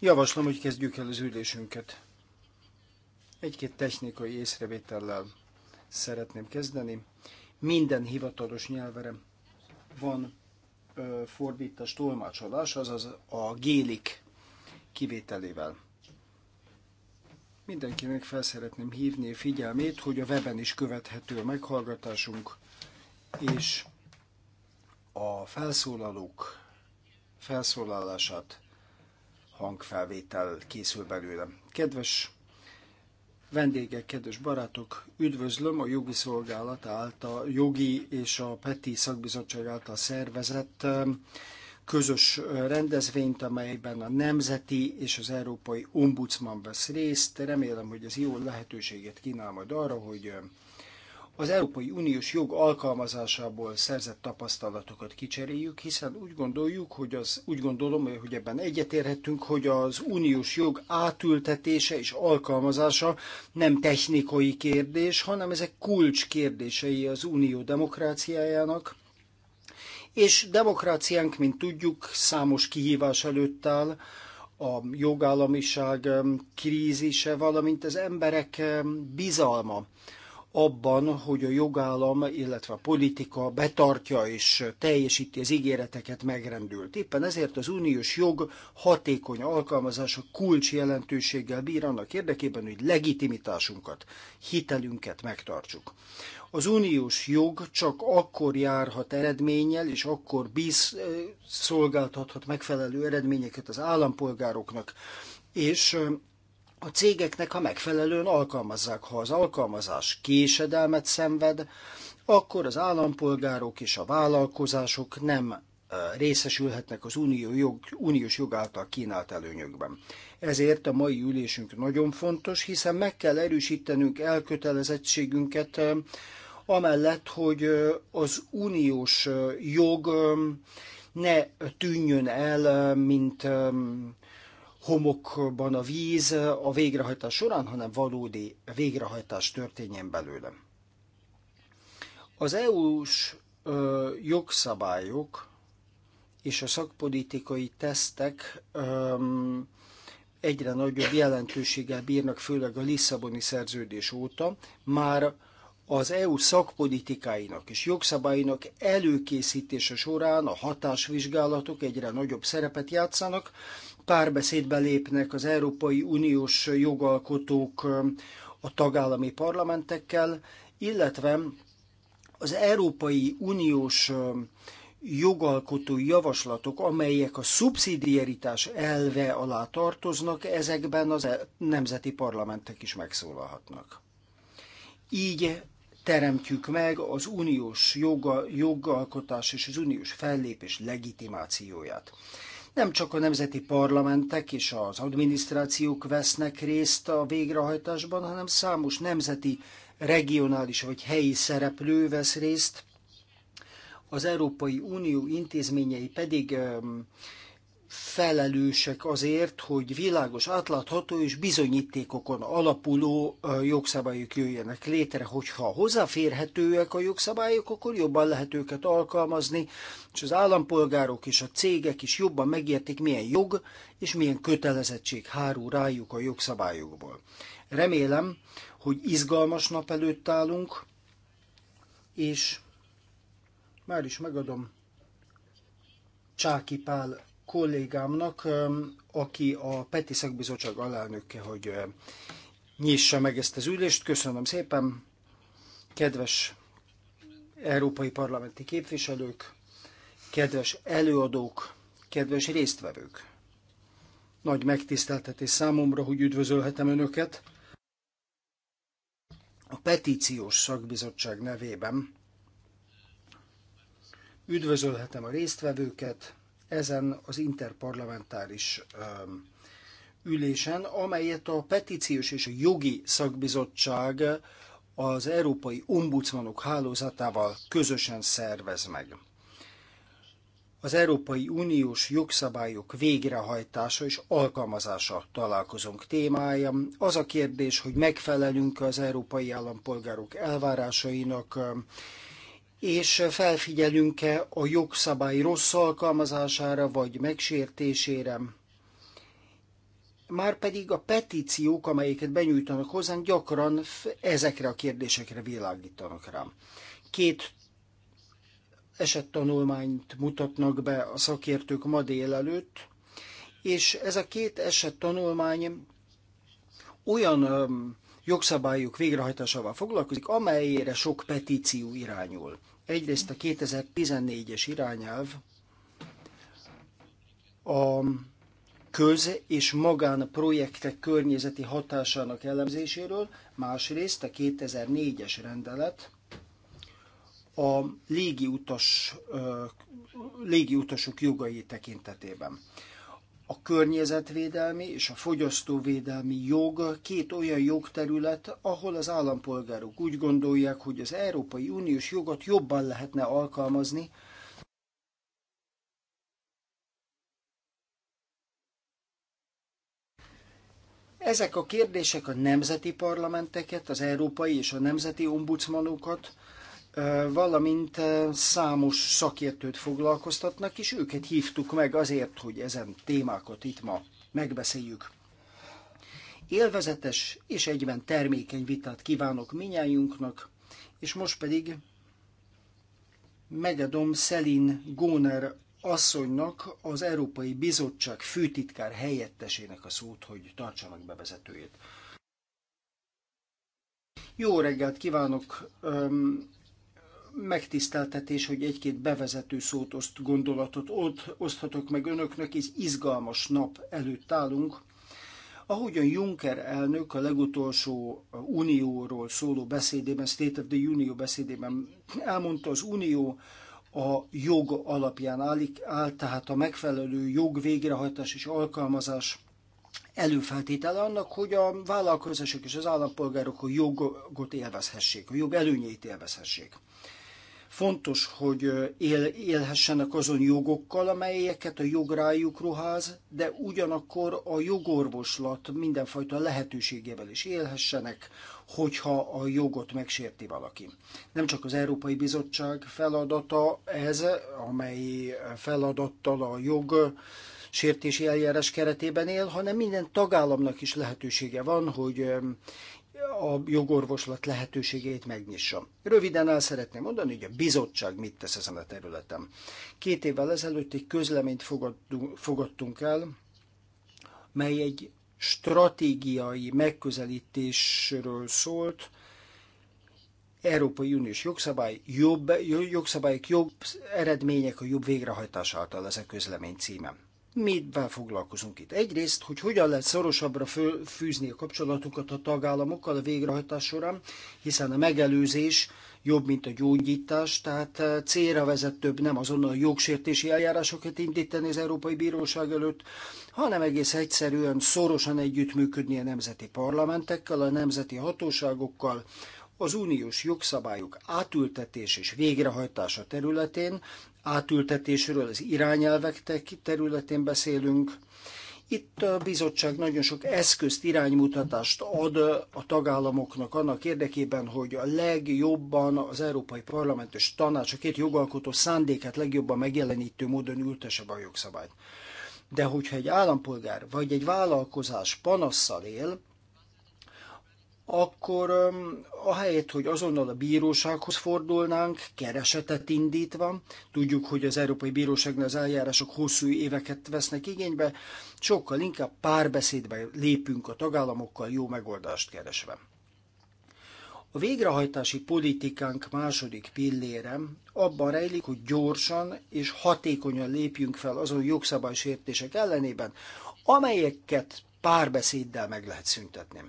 Javaslom, hogy kezdjük el az ülésünket. Egy-két technikai észrevétellel szeretném kezdeni. Minden hivatalos nyelvre van ö, fordítás, tolmácsolás, azaz a gélik kivételével. Mindenkinek fel szeretném hívni a figyelmét, hogy a weben is követhető a meghallgatásunk, és a felszólalók felszólalását, hangfelvétel készül belőle. Kedves vendégek, kedves barátok, üdvözlöm a jogi szolgálat által, jogi és a PETI szakbizottság által szervezett um, közös uh, rendezvényt, amelyben a nemzeti és az európai ombudsman vesz részt. Remélem, hogy ez jó lehetőséget kínál majd arra, hogy um, az Európai Uniós jog alkalmazásából szerzett tapasztalatokat kicseréljük, hiszen úgy gondoljuk, hogy az, úgy gondolom, hogy ebben egyetérhetünk, hogy az uniós jog átültetése és alkalmazása nem technikai kérdés, hanem ezek kulcs kérdései az unió demokráciájának, és demokráciánk, mint tudjuk, számos kihívás előtt áll, a jogállamiság krízise, valamint az emberek bizalma abban, hogy a jogállam, illetve a politika betartja és teljesíti az ígéreteket megrendült. Éppen ezért az uniós jog hatékony alkalmazása kulcs jelentőséggel bír annak érdekében, hogy legitimitásunkat, hitelünket megtartsuk. Az uniós jog csak akkor járhat eredménnyel, és akkor bíz, szolgáltathat megfelelő eredményeket az állampolgároknak, és a cégeknek, ha megfelelően alkalmazzák. Ha az alkalmazás késedelmet szenved, akkor az állampolgárok és a vállalkozások nem e, részesülhetnek az unió jog, uniós jog által kínált előnyökben. Ezért a mai ülésünk nagyon fontos, hiszen meg kell erősítenünk elkötelezettségünket e, amellett, hogy e, az uniós jog ne tűnjön el, mint homokban a víz a végrehajtás során, hanem valódi végrehajtás történjen belőle. Az EU-s jogszabályok és a szakpolitikai tesztek ö, egyre nagyobb jelentőséggel bírnak, főleg a Lisszaboni szerződés óta, már az EU szakpolitikáinak és jogszabályainak előkészítése során a hatásvizsgálatok egyre nagyobb szerepet játszanak, párbeszédbe lépnek az Európai Uniós jogalkotók a tagállami parlamentekkel, illetve az Európai Uniós jogalkotói javaslatok, amelyek a szubszidiaritás elve alá tartoznak, ezekben az e- nemzeti parlamentek is megszólalhatnak. Így teremtjük meg az uniós joga, jogalkotás és az uniós fellépés legitimációját. Nem csak a nemzeti parlamentek és az adminisztrációk vesznek részt a végrehajtásban, hanem számos nemzeti, regionális vagy helyi szereplő vesz részt, az Európai Unió intézményei pedig felelősek azért, hogy világos, átlátható és bizonyítékokon alapuló jogszabályok jöjjenek létre. Hogyha hozzáférhetőek a jogszabályok, akkor jobban lehet őket alkalmazni, és az állampolgárok és a cégek is jobban megértik, milyen jog és milyen kötelezettség hárul rájuk a jogszabályokból. Remélem, hogy izgalmas nap előtt állunk, és már is megadom Csáki Pál kollégámnak, aki a Peti Szakbizottság alelnöke, hogy nyissa meg ezt az ülést. Köszönöm szépen, kedves európai parlamenti képviselők, kedves előadók, kedves résztvevők. Nagy megtiszteltetés számomra, hogy üdvözölhetem Önöket a petíciós szakbizottság nevében. Üdvözölhetem a résztvevőket, ezen az interparlamentáris ülésen, amelyet a petíciós és a jogi szakbizottság az Európai Ombudsmanok hálózatával közösen szervez meg. Az Európai Uniós jogszabályok végrehajtása és alkalmazása találkozunk témája. Az a kérdés, hogy megfelelünk az európai állampolgárok elvárásainak, és felfigyelünk-e a jogszabály rossz alkalmazására vagy megsértésére. Márpedig a petíciók, amelyeket benyújtanak hozzánk, gyakran ezekre a kérdésekre világítanak rám. Két esettanulmányt mutatnak be a szakértők ma délelőtt, és ez a két esettanulmány olyan jogszabályok végrehajtásával foglalkozik, amelyére sok petíció irányul. Egyrészt a 2014-es irányelv a köz- és projektek környezeti hatásának elemzéséről, másrészt a 2004-es rendelet a légi, utas, légi utasok jogai tekintetében a környezetvédelmi és a fogyasztóvédelmi jog két olyan jogterület, ahol az állampolgárok úgy gondolják, hogy az Európai Uniós jogot jobban lehetne alkalmazni, Ezek a kérdések a nemzeti parlamenteket, az európai és a nemzeti ombudsmanokat, valamint számos szakértőt foglalkoztatnak, és őket hívtuk meg azért, hogy ezen témákat itt ma megbeszéljük. Élvezetes és egyben termékeny vitát kívánok minnyájunknak, és most pedig megadom Szelin Góner asszonynak, az Európai Bizottság főtitkár helyettesének a szót, hogy tartsanak bevezetőjét. Jó reggelt kívánok! megtiszteltetés, hogy egy-két bevezető szót, oszt, gondolatot ott oszthatok meg önöknek, és izgalmas nap előtt állunk. Ahogyan Juncker elnök a legutolsó unióról szóló beszédében, State of the Union beszédében elmondta, az unió a jog alapján állik, áll, tehát a megfelelő jog végrehajtás és alkalmazás előfeltétele annak, hogy a vállalkozások és az állampolgárok a jogot élvezhessék, a jog előnyeit élvezhessék. Fontos, hogy él, élhessenek azon jogokkal, amelyeket a jog rájuk ruház, de ugyanakkor a jogorvoslat mindenfajta lehetőségével is élhessenek, hogyha a jogot megsérti valaki. Nem csak az Európai Bizottság feladata ez, amely feladattal a jog sértési eljárás keretében él, hanem minden tagállamnak is lehetősége van, hogy a jogorvoslat lehetőségét megnyissa. Röviden el szeretném mondani, hogy a bizottság mit tesz ezen a területen. Két évvel ezelőtt egy közleményt fogadtunk, el, mely egy stratégiai megközelítésről szólt, Európai Uniós jogszabály, jobb, jogszabályok jobb eredmények a jobb végrehajtás által ez a közlemény címe mivel foglalkozunk itt? Egyrészt, hogy hogyan lehet szorosabbra fűzni a kapcsolatukat a tagállamokkal a végrehajtás során, hiszen a megelőzés jobb, mint a gyógyítás, tehát eh, célra vezetőbb nem azonnal jogsértési eljárásokat indítani az Európai Bíróság előtt, hanem egész egyszerűen szorosan együttműködni a nemzeti parlamentekkel, a nemzeti hatóságokkal, az uniós jogszabályok átültetés és végrehajtása területén, átültetésről, az irányelvek területén beszélünk. Itt a bizottság nagyon sok eszközt, iránymutatást ad a tagállamoknak annak érdekében, hogy a legjobban az Európai Parlament és Tanács a két jogalkotó szándékát legjobban megjelenítő módon ültesse be a jogszabályt. De hogyha egy állampolgár vagy egy vállalkozás panasszal él, akkor ahelyett, hogy azonnal a bírósághoz fordulnánk, keresetet indítva, tudjuk, hogy az Európai Bíróságnál az eljárások hosszú éveket vesznek igénybe, sokkal inkább párbeszédbe lépünk a tagállamokkal jó megoldást keresve. A végrehajtási politikánk második pillére abban rejlik, hogy gyorsan és hatékonyan lépjünk fel azon jogszabálysértések ellenében, amelyeket párbeszéddel meg lehet szüntetni.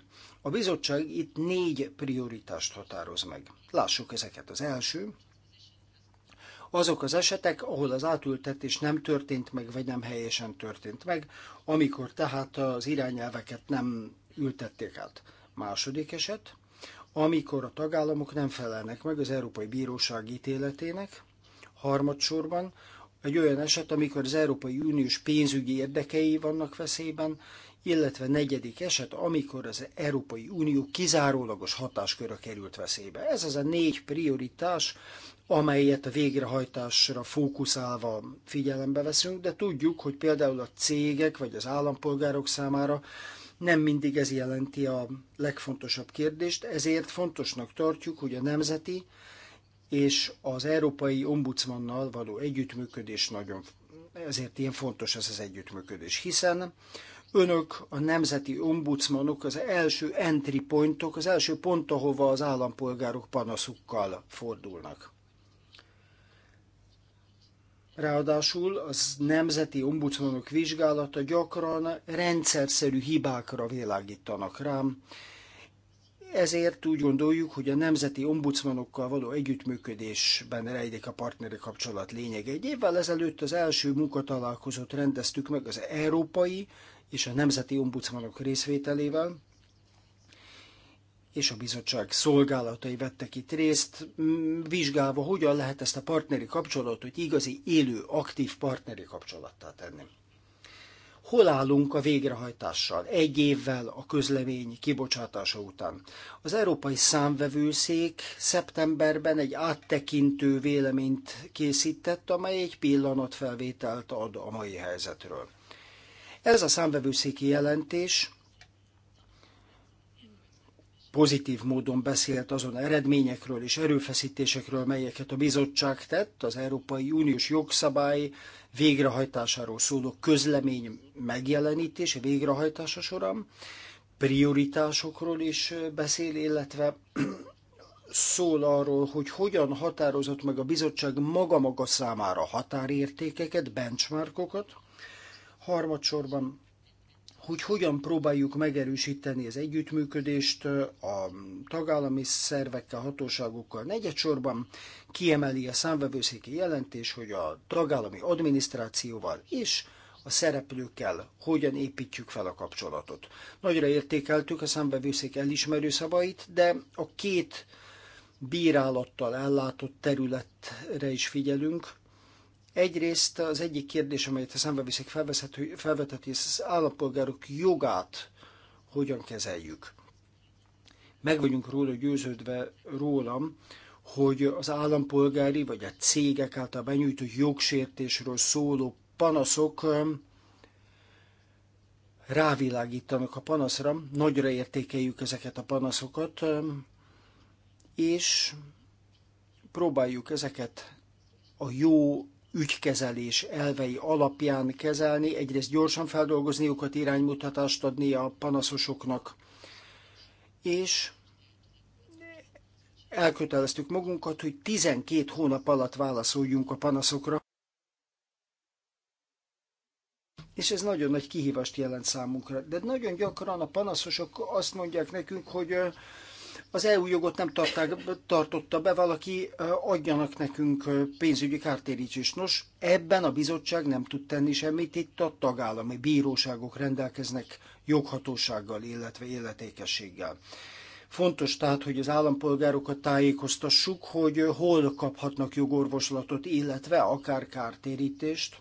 A bizottság itt négy prioritást határoz meg. Lássuk ezeket. Az első, azok az esetek, ahol az átültetés nem történt meg, vagy nem helyesen történt meg, amikor tehát az irányelveket nem ültették át. Második eset, amikor a tagállamok nem felelnek meg az Európai Bíróság ítéletének, harmadsorban egy olyan eset, amikor az Európai Uniós pénzügyi érdekei vannak veszélyben, illetve negyedik eset, amikor az Európai Unió kizárólagos hatásköre került veszélybe. Ez az a négy prioritás, amelyet a végrehajtásra fókuszálva figyelembe veszünk, de tudjuk, hogy például a cégek vagy az állampolgárok számára nem mindig ez jelenti a legfontosabb kérdést, ezért fontosnak tartjuk, hogy a nemzeti és az európai ombudsmannal való együttműködés nagyon, ezért ilyen fontos ez az együttműködés, hiszen Önök, a nemzeti ombudsmanok az első entry pointok, az első pont, ahova az állampolgárok panaszukkal fordulnak. Ráadásul az nemzeti ombudsmanok vizsgálata gyakran rendszerszerű hibákra világítanak rám, ezért úgy gondoljuk, hogy a nemzeti ombudsmanokkal való együttműködésben rejlik a partneri kapcsolat lényege. Egy évvel ezelőtt az első munkatalálkozót rendeztük meg az európai és a nemzeti ombudsmanok részvételével, és a bizottság szolgálatai vettek itt részt, vizsgálva, hogyan lehet ezt a partneri kapcsolatot igazi, élő, aktív partneri kapcsolattá tenni. Hol állunk a végrehajtással egy évvel a közlemény kibocsátása után? Az Európai Számvevőszék szeptemberben egy áttekintő véleményt készített, amely egy pillanatfelvételt ad a mai helyzetről. Ez a számbevőszéki jelentés pozitív módon beszélt azon eredményekről és erőfeszítésekről, melyeket a bizottság tett az Európai Uniós jogszabály végrehajtásáról szóló közlemény megjelenítése végrehajtása során, prioritásokról is beszél, illetve szól arról, hogy hogyan határozott meg a bizottság maga-maga számára határértékeket, benchmarkokat, Harmadsorban, hogy hogyan próbáljuk megerősíteni az együttműködést a tagállami szervekkel, hatóságokkal. Negyedsorban kiemeli a számvevőszéki jelentés, hogy a tagállami adminisztrációval és a szereplőkkel hogyan építjük fel a kapcsolatot. Nagyra értékeltük a számbevőszék elismerő szavait, de a két bírálattal ellátott területre is figyelünk. Egyrészt az egyik kérdés, amelyet a szembe viszik felveteti, az állampolgárok jogát hogyan kezeljük. Meg vagyunk róla győződve rólam, hogy az állampolgári vagy a cégek által benyújtott jogsértésről szóló panaszok um, rávilágítanak a panaszra, nagyra értékeljük ezeket a panaszokat, um, és próbáljuk ezeket a jó ügykezelés elvei alapján kezelni, egyrészt gyorsan feldolgozniuk a iránymutatást adni a panaszosoknak, és elköteleztük magunkat, hogy 12 hónap alatt válaszoljunk a panaszokra, és ez nagyon nagy kihívást jelent számunkra. De nagyon gyakran a panaszosok azt mondják nekünk, hogy az EU jogot nem tartál, tartotta be, valaki adjanak nekünk pénzügyi kártérítést. Nos, ebben a bizottság nem tud tenni semmit, itt a tagállami bíróságok rendelkeznek joghatósággal, illetve életékességgel. Fontos tehát, hogy az állampolgárokat tájékoztassuk, hogy hol kaphatnak jogorvoslatot, illetve akár kártérítést.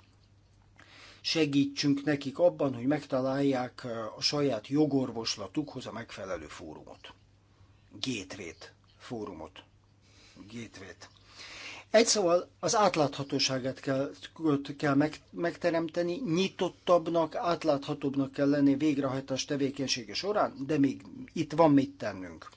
Segítsünk nekik abban, hogy megtalálják a saját jogorvoslatukhoz a megfelelő fórumot. Gétrét fórumot. gateway Egy szóval az átláthatóságát kell, kell meg, megteremteni, nyitottabbnak, átláthatóbbnak kell lenni végrehajtás tevékenysége során, de még itt van mit tennünk.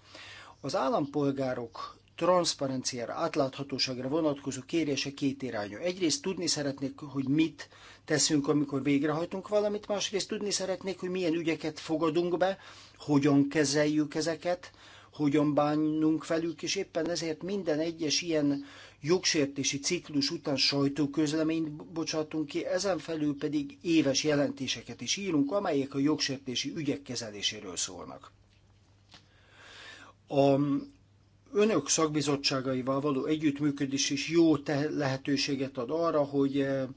Az állampolgárok transzparenciára, átláthatóságra vonatkozó kérése két irányú. Egyrészt tudni szeretnék, hogy mit teszünk, amikor végrehajtunk valamit, másrészt tudni szeretnék, hogy milyen ügyeket fogadunk be, hogyan kezeljük ezeket, hogyan bánunk velük, és éppen ezért minden egyes ilyen jogsértési ciklus után sajtóközleményt bocsátunk ki, ezen felül pedig éves jelentéseket is írunk, amelyek a jogsértési ügyek kezeléséről szólnak. A önök szakbizottságaival való együttműködés is jó lehetőséget ad arra, hogy eh,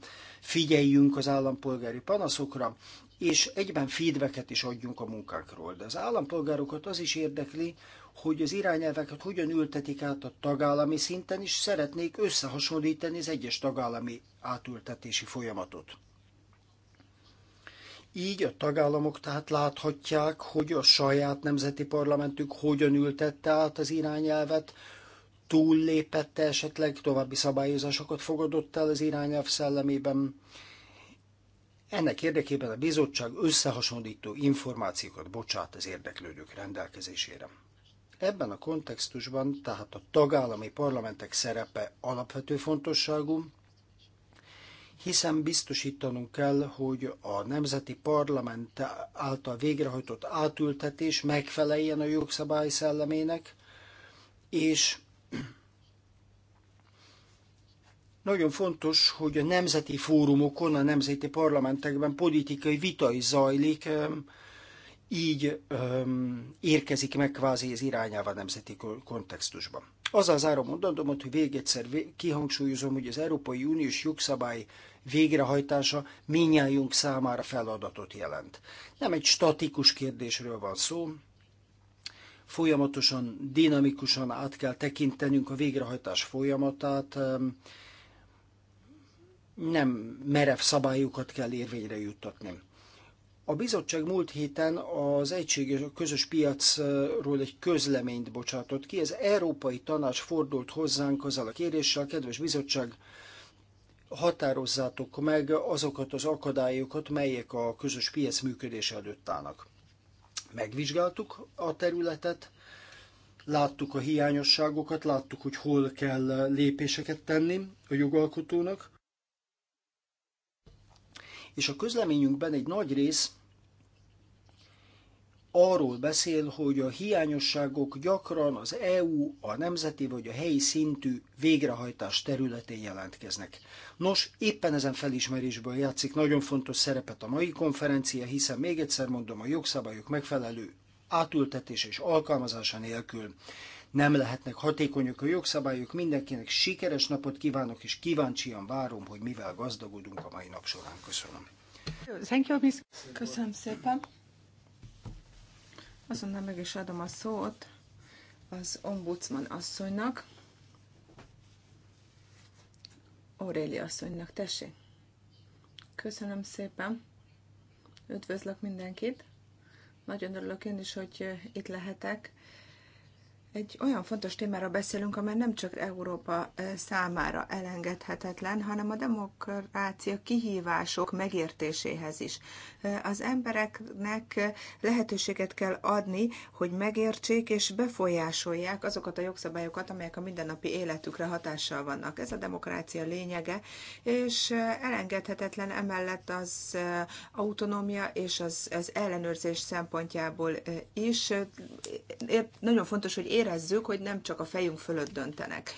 figyeljünk az állampolgári panaszokra, és egyben feedbacket is adjunk a munkákról. De az állampolgárokat az is érdekli, hogy az irányelveket hogyan ültetik át a tagállami szinten, és szeretnék összehasonlítani az egyes tagállami átültetési folyamatot. Így a tagállamok tehát láthatják, hogy a saját nemzeti parlamentük hogyan ültette át az irányelvet, túllépette esetleg, további szabályozásokat fogadott el az irányelv szellemében. Ennek érdekében a bizottság összehasonlító információkat bocsát az érdeklődők rendelkezésére. Ebben a kontextusban tehát a tagállami parlamentek szerepe alapvető fontosságú, hiszen biztosítanunk kell, hogy a nemzeti parlament által végrehajtott átültetés megfeleljen a jogszabály szellemének, és nagyon fontos, hogy a nemzeti fórumokon, a nemzeti parlamentekben politikai vita is zajlik, így öm, érkezik meg kvázi az irányába nemzeti kontextusban. Azzal zárom mondandómat, hogy még egyszer kihangsúlyozom, hogy az Európai Uniós jogszabály végrehajtása minnyájunk számára feladatot jelent. Nem egy statikus kérdésről van szó, folyamatosan, dinamikusan át kell tekintenünk a végrehajtás folyamatát, nem merev szabályokat kell érvényre juttatni. A bizottság múlt héten az egységes a közös piacról egy közleményt bocsátott ki. Az Európai Tanács fordult hozzánk azzal a kéréssel, kedves bizottság, határozzátok meg azokat az akadályokat, melyek a közös piac működése előtt állnak. Megvizsgáltuk a területet, láttuk a hiányosságokat, láttuk, hogy hol kell lépéseket tenni a jogalkotónak, és a közleményünkben egy nagy rész arról beszél, hogy a hiányosságok gyakran az EU, a nemzeti vagy a helyi szintű végrehajtás területén jelentkeznek. Nos, éppen ezen felismerésből játszik nagyon fontos szerepet a mai konferencia, hiszen még egyszer mondom, a jogszabályok megfelelő átültetés és alkalmazása nélkül nem lehetnek hatékonyak a jogszabályok. Mindenkinek sikeres napot kívánok, és kíváncsian várom, hogy mivel gazdagodunk a mai nap során. Köszönöm. Thank you, miss. Köszönöm szépen. Azonnal meg is adom a szót az ombudsman asszonynak. Aurélia asszonynak, tessék. Köszönöm szépen. Üdvözlök mindenkit. Nagyon örülök én is, hogy itt lehetek egy olyan fontos témára beszélünk, amely nem csak Európa számára elengedhetetlen, hanem a demokrácia kihívások megértéséhez is. Az embereknek lehetőséget kell adni, hogy megértsék és befolyásolják azokat a jogszabályokat, amelyek a mindennapi életükre hatással vannak. Ez a demokrácia lényege, és elengedhetetlen emellett az autonómia és az, az ellenőrzés szempontjából is. Nagyon fontos, hogy ér érezzük, hogy nem csak a fejünk fölött döntenek.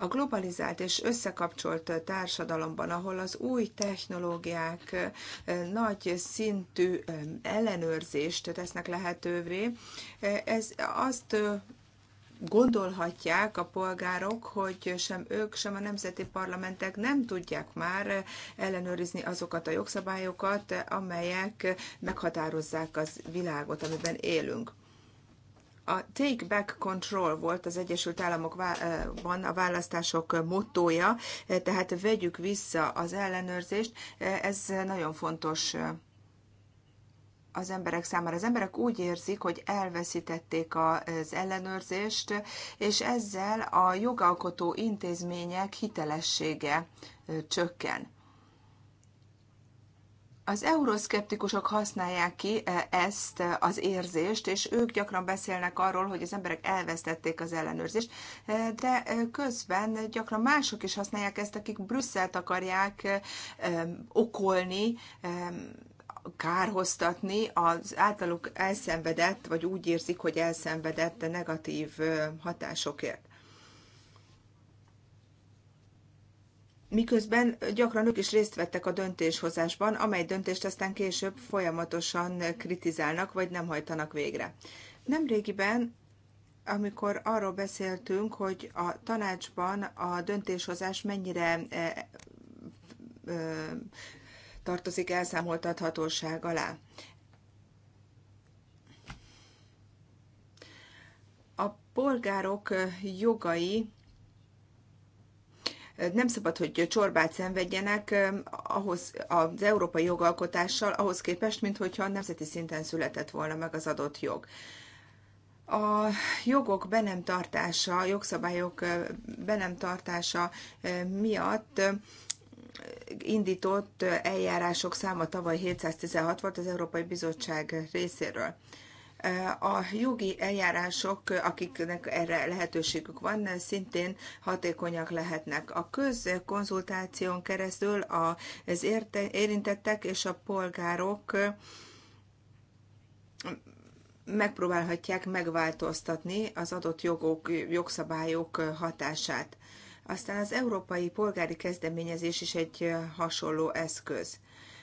A globalizált és összekapcsolt társadalomban, ahol az új technológiák nagy szintű ellenőrzést tesznek lehetővé, ez azt gondolhatják a polgárok, hogy sem ők, sem a nemzeti parlamentek nem tudják már ellenőrizni azokat a jogszabályokat, amelyek meghatározzák az világot, amiben élünk. A Take Back Control volt az Egyesült Államokban a választások mottója, tehát vegyük vissza az ellenőrzést. Ez nagyon fontos az emberek számára. Az emberek úgy érzik, hogy elveszítették az ellenőrzést, és ezzel a jogalkotó intézmények hitelessége csökken. Az euroszkeptikusok használják ki e, ezt e, az érzést, és ők gyakran beszélnek arról, hogy az emberek elvesztették az ellenőrzést, e, de közben gyakran mások is használják ezt, akik Brüsszelt akarják okolni, kárhoztatni az általuk elszenvedett, vagy úgy érzik, hogy elszenvedett negatív hatásokért. miközben gyakran ők is részt vettek a döntéshozásban, amely döntést aztán később folyamatosan kritizálnak, vagy nem hajtanak végre. Nemrégiben, amikor arról beszéltünk, hogy a tanácsban a döntéshozás mennyire e, e, tartozik elszámoltathatóság alá. A polgárok jogai nem szabad, hogy csorbát szenvedjenek eh, ahhoz, az európai jogalkotással ahhoz képest, mint hogyha nemzeti szinten született volna meg az adott jog. A jogok be nem tartása, jogszabályok eh, be nem tartása eh, miatt indított eljárások száma tavaly 716 volt az Európai Bizottság részéről a jogi eljárások, akiknek erre lehetőségük van, szintén hatékonyak lehetnek. A közkonzultáción keresztül az érintettek és a polgárok megpróbálhatják megváltoztatni az adott jogok, jogszabályok hatását. Aztán az európai polgári kezdeményezés is egy hasonló eszköz.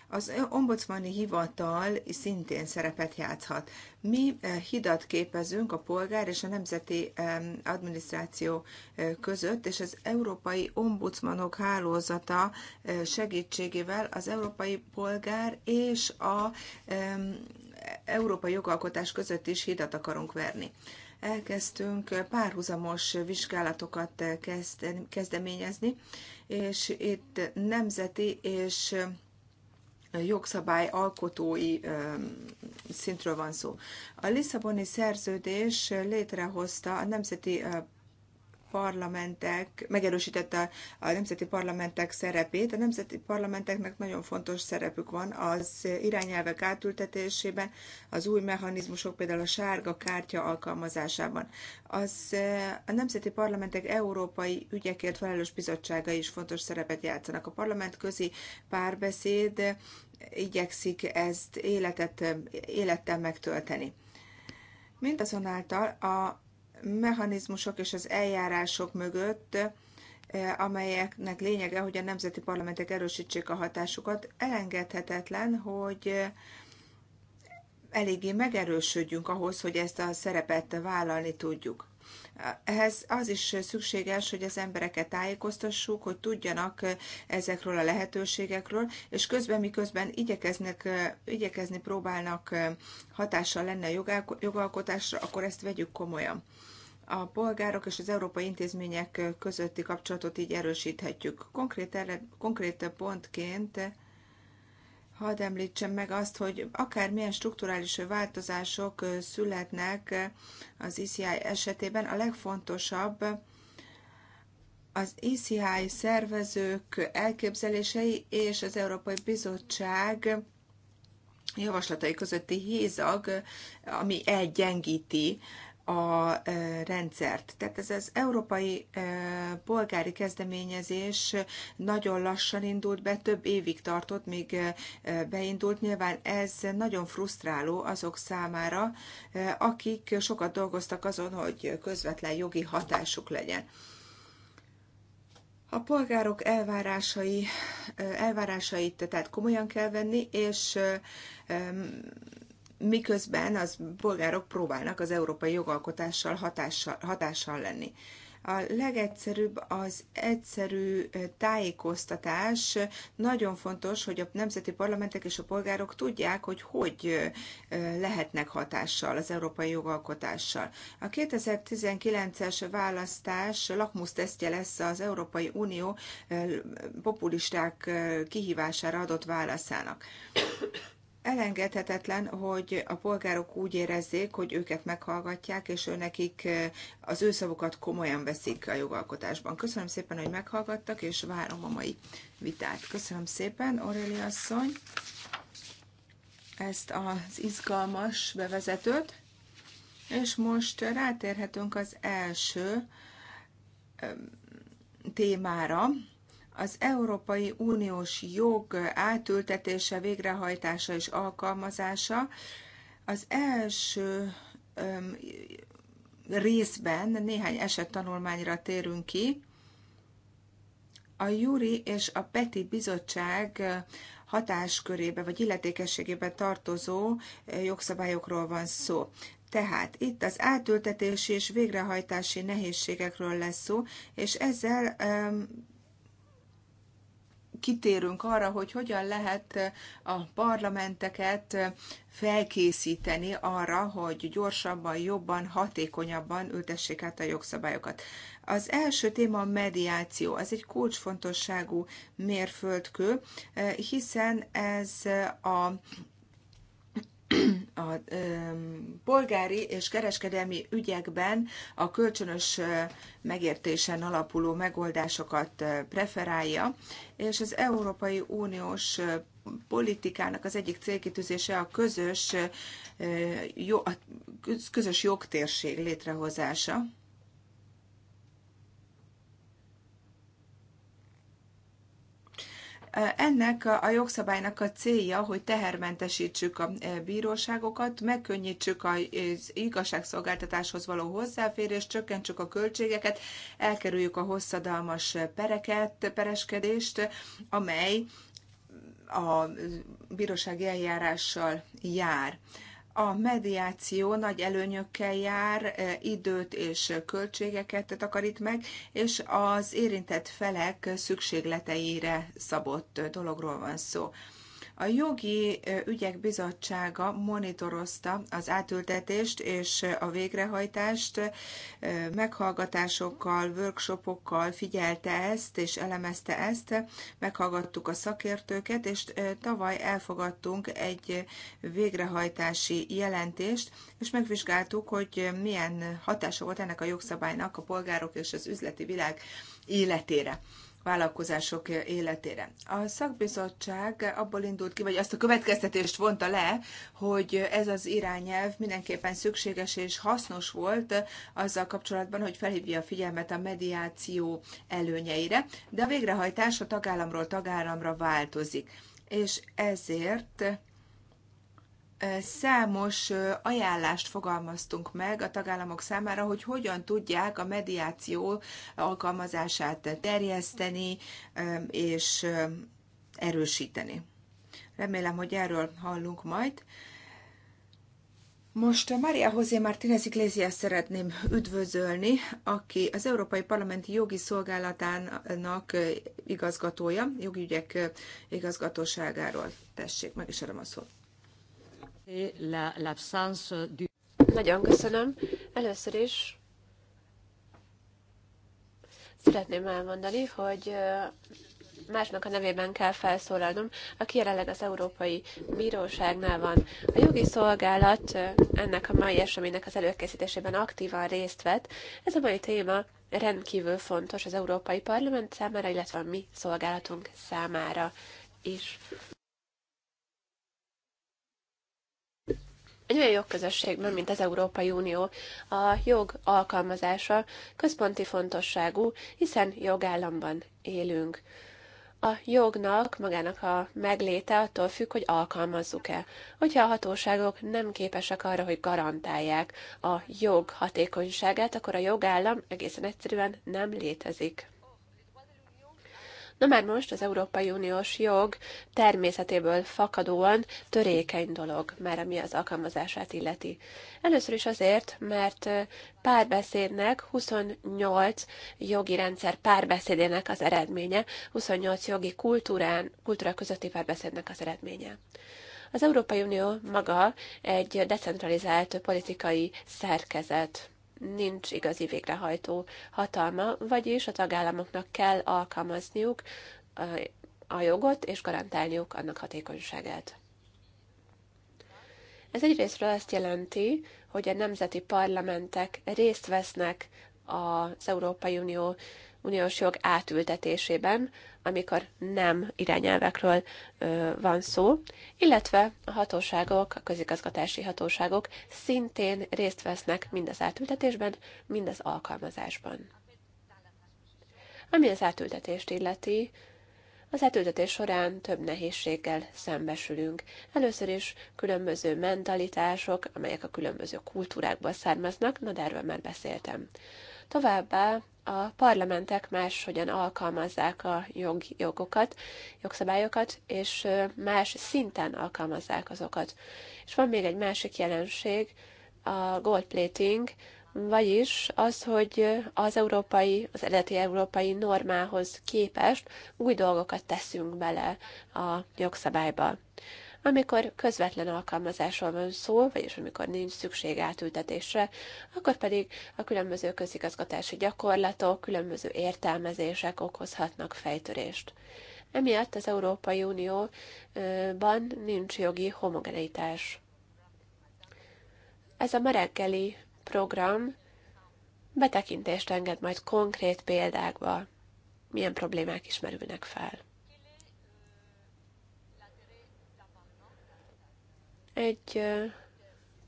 Az ombudsmani hivatal szintén szerepet játszhat. Mi eh, hidat képezünk a polgár és a nemzeti adminisztráció eh, között, és az Európai Ombudsmanok Hálózata eh, segítségével az európai polgár és a európai jogalkotás között is hidat akarunk verni elkezdtünk párhuzamos vizsgálatokat kezdeményezni, és itt nemzeti és jogszabály alkotói szintről van szó. A Lisszaboni szerződés létrehozta a nemzeti parlamentek, megerősítette a nemzeti parlamentek szerepét. A nemzeti parlamenteknek nagyon fontos szerepük van az irányelvek átültetésében, az új mechanizmusok, például a sárga kártya alkalmazásában. Az, a nemzeti parlamentek európai ügyekért felelős bizottsága is fontos szerepet játszanak. A parlament közi párbeszéd igyekszik ezt életet, élettel megtölteni. Mindazonáltal a mechanizmusok és az eljárások mögött, eh, amelyeknek lényege, hogy a nemzeti parlamentek erősítsék a hatásukat, elengedhetetlen, hogy eh, eléggé megerősödjünk ahhoz, hogy ezt a szerepet vállalni tudjuk. Ehhez az is szükséges, hogy az embereket tájékoztassuk, hogy tudjanak ezekről a lehetőségekről, és közben miközben igyekeznek, igyekezni próbálnak hatással lenni a jogalkotásra, akkor ezt vegyük komolyan a polgárok és az európai intézmények közötti kapcsolatot így erősíthetjük. Konkrét, konkrét pontként Hadd említsem meg azt, hogy akármilyen strukturális változások születnek az ICI e esetében, a legfontosabb az ICI e szervezők elképzelései és az Európai Bizottság javaslatai közötti hézag, ami elgyengíti a rendszert. Tehát ez az európai polgári kezdeményezés nagyon lassan indult be, több évig tartott, míg beindult. Nyilván ez nagyon frusztráló azok számára, akik sokat dolgoztak azon, hogy közvetlen jogi hatásuk legyen. A polgárok elvárásai, elvárásait tehát komolyan kell venni, és miközben az polgárok próbálnak az európai jogalkotással hatással, hatással lenni. A legegyszerűbb az egyszerű tájékoztatás. Nagyon fontos, hogy a nemzeti parlamentek és a polgárok tudják, hogy hogy lehetnek hatással az európai jogalkotással. A 2019-es választás lakmusztesztje lesz az Európai Unió populisták kihívására adott válaszának. Elengedhetetlen, hogy a polgárok úgy érezzék, hogy őket meghallgatják, és ő nekik az ő szavukat komolyan veszik a jogalkotásban. Köszönöm szépen, hogy meghallgattak, és várom a mai vitát. Köszönöm szépen, Aurelia asszony, ezt az izgalmas bevezetőt, és most rátérhetünk az első témára, az Európai Uniós jog átültetése, végrehajtása és alkalmazása az első öm, részben néhány esettanulmányra térünk ki. A Júri és a Peti Bizottság hatáskörébe vagy illetékességében tartozó jogszabályokról van szó. Tehát itt az átültetési és végrehajtási nehézségekről lesz szó, és ezzel öm, kitérünk arra, hogy hogyan lehet eh, a parlamenteket eh, felkészíteni arra, hogy gyorsabban, jobban, hatékonyabban ültessék át a jogszabályokat. Az első téma a mediáció. Ez egy kulcsfontosságú mérföldkő, eh, hiszen ez a a polgári és kereskedelmi ügyekben a kölcsönös megértésen alapuló megoldásokat preferálja, és az Európai Uniós politikának az egyik célkitűzése a közös, jó, a közös jogtérség létrehozása. Ennek a jogszabálynak a célja, hogy tehermentesítsük a e, bíróságokat, megkönnyítsük az igazságszolgáltatáshoz való hozzáférést, csökkentsük a költségeket, elkerüljük a hosszadalmas pereket, pereskedést, amely a bírósági eljárással jár a mediáció nagy előnyökkel jár, e, időt és költségeket takarít meg, és az érintett felek szükségleteire szabott dologról van szó. A jogi ügyek bizottsága monitorozta az átültetést és a végrehajtást, meghallgatásokkal, workshopokkal figyelte ezt és elemezte ezt, meghallgattuk a szakértőket, és tavaly elfogadtunk egy végrehajtási jelentést, és megvizsgáltuk, hogy milyen hatása volt ennek a jogszabálynak a polgárok és az üzleti világ életére vállalkozások életére. A szakbizottság abból indult ki, vagy azt a következtetést vonta le, hogy ez az irányelv mindenképpen szükséges és hasznos volt azzal kapcsolatban, hogy felhívja a figyelmet a mediáció előnyeire, de a végrehajtás a tagállamról tagállamra változik. És ezért Számos ajánlást fogalmaztunk meg a tagállamok számára, hogy hogyan tudják a mediáció alkalmazását terjeszteni és erősíteni. Remélem, hogy erről hallunk majd. Most Maria José Martínez Iglesias szeretném üdvözölni, aki az Európai Parlamenti Jogi Szolgálatának igazgatója, jogi ügyek igazgatóságáról. Tessék, meg is adom a szót. Nagyon köszönöm. Először is szeretném elmondani, hogy másnak a nevében kell felszólalnom, aki jelenleg az Európai Bíróságnál van. A jogi szolgálat ennek a mai eseménynek az előkészítésében aktívan részt vett. Ez a mai téma rendkívül fontos az Európai Parlament számára, illetve a mi szolgálatunk számára is. egy olyan jogközösségben, mint az Európai Unió, a jog alkalmazása központi fontosságú, hiszen jogállamban élünk. A jognak, magának a megléte attól függ, hogy alkalmazzuk-e. Hogyha a hatóságok nem képesek arra, hogy garantálják a jog hatékonyságát, akkor a jogállam egészen egyszerűen nem létezik. Na már most az Európai Uniós jog természetéből fakadóan törékeny dolog, már ami az alkalmazását illeti. Először is azért, mert párbeszédnek 28 jogi rendszer párbeszédének az eredménye, 28 jogi kultúrán, kultúra közötti párbeszédnek az eredménye. Az Európai Unió maga egy decentralizált politikai szerkezet nincs igazi végrehajtó hatalma, vagyis a tagállamoknak kell alkalmazniuk a jogot és garantálniuk annak hatékonyságát. Ez egyrésztről azt jelenti, hogy a nemzeti parlamentek részt vesznek az Európai Unió uniós jog átültetésében, amikor nem irányelvekről ö, van szó, illetve a hatóságok, a közigazgatási hatóságok szintén részt vesznek mind az átültetésben, mind az alkalmazásban. Ami az átültetést illeti, az átültetés során több nehézséggel szembesülünk. Először is különböző mentalitások, amelyek a különböző kultúrákból származnak, na de erről már beszéltem. Továbbá a parlamentek máshogyan alkalmazzák a jog, jogokat, jogszabályokat, és más szinten alkalmazzák azokat. És van még egy másik jelenség, a gold plating, vagyis az, hogy az európai, az eredeti európai normához képest új dolgokat teszünk bele a jogszabályba. Amikor közvetlen alkalmazásról van szó, vagyis amikor nincs szükség átültetésre, akkor pedig a különböző közigazgatási gyakorlatok, különböző értelmezések okozhatnak fejtörést. Emiatt az Európai Unióban nincs jogi homogenitás. Ez a mereggeli program betekintést enged majd konkrét példákba, milyen problémák ismerülnek fel. egy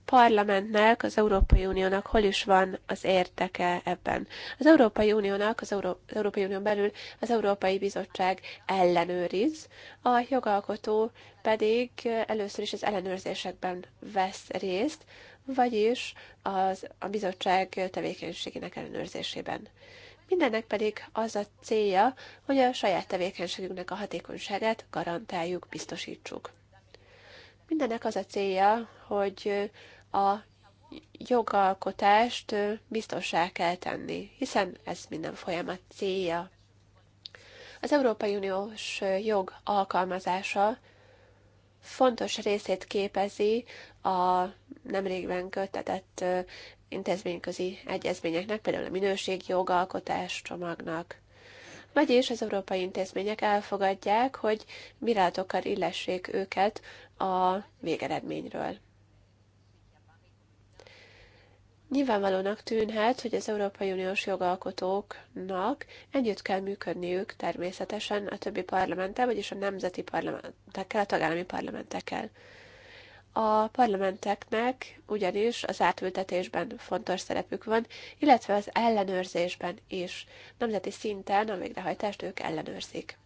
parlamentnek, az Európai Uniónak hol is van az érteke ebben. Az Európai Uniónak, az, Euró- az Európai Unión belül az Európai Bizottság ellenőriz, a jogalkotó pedig először is az ellenőrzésekben vesz részt, vagyis az, a bizottság tevékenységének ellenőrzésében. Mindennek pedig az a célja, hogy a saját tevékenységünknek a hatékonyságát garantáljuk, biztosítsuk. Mindennek az a célja, hogy a jogalkotást biztossá kell tenni, hiszen ez minden folyamat célja. Az Európai Uniós jog alkalmazása fontos részét képezi a nemrégben kötetett intézményközi egyezményeknek, például a minőség jogalkotás csomagnak. Vagyis az európai intézmények elfogadják, hogy mirátokkal illessék őket a végeredményről. Nyilvánvalónak tűnhet, hogy az Európai Uniós jogalkotóknak együtt kell működniük természetesen a többi parlamenttel, vagyis a nemzeti parlamentekkel, a tagállami parlamentekkel. A parlamenteknek ugyanis az átültetésben fontos szerepük van, illetve az ellenőrzésben is. Nemzeti szinten a végrehajtást ők ellenőrzik.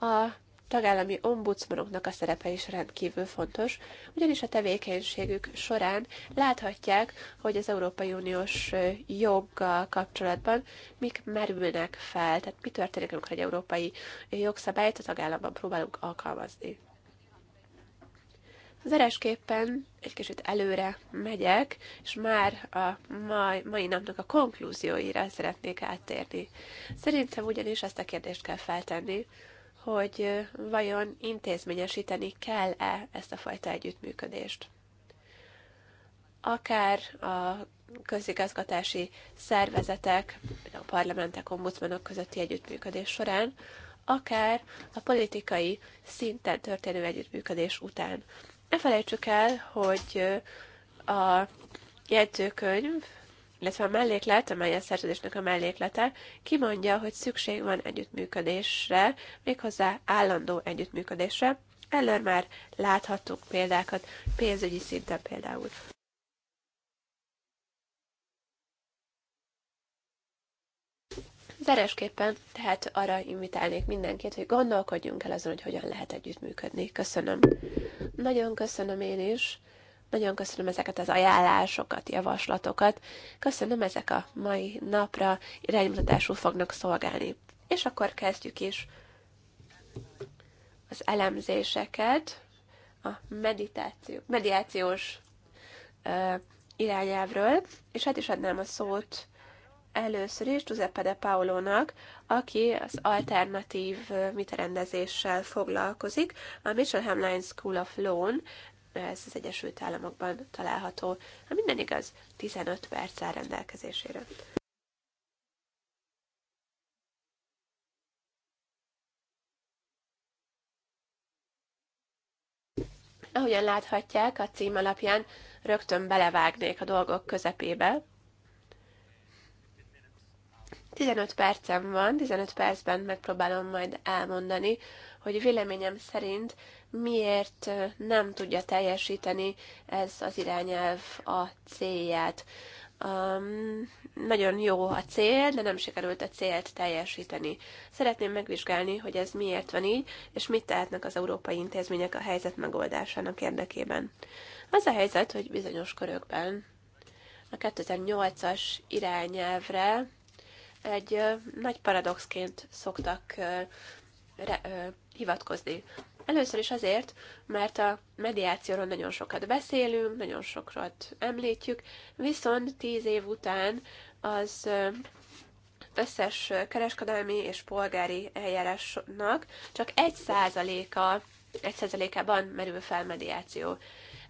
A tagállami ombudsmanoknak a szerepe is rendkívül fontos, ugyanis a tevékenységük során láthatják, hogy az Európai Uniós joggal kapcsolatban mik merülnek fel, tehát mi történik, amikor egy európai jogszabályt a tagállamban próbálunk alkalmazni. Zárásképpen egy kicsit előre megyek, és már a mai, mai napnak a konklúzióira szeretnék áttérni. Szerintem ugyanis ezt a kérdést kell feltenni, hogy vajon intézményesíteni kell-e ezt a fajta együttműködést. Akár a közigazgatási szervezetek, a parlamentek, ombudsmanok közötti együttműködés során, akár a politikai szinten történő együttműködés után. Ne felejtsük el, hogy a jegyzőkönyv illetve a melléklet, amely a szerződésnek a melléklete, kimondja, hogy szükség van együttműködésre, méghozzá állandó együttműködésre. Ellőr már láthattuk példákat, pénzügyi szinten például. Zárásképpen tehát arra invitálnék mindenkit, hogy gondolkodjunk el azon, hogy hogyan lehet együttműködni. Köszönöm. Nagyon köszönöm én is. Nagyon köszönöm ezeket az ajánlásokat, javaslatokat. Köszönöm, ezek a mai napra iránymutatásul fognak szolgálni. És akkor kezdjük is az elemzéseket, a meditáció, mediációs uh, irányelvről, és hát is adnám a szót először is Giuseppe de Paolónak, aki az alternatív miterendezéssel foglalkozik a Mitchell Hamline School of law ez az Egyesült Államokban található. Ha minden igaz, 15 perc áll rendelkezésére. Ahogyan láthatják, a cím alapján rögtön belevágnék a dolgok közepébe. 15 percem van, 15 percben megpróbálom majd elmondani, hogy véleményem szerint miért nem tudja teljesíteni ez az irányelv a célját. Um, nagyon jó a cél, de nem sikerült a célt teljesíteni. Szeretném megvizsgálni, hogy ez miért van így, és mit tehetnek az európai intézmények a helyzet megoldásának érdekében. Az a helyzet, hogy bizonyos körökben a 2008-as irányelvre egy nagy paradoxként szoktak re, ö, hivatkozni. Először is azért, mert a mediációról nagyon sokat beszélünk, nagyon sokat említjük, viszont tíz év után az összes kereskedelmi és polgári eljárásnak csak egy százaléka, egy százalékában merül fel mediáció.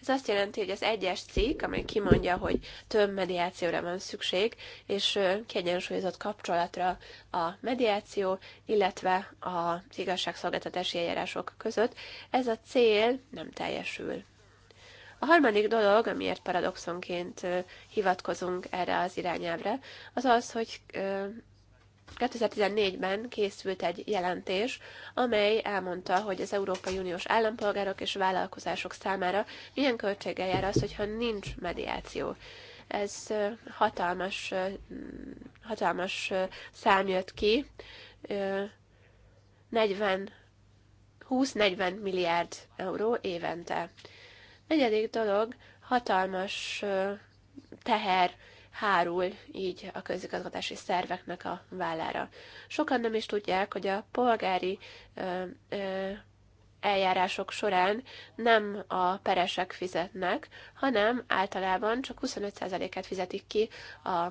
Ez azt jelenti, hogy az egyes cikk, amely kimondja, hogy több mediációra van szükség, és kiegyensúlyozott kapcsolatra a mediáció, illetve az igazságszolgáltatási eljárások között, ez a cél nem teljesül. A harmadik dolog, amiért paradoxonként hivatkozunk erre az irányelvre, az az, hogy 2014-ben készült egy jelentés, amely elmondta, hogy az Európai Uniós állampolgárok és vállalkozások számára milyen költséggel jár az, hogyha nincs mediáció. Ez hatalmas, hatalmas szám jött ki, 40, 20-40 milliárd euró évente. Negyedik dolog, hatalmas teher hárul így a közigazgatási szerveknek a vállára. Sokan nem is tudják, hogy a polgári ö, ö, eljárások során nem a peresek fizetnek, hanem általában csak 25 et fizetik ki a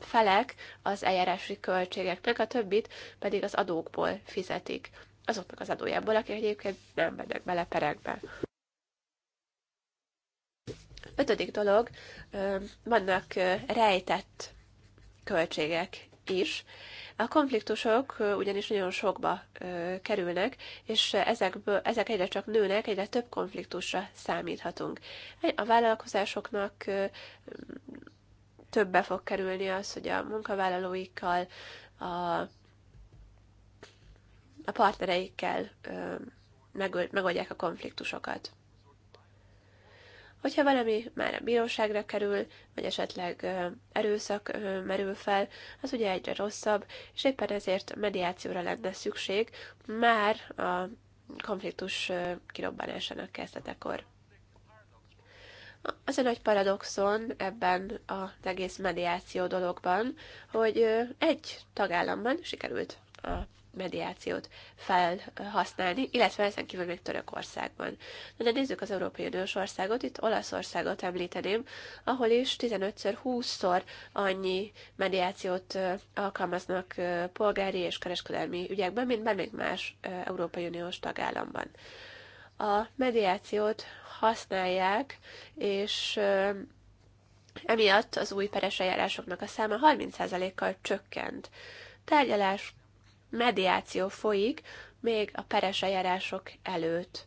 felek az eljárási költségeknek, a többit pedig az adókból fizetik azoknak az adójából, akik egyébként nem mennek bele perekbe. Ötödik dolog, vannak rejtett költségek is. A konfliktusok ugyanis nagyon sokba kerülnek, és ezekből, ezek egyre csak nőnek, egyre több konfliktusra számíthatunk. A vállalkozásoknak többbe fog kerülni az, hogy a munkavállalóikkal, a, a partnereikkel megoldják a konfliktusokat. Hogyha valami már a bíróságra kerül, vagy esetleg erőszak merül fel, az ugye egyre rosszabb, és éppen ezért mediációra lenne szükség már a konfliktus kirobbanásának kezdetekor. Az a nagy paradoxon ebben az egész mediáció dologban, hogy egy tagállamban sikerült a mediációt felhasználni, illetve ezen kívül még Törökországban. Na de nézzük az Európai Uniós országot, itt Olaszországot említeném, ahol is 15 20-szor annyi mediációt alkalmaznak polgári és kereskedelmi ügyekben, mint bármelyik más Európai Uniós tagállamban. A mediációt használják, és Emiatt az új peres eljárásoknak a száma 30%-kal csökkent. Tárgyalás mediáció folyik még a peres eljárások előtt.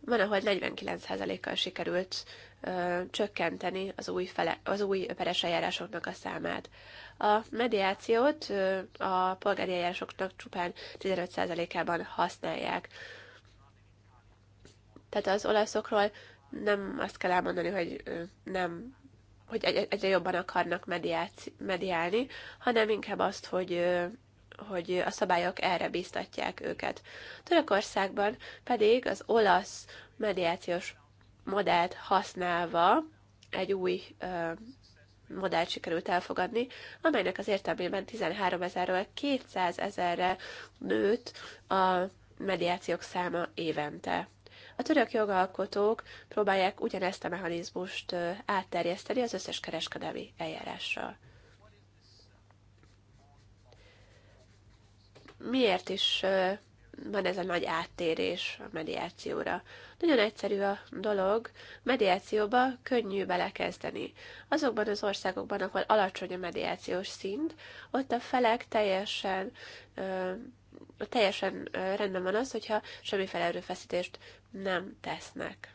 Van, ahol 49%-kal sikerült ö, csökkenteni az új, fele, az új peres eljárásoknak a számát. A mediációt ö, a polgári eljárásoknak csupán 15%-ában használják. Tehát az olaszokról nem azt kell elmondani, hogy nem hogy egyre jobban akarnak mediáci, mediálni, hanem inkább azt, hogy hogy a szabályok erre bíztatják őket. Törökországban pedig az olasz mediációs modellt használva egy új ö, modellt sikerült elfogadni, amelynek az értelmében 13 ezerről 200 ezerre nőtt a mediációk száma évente. A török jogalkotók próbálják ugyanezt a mechanizmust átterjeszteni az összes kereskedelmi eljárással. Miért is van ez a nagy áttérés a mediációra. Nagyon egyszerű a dolog, mediációba könnyű belekezdeni. Azokban az országokban, ahol alacsony a mediációs szint, ott a felek teljesen teljesen rendben van az, hogyha semmiféle erőfeszítést nem tesznek.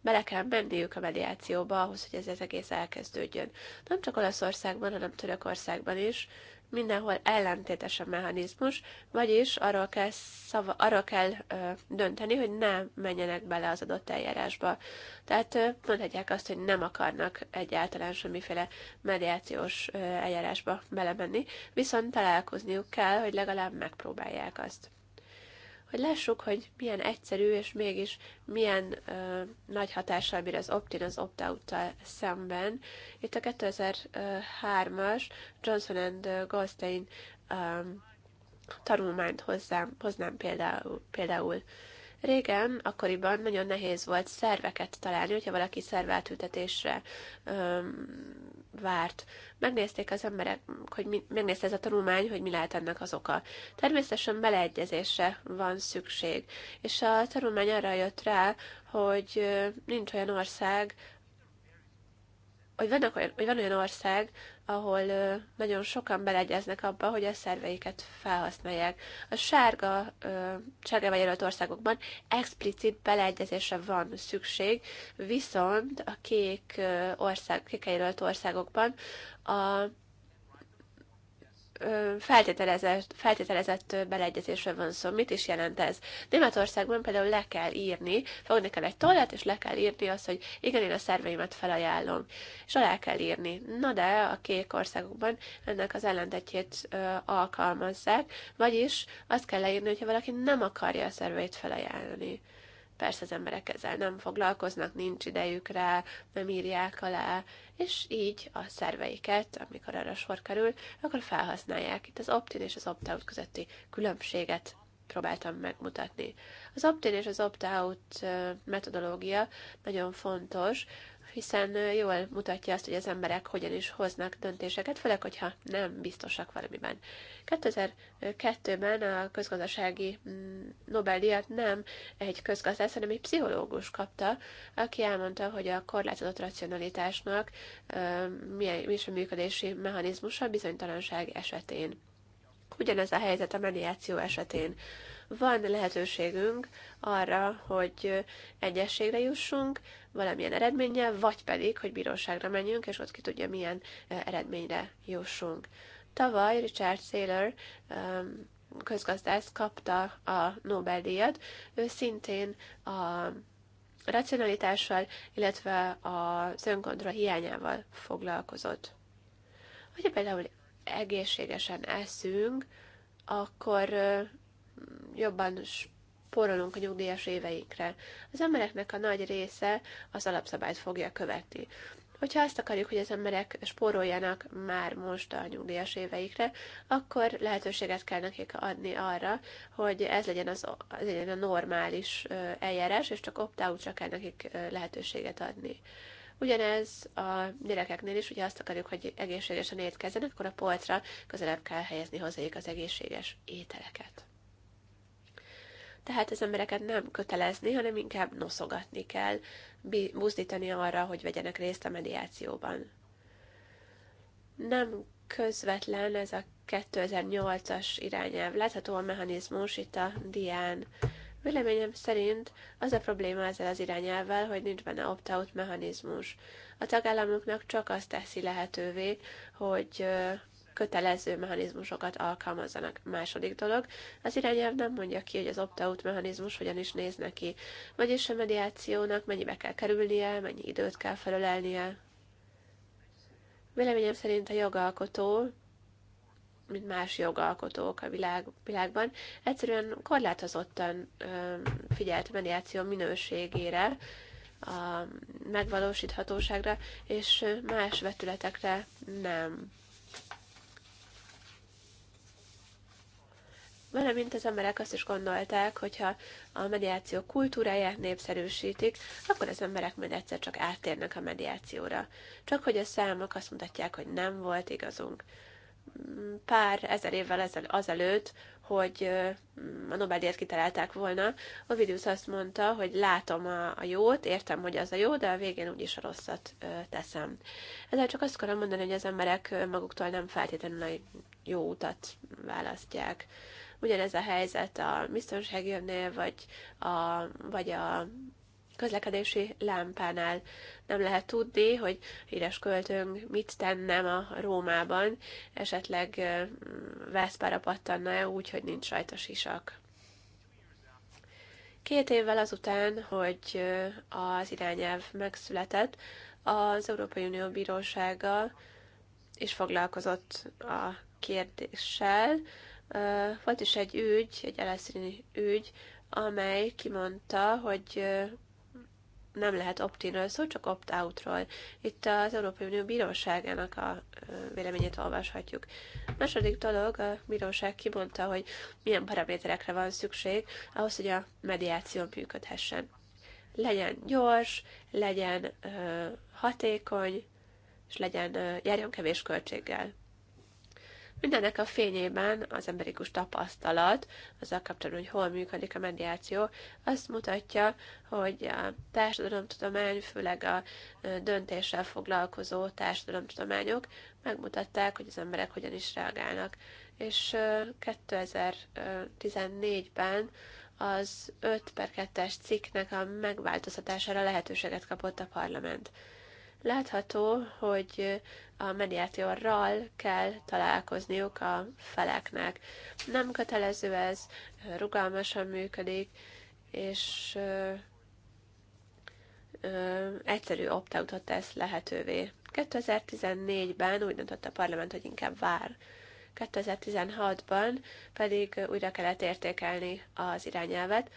Bele kell menniük a mediációba ahhoz, hogy ez az egész elkezdődjön. Nem csak Olaszországban, hanem Törökországban is mindenhol ellentétes a mechanizmus, vagyis arról kell, szava, arról kell ö, dönteni, hogy ne menjenek bele az adott eljárásba. Tehát ö, mondhatják azt, hogy nem akarnak egyáltalán semmiféle mediációs ö, eljárásba belemenni, viszont találkozniuk kell, hogy legalább megpróbálják azt hogy lássuk, hogy milyen egyszerű és mégis milyen ö, nagy hatással bír az opt-in az opt-out szemben. Itt a 2003-as Johnson and Goldstein ö, tanulmányt hozzám, hoznám például. például. Régen, akkoriban nagyon nehéz volt szerveket találni, hogyha valaki szerveltültetésre várt. Megnézték az emberek, hogy mi, megnézte ez a tanulmány, hogy mi lehet ennek az oka. Természetesen beleegyezésre van szükség, és a tanulmány arra jött rá, hogy nincs olyan ország, hogy, olyan, hogy van olyan ország, ahol nagyon sokan beleegyeznek abba, hogy a szerveiket felhasználják. A sárga, vagy jelölt országokban explicit beleegyezésre van szükség, viszont a kék ország, kék jelölt országokban a feltételezett, feltételezett beleegyezésről van szó. Mit is jelent ez? Németországban például le kell írni, fogni kell egy tollat, és le kell írni azt, hogy igen, én a szerveimet felajánlom. És alá kell írni. Na de a kék országokban ennek az ellentetjét ö, alkalmazzák, vagyis azt kell leírni, hogyha valaki nem akarja a szerveit felajánlani. Persze az emberek ezzel nem foglalkoznak, nincs idejük rá, nem írják alá, és így a szerveiket, amikor arra sor kerül, akkor felhasználják. Itt az opt-in és az opt-out közötti különbséget próbáltam megmutatni. Az opt-in és az opt-out metodológia nagyon fontos, hiszen jól mutatja azt, hogy az emberek hogyan is hoznak döntéseket, főleg, hogyha nem biztosak valamiben. 2002-ben a közgazdasági mm, Nobel-díjat nem egy közgazdász, hanem egy pszichológus kapta, aki elmondta, hogy a korlátozott racionalitásnak milyen is a működési mechanizmusa bizonytalanság esetén. Ugyanez a helyzet a mediáció esetén van lehetőségünk arra, hogy egyességre jussunk valamilyen eredménnyel, vagy pedig, hogy bíróságra menjünk, és ott ki tudja, milyen eredményre jussunk. Tavaly Richard Saylor közgazdász kapta a Nobel-díjat, ő szintén a racionalitással, illetve az önkontroll hiányával foglalkozott. Hogyha például egészségesen eszünk, akkor jobban porolunk a nyugdíjas éveinkre. Az embereknek a nagy része az alapszabályt fogja követni. Hogyha azt akarjuk, hogy az emberek spóroljanak már most a nyugdíjas éveikre, akkor lehetőséget kell nekik adni arra, hogy ez legyen, az, az legyen a normális eljárás, és csak opt out kell nekik lehetőséget adni. Ugyanez a gyerekeknél is, ugye azt akarjuk, hogy egészségesen étkezzenek, akkor a polcra közelebb kell helyezni hozzájuk az egészséges ételeket tehát az embereket nem kötelezni, hanem inkább noszogatni kell, buzdítani arra, hogy vegyenek részt a mediációban. Nem közvetlen ez a 2008-as irányelv. Látható a mechanizmus itt a dián. Véleményem szerint az a probléma ezzel az irányelvvel, hogy nincs benne opt-out mechanizmus. A tagállamoknak csak azt teszi lehetővé, hogy kötelező mechanizmusokat alkalmazzanak. Második dolog, az irányelv nem mondja ki, hogy az opt-out mechanizmus hogyan is néz neki, vagyis a mediációnak mennyibe kell kerülnie, mennyi időt kell felölelnie. Véleményem szerint a jogalkotó mint más jogalkotók a világ, világban, egyszerűen korlátozottan ö, figyelt mediáció minőségére, a megvalósíthatóságra, és más vetületekre nem. valamint az emberek azt is gondolták, hogyha a mediáció kultúráját népszerűsítik, akkor az emberek majd egyszer csak áttérnek a mediációra. Csak hogy a számok azt mutatják, hogy nem volt igazunk. Pár ezer évvel ezel, azelőtt hogy a Nobel-díjat kitalálták volna. A Ovidius azt mondta, hogy látom a, a jót, értem, hogy az a jó, de a végén úgyis a rosszat teszem. Ezzel csak azt akarom mondani, hogy az emberek maguktól nem feltétlenül a jó utat választják. Ugyanez a helyzet a biztonsági jövnél, vagy a, vagy a közlekedési lámpánál. Nem lehet tudni, hogy híres költőnk mit tenne a Rómában, esetleg Vászpára pattanna-e úgy, hogy nincs rajta sisak. Két évvel azután, hogy az irányelv megszületett, az Európai Unió Bírósága is foglalkozott a kérdéssel. Volt is egy ügy, egy eleszrini ügy, amely kimondta, hogy nem lehet opt-inről szó, csak opt out -ról. Itt az Európai Unió Bíróságának a véleményét olvashatjuk. Második dolog, a bíróság kimondta, hogy milyen paraméterekre van szükség ahhoz, hogy a mediáció működhessen. Legyen gyors, legyen hatékony, és legyen, járjon kevés költséggel. Mindennek a fényében az emberikus tapasztalat, azzal kapcsolatban, hogy hol működik a mediáció, azt mutatja, hogy a társadalomtudomány, főleg a döntéssel foglalkozó társadalomtudományok megmutatták, hogy az emberek hogyan is reagálnak. És 2014-ben az 5 per 2-es cikknek a megváltoztatására lehetőséget kapott a parlament. Látható, hogy a mediátorral kell találkozniuk a feleknek. Nem kötelező ez, rugalmasan működik, és ö, ö, egyszerű opt-outot tesz lehetővé. 2014-ben úgy döntött a parlament, hogy inkább vár. 2016-ban pedig újra kellett értékelni az irányelvet,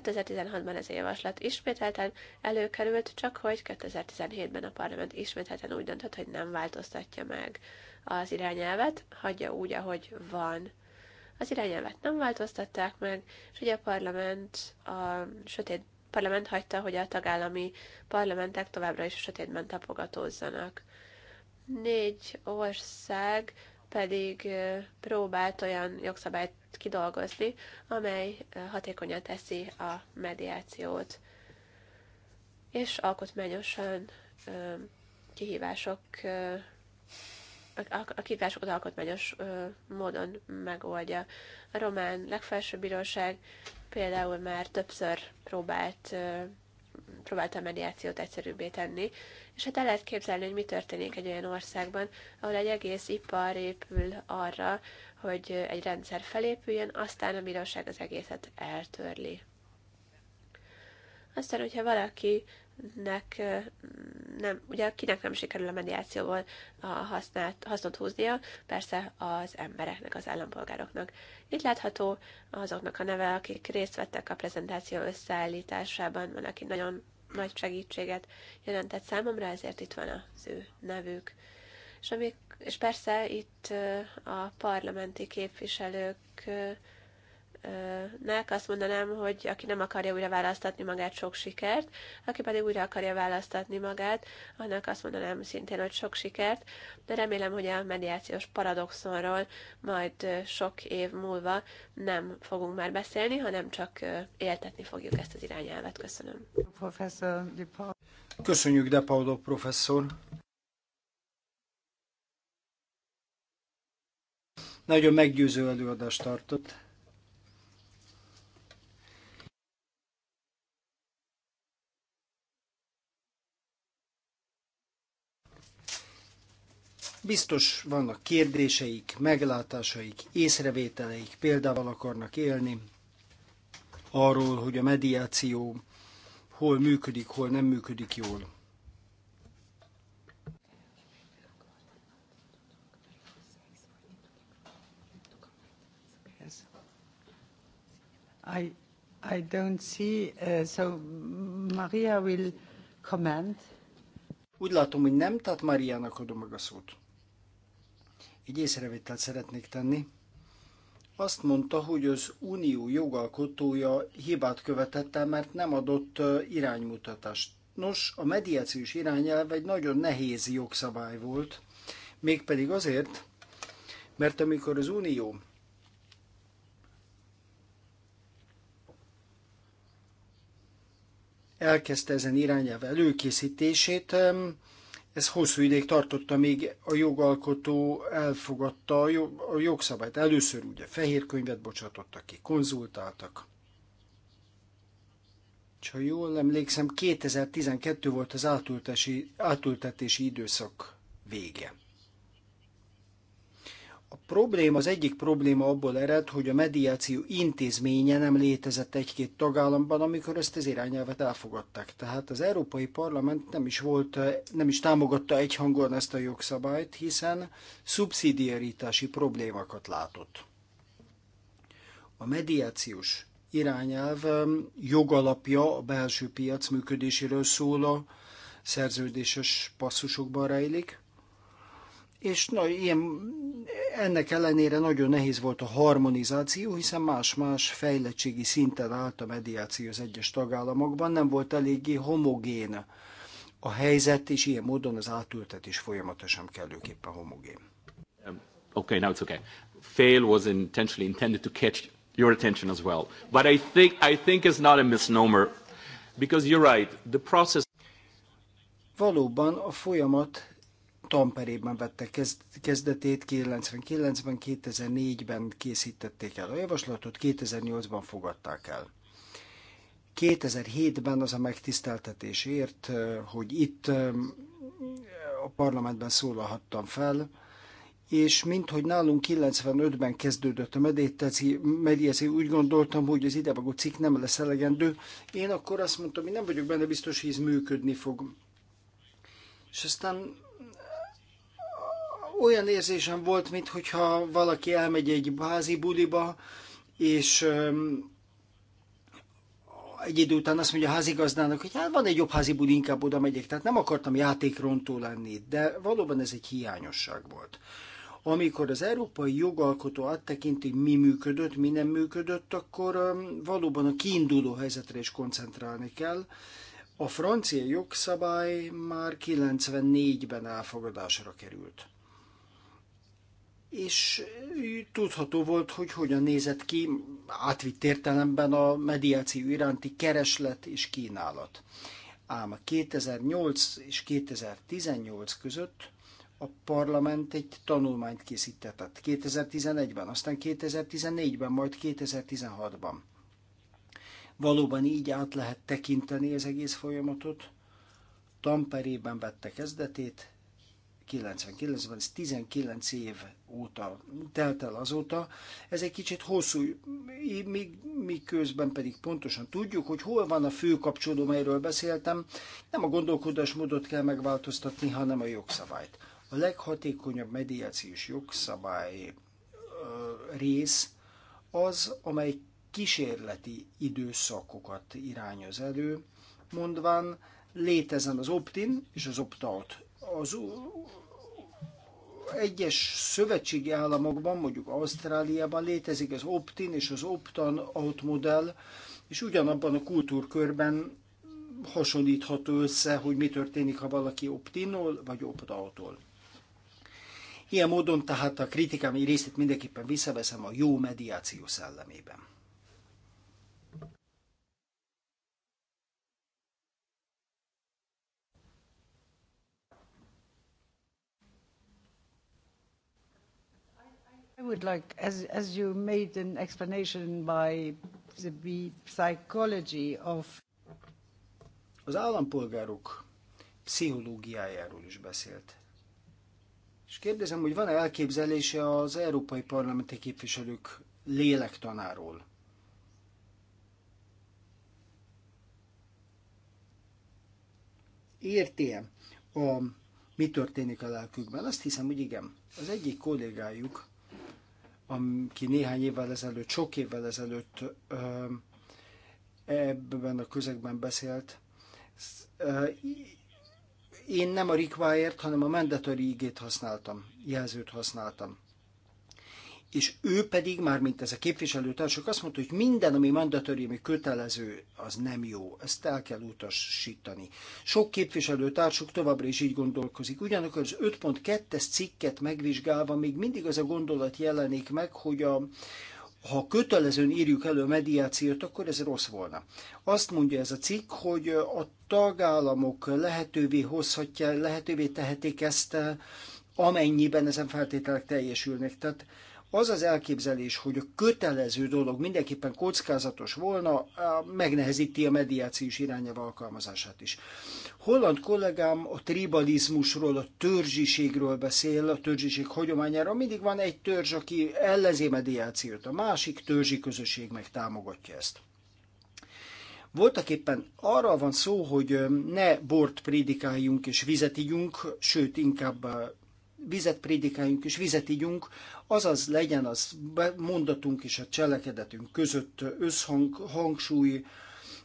2016-ban ez a javaslat ismételten előkerült, csak hogy 2017-ben a parlament ismételten úgy döntött, hogy nem változtatja meg az irányelvet, hagyja úgy, ahogy van. Az irányelvet nem változtatták meg, és ugye a parlament a sötét parlament hagyta, hogy a tagállami parlamentek továbbra is a sötétben tapogatózzanak. Négy ország pedig próbált olyan jogszabályt kidolgozni, amely hatékonyan teszi a mediációt, és alkotmányosan kihívások a kihívásokat alkotmányos módon megoldja. A román legfelsőbb bíróság például már többször próbált próbálta a mediációt egyszerűbbé tenni, és hát el lehet képzelni, hogy mi történik egy olyan országban, ahol egy egész ipar épül arra, hogy egy rendszer felépüljön, aztán a bíróság az egészet eltörli. Aztán, hogyha valaki nek nem, ugye kinek nem sikerül a mediációval a hasznát, hasznot húznia, persze az embereknek, az állampolgároknak. Itt látható azoknak a neve, akik részt vettek a prezentáció összeállításában, van, aki nagyon nagy segítséget jelentett számomra, ezért itt van az ő nevük. És, amik, és persze itt a parlamenti képviselők nek azt mondanám, hogy aki nem akarja újra választatni magát, sok sikert, aki pedig újra akarja választatni magát, annak azt mondanám szintén, hogy sok sikert, de remélem, hogy a mediációs paradoxonról majd sok év múlva nem fogunk már beszélni, hanem csak éltetni fogjuk ezt az irányelvet. Köszönöm. Köszönjük, De Paulo professzor. Nagyon meggyőző előadást tartott. Biztos vannak kérdéseik, meglátásaik, észrevételeik, példával akarnak élni arról, hogy a mediáció hol működik, hol nem működik jól. I, I don't see, uh, so Maria will comment. Úgy látom, hogy nem, tehát Mariának adom meg a szót. Egy észrevételt szeretnék tenni. Azt mondta, hogy az unió jogalkotója hibát követett el, mert nem adott iránymutatást. Nos, a mediációs irányelv egy nagyon nehéz jogszabály volt, mégpedig azért, mert amikor az unió elkezdte ezen irányelv előkészítését, ez hosszú ideig tartotta, még a jogalkotó elfogadta a jogszabályt. Először ugye fehér könyvet bocsátottak ki, konzultáltak. És ha jól emlékszem, 2012 volt az átültetési, átültetési időszak vége. A probléma, az egyik probléma abból ered, hogy a mediáció intézménye nem létezett egy-két tagállamban, amikor ezt az irányelvet elfogadták. Tehát az Európai Parlament nem is, volt, nem is támogatta egyhangon ezt a jogszabályt, hiszen szubszidiaritási problémákat látott. A mediációs irányelv um, jogalapja a belső piac működéséről szól a szerződéses passzusokban rejlik, és na, ilyen, ennek ellenére nagyon nehéz volt a harmonizáció, hiszen más-más fejlettségi szinten állt a mediáció az egyes tagállamokban, nem volt eléggé homogén a helyzet, és ilyen módon az átültetés folyamatosan kellőképpen homogén. Um, okay, now it's okay. Fail was intentionally intended to catch your attention as well. But I think, I think it's not a misnomer, because you're right, the process... Valóban a folyamat Tamperében vette kezdetét, 99-ben, 2004-ben készítették el a javaslatot, 2008-ban fogadták el. 2007-ben az a megtiszteltetésért, hogy itt a parlamentben szólalhattam fel, és minthogy nálunk 95-ben kezdődött a mediáció, úgy gondoltam, hogy az idevagó cikk nem lesz elegendő. Én akkor azt mondtam, hogy nem vagyok benne biztos, hogy ez működni fog. És aztán olyan érzésem volt, mintha valaki elmegy egy házi buliba, és egy idő után azt mondja a házigazdának, hogy hát van egy jobb házi buli, inkább oda megyek. Tehát nem akartam játékrontó lenni, de valóban ez egy hiányosság volt. Amikor az európai jogalkotó áttekinti, mi működött, mi nem működött, akkor valóban a kiinduló helyzetre is koncentrálni kell. A francia jogszabály már 94-ben elfogadásra került és tudható volt, hogy hogyan nézett ki átvitt értelemben a mediáció iránti kereslet és kínálat. Ám a 2008 és 2018 között a parlament egy tanulmányt készített, 2011-ben, aztán 2014-ben, majd 2016-ban. Valóban így át lehet tekinteni az egész folyamatot. Tamperében vette kezdetét, 99-ben, ez 19 év óta telt el azóta. Ez egy kicsit hosszú, míg, míg közben pedig pontosan tudjuk, hogy hol van a fő kapcsoló, melyről beszéltem. Nem a gondolkodásmódot kell megváltoztatni, hanem a jogszabályt. A leghatékonyabb mediációs jogszabály rész az, amely kísérleti időszakokat irányoz elő, mondván létezen az opt-in és az opt-out az egyes szövetségi államokban, mondjuk Ausztráliában létezik az opt-in és az Optan out modell, és ugyanabban a kultúrkörben hasonlítható össze, hogy mi történik, ha valaki optinol vagy opt-outol. Ilyen módon tehát a kritikám egy részét mindenképpen visszaveszem a jó mediáció szellemében. I would like, as, as you made an explanation by the psychology of... Az állampolgárok pszichológiájáról is beszélt. És kérdezem, hogy van-e elképzelése az európai parlamenti képviselők lélektanáról? érti -e a mi történik a lelkükben? Azt hiszem, hogy igen. Az egyik kollégájuk aki néhány évvel ezelőtt, sok évvel ezelőtt ebben a közegben beszélt. Én nem a required, hanem a mandatory igét használtam, jelzőt használtam és ő pedig, már mint ez a képviselőtársak, azt mondta, hogy minden, ami mandatóri, ami kötelező, az nem jó, ezt el kell utasítani. Sok képviselőtársuk továbbra is így gondolkozik. Ugyanakkor az 5.2-es cikket megvizsgálva még mindig az a gondolat jelenik meg, hogy a, ha kötelezőn írjuk elő a mediációt, akkor ez rossz volna. Azt mondja ez a cikk, hogy a tagállamok lehetővé hozhatják, lehetővé tehetik ezt, amennyiben ezen feltételek teljesülnek. Tehát az az elképzelés, hogy a kötelező dolog mindenképpen kockázatos volna, megnehezíti a mediációs irányelv alkalmazását is. Holland kollégám a tribalizmusról, a törzsiségről beszél, a törzsiség hagyományáról. Mindig van egy törzs, aki ellenzi mediációt, a másik törzsi közösség meg támogatja ezt. Voltak éppen arra van szó, hogy ne bort prédikáljunk és vizet ígyunk, sőt, inkább vizet prédikáljunk és vizet ígyunk, azaz legyen az mondatunk és a cselekedetünk között összhang, hangsúly,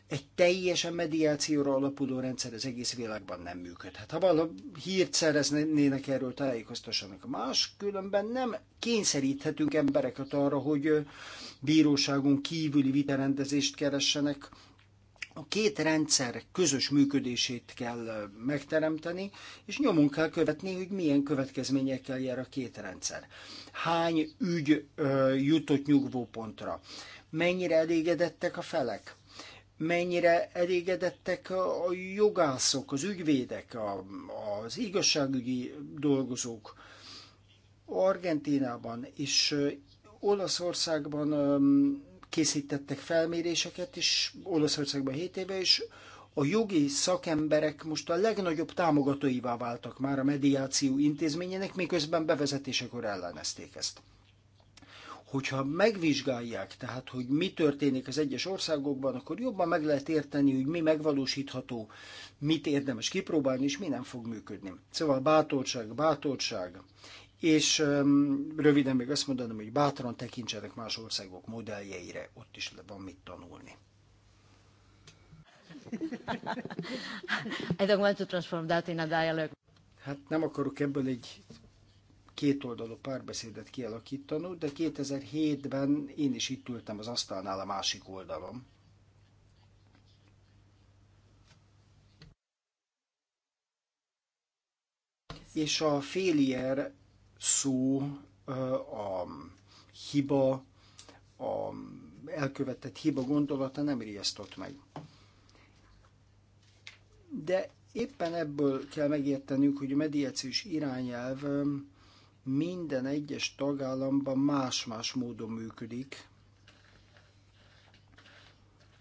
egy teljesen mediációra alapuló rendszer az egész világban nem működhet. Ha valami hírt szereznének erről, tájékoztassanak. Más különben nem kényszeríthetünk embereket arra, hogy bíróságon kívüli vitarendezést keressenek, a két rendszer közös működését kell megteremteni, és nyomon kell követni, hogy milyen következményekkel jár a két rendszer. Hány ügy ö, jutott nyugvópontra? Mennyire elégedettek a felek? Mennyire elégedettek a jogászok, az ügyvédek, a, az igazságügyi dolgozók? Argentínában és Olaszországban készítettek felméréseket, is Olaszországban 7 éve, és a jogi szakemberek most a legnagyobb támogatóivá váltak már a mediáció intézményének, miközben bevezetésekor ellenezték ezt. Hogyha megvizsgálják, tehát, hogy mi történik az egyes országokban, akkor jobban meg lehet érteni, hogy mi megvalósítható, mit érdemes kipróbálni, és mi nem fog működni. Szóval bátorság, bátorság, és röviden még azt mondanám, hogy bátran tekintsenek más országok modelljeire, ott is le van mit tanulni. I don't want to transform that in a dialogue. Hát nem akarok ebből egy kétoldalú párbeszédet kialakítani, de 2007-ben én is itt ültem az asztalnál a másik oldalon. És a Félier szó, a hiba, a elkövetett hiba gondolata nem riasztott meg. De éppen ebből kell megértenünk, hogy a mediációs irányelv minden egyes tagállamban más-más módon működik.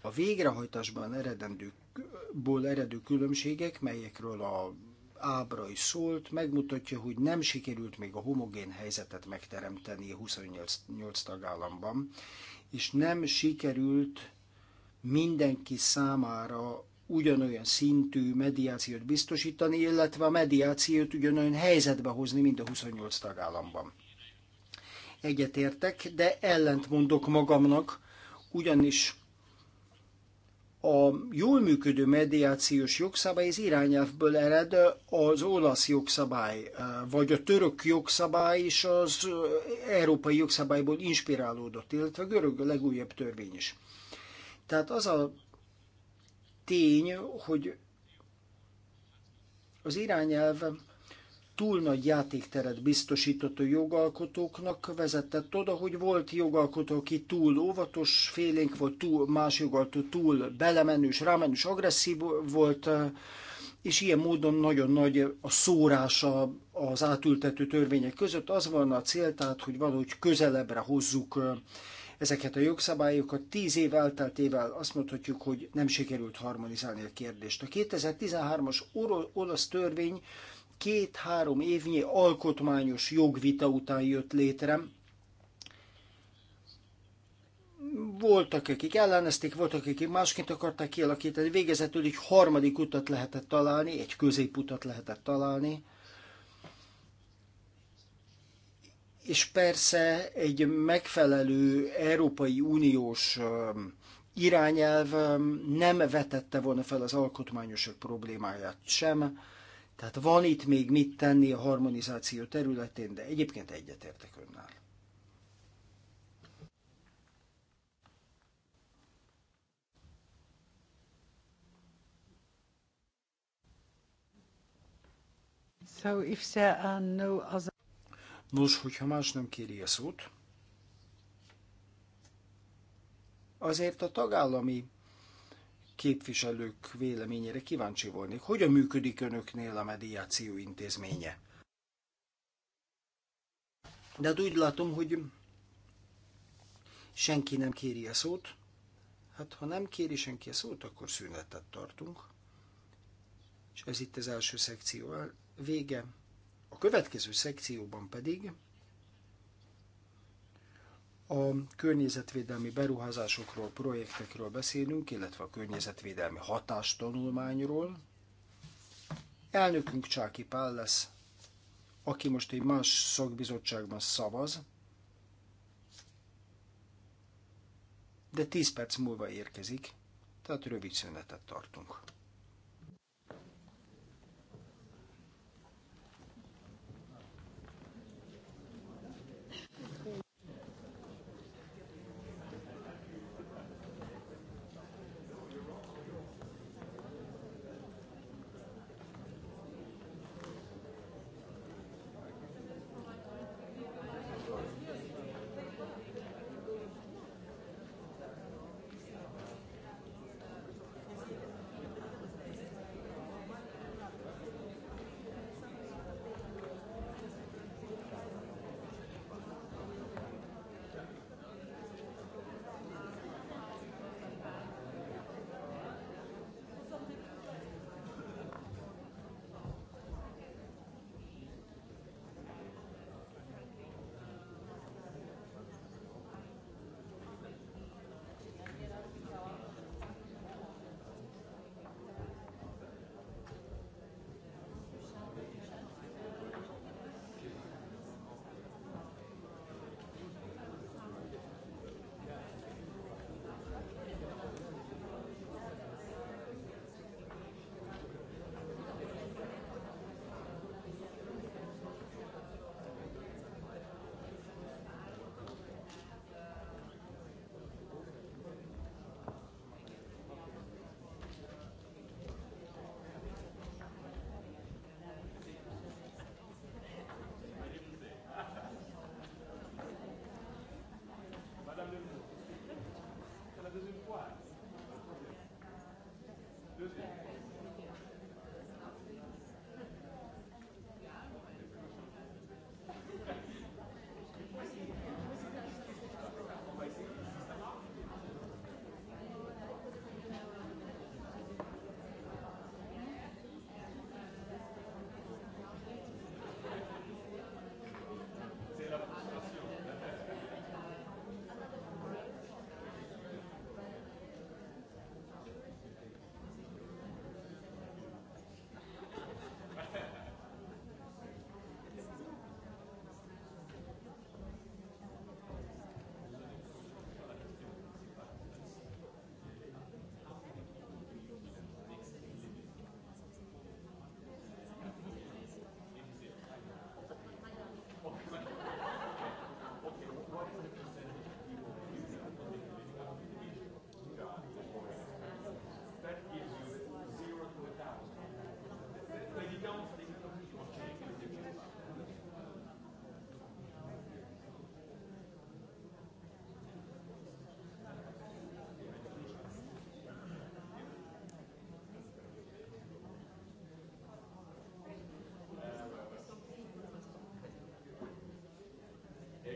A végrehajtásban eredendőkből eredő különbségek, melyekről a ábra is szólt, megmutatja, hogy nem sikerült még a homogén helyzetet megteremteni a 28 tagállamban, és nem sikerült mindenki számára ugyanolyan szintű mediációt biztosítani, illetve a mediációt ugyanolyan helyzetbe hozni, mint a 28 tagállamban. Egyetértek, de ellent mondok magamnak, ugyanis a jól működő mediációs jogszabály az irányelvből ered az olasz jogszabály, eh, vagy a török jogszabály és az eh, európai jogszabályból inspirálódott, illetve a görög a legújabb törvény is. Tehát az a tény, hogy az irányelv túl nagy játékteret biztosított a jogalkotóknak, vezetett oda, hogy volt jogalkotó, aki túl óvatos, félénk volt, túl, más jogalkotó túl belemenős, rámenős, agresszív volt, és ilyen módon nagyon nagy a szórása az átültető törvények között. Az van a cél, tehát, hogy valahogy közelebbre hozzuk ezeket a jogszabályokat. Tíz év elteltével azt mondhatjuk, hogy nem sikerült harmonizálni a kérdést. A 2013-as olasz törvény két-három évnyi alkotmányos jogvita után jött létre. Voltak, akik ellenezték, voltak, akik másként akarták kialakítani. Végezetül egy harmadik utat lehetett találni, egy középutat lehetett találni. És persze egy megfelelő Európai Uniós irányelv nem vetette volna fel az alkotmányosok problémáját sem, tehát van itt még mit tenni a harmonizáció területén, de egyébként egyetértek önnel. So if there are no other... Nos, hogyha más nem kéri a szót, azért a tagállami képviselők véleményére kíváncsi volnék. Hogyan működik önöknél a mediáció intézménye? De hát úgy látom, hogy senki nem kéri a szót. Hát ha nem kéri senki a szót, akkor szünetet tartunk. És ez itt az első szekció vége. A következő szekcióban pedig a környezetvédelmi beruházásokról, projektekről beszélünk, illetve a környezetvédelmi hatástanulmányról. Elnökünk Csáki Pál lesz, aki most egy más szakbizottságban szavaz, de 10 perc múlva érkezik, tehát rövid szünetet tartunk.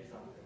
Exact.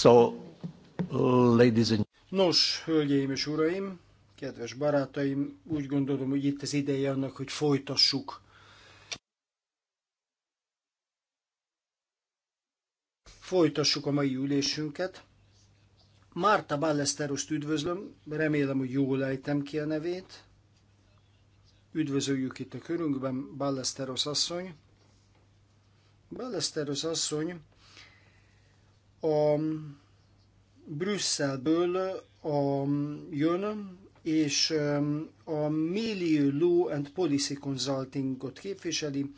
So, ladies and... Nos, hölgyeim és uraim, kedves barátaim, úgy gondolom, hogy itt az ideje annak, hogy folytassuk folytassuk a mai ülésünket. Márta Ballesteroszt üdvözlöm, remélem, hogy jól ejtem ki a nevét. Üdvözöljük itt a körünkben, Ballesteros asszony. Ballesteros asszony a Brüsszelből a, jön, és a Milieu Law and Policy Consultingot képviseli,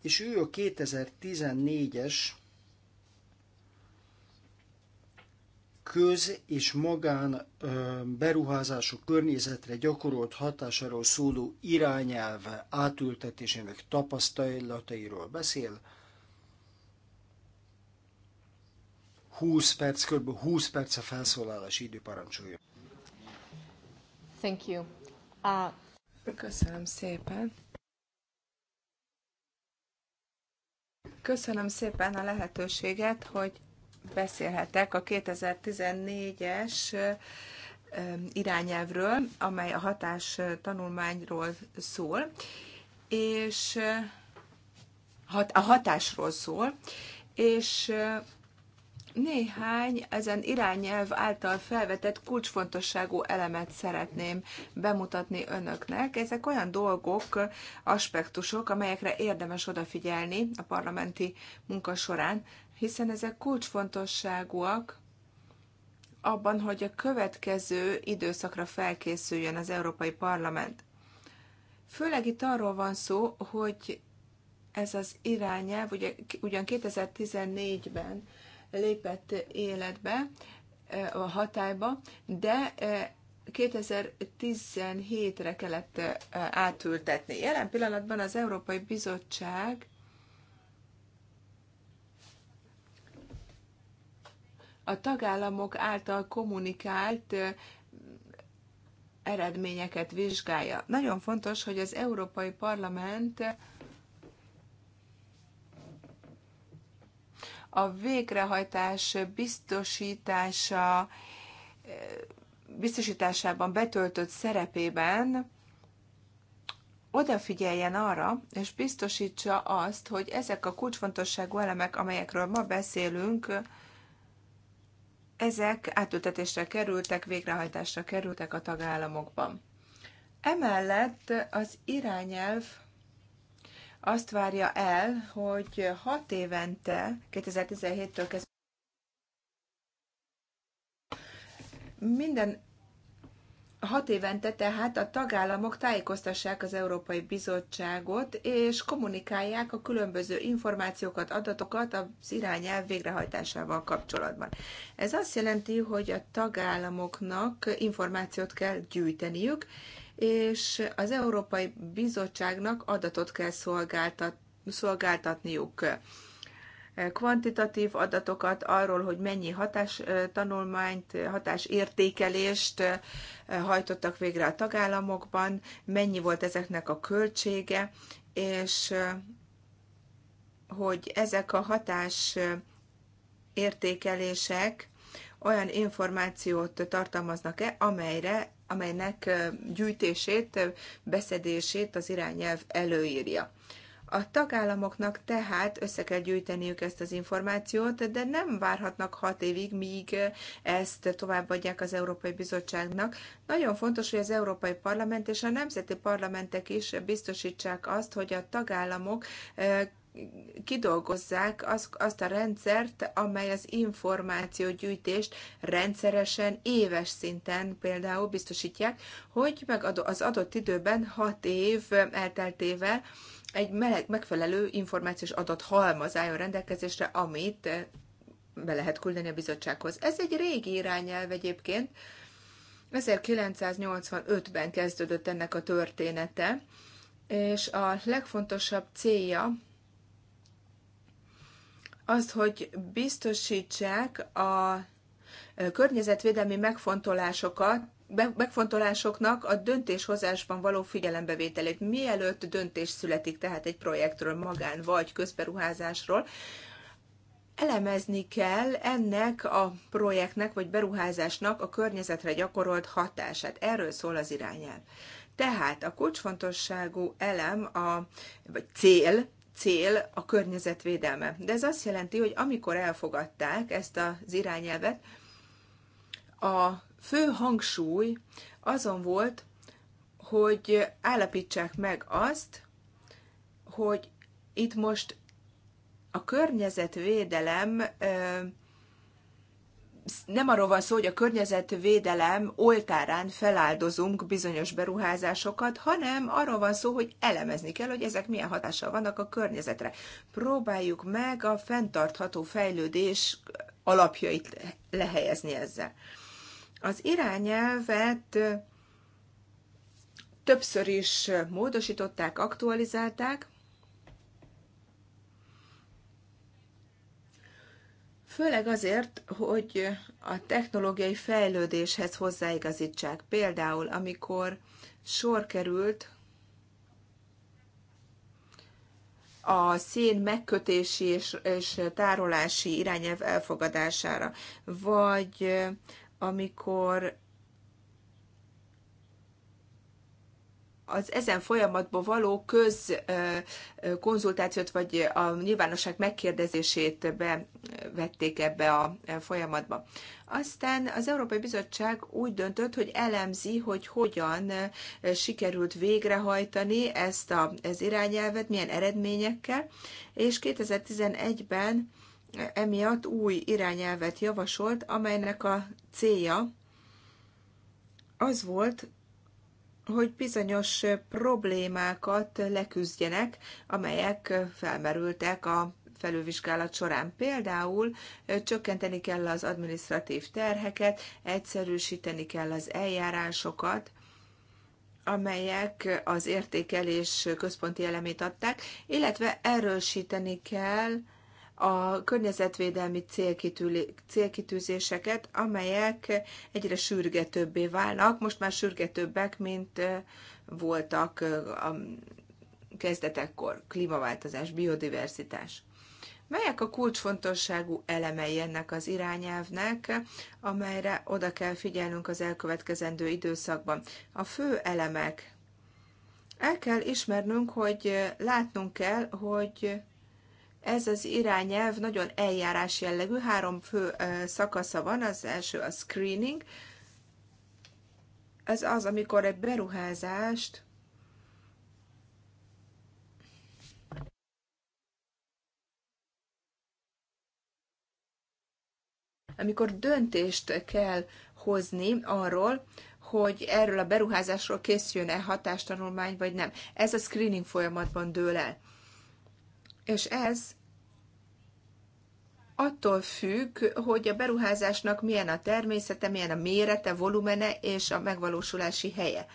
és ő a 2014-es köz- és magán beruházások környezetre gyakorolt hatásáról szóló irányelve átültetésének tapasztalatairól beszél, 20 perc, kb. 20 perc a felszólalási idő parancsolja. Thank you. Uh... Köszönöm szépen. Köszönöm szépen a lehetőséget, hogy beszélhetek a 2014-es irányelvről, amely a hatás tanulmányról szól, és a hatásról szól, és néhány ezen irányelv által felvetett kulcsfontosságú elemet szeretném bemutatni önöknek. Ezek olyan dolgok, aspektusok, amelyekre érdemes odafigyelni a parlamenti munka során, hiszen ezek kulcsfontosságúak abban, hogy a következő időszakra felkészüljön az Európai Parlament. Főleg itt arról van szó, hogy ez az irányelv ugye, ugyan 2014-ben lépett életbe, a hatályba, de 2017-re kellett átültetni. Jelen pillanatban az Európai Bizottság a tagállamok által kommunikált eredményeket vizsgálja. Nagyon fontos, hogy az Európai Parlament a végrehajtás biztosítása, eh, biztosításában betöltött szerepében odafigyeljen arra, és biztosítsa azt, hogy ezek a kulcsfontosságú elemek, amelyekről ma beszélünk, ezek átültetésre kerültek, végrehajtásra kerültek a tagállamokban. Emellett az irányelv azt várja el, hogy hat évente, 2017-től kezdve minden hat évente tehát a tagállamok tájékoztassák az Európai Bizottságot, és kommunikálják a különböző információkat, adatokat az irányelv végrehajtásával kapcsolatban. Ez azt jelenti, hogy a tagállamoknak információt kell gyűjteniük, és az Európai Bizottságnak adatot kell szolgáltat, szolgáltatniuk kvantitatív adatokat arról, hogy mennyi hatástanulmányt, hatásértékelést hajtottak végre a tagállamokban, mennyi volt ezeknek a költsége, és hogy ezek a hatás értékelések olyan információt tartalmaznak-e, amelyre amelynek gyűjtését, beszedését az irányelv előírja. A tagállamoknak tehát össze kell gyűjteniük ezt az információt, de nem várhatnak hat évig, míg ezt továbbadják az Európai Bizottságnak. Nagyon fontos, hogy az Európai Parlament és a nemzeti parlamentek is biztosítsák azt, hogy a tagállamok kidolgozzák az, azt a rendszert, amely az információgyűjtést rendszeresen, éves szinten például biztosítják, hogy meg az adott időben, hat év elteltével egy megfelelő információs adathalmaz álljon rendelkezésre, amit eh, be lehet küldeni a bizottsághoz. Ez egy régi irányelv egyébként, 1985-ben kezdődött ennek a története, és a legfontosabb célja azt, hogy biztosítsák a környezetvédelmi megfontolásokat, megfontolásoknak a döntéshozásban való figyelembevételét, mielőtt döntés születik, tehát egy projektről, magán vagy közberuházásról, elemezni kell ennek a projektnek vagy beruházásnak a környezetre gyakorolt hatását. Erről szól az irányelv. Tehát a kulcsfontosságú elem, a, vagy cél cél a környezetvédelme. De ez azt jelenti, hogy amikor elfogadták ezt az irányelvet, a fő hangsúly azon volt, hogy állapítsák meg azt, hogy itt most a környezetvédelem nem arról van szó, hogy a környezetvédelem oltárán feláldozunk bizonyos beruházásokat, hanem arról van szó, hogy elemezni kell, hogy ezek milyen hatással vannak a környezetre. Próbáljuk meg a fenntartható fejlődés alapjait lehelyezni ezzel. Az irányelvet többször is módosították, aktualizálták, Főleg azért, hogy a technológiai fejlődéshez hozzáigazítsák. Például, amikor sor került a szén megkötési és, és tárolási irányelv elfogadására, vagy amikor az ezen folyamatban való közkonzultációt vagy a nyilvánosság megkérdezését bevették ebbe a e, folyamatba. Aztán az Európai Bizottság úgy döntött, hogy elemzi, hogy hogyan e, sikerült végrehajtani ezt az irányelvet, milyen eredményekkel, és 2011-ben e, emiatt új irányelvet javasolt, amelynek a célja az volt, hogy bizonyos problémákat leküzdjenek, amelyek felmerültek a felülvizsgálat során. Például csökkenteni kell az administratív terheket, egyszerűsíteni kell az eljárásokat, amelyek az értékelés központi elemét adták, illetve erősíteni kell a környezetvédelmi célkitűzéseket, amelyek egyre sürgetőbbé válnak, most már sürgetőbbek, mint voltak a kezdetekkor, klímaváltozás, biodiverzitás. Melyek a kulcsfontosságú elemei ennek az irányelvnek, amelyre oda kell figyelnünk az elkövetkezendő időszakban? A fő elemek. El kell ismernünk, hogy látnunk kell, hogy ez az irányelv nagyon eljárás jellegű, három fő szakasza van, az első a screening, ez az, amikor egy beruházást amikor döntést kell hozni arról, hogy erről a beruházásról készüljön-e hatástanulmány, vagy nem. Ez a screening folyamatban dől el. És ez attól függ, hogy a beruházásnak milyen a természete, milyen a mérete, volumene és a megvalósulási helye.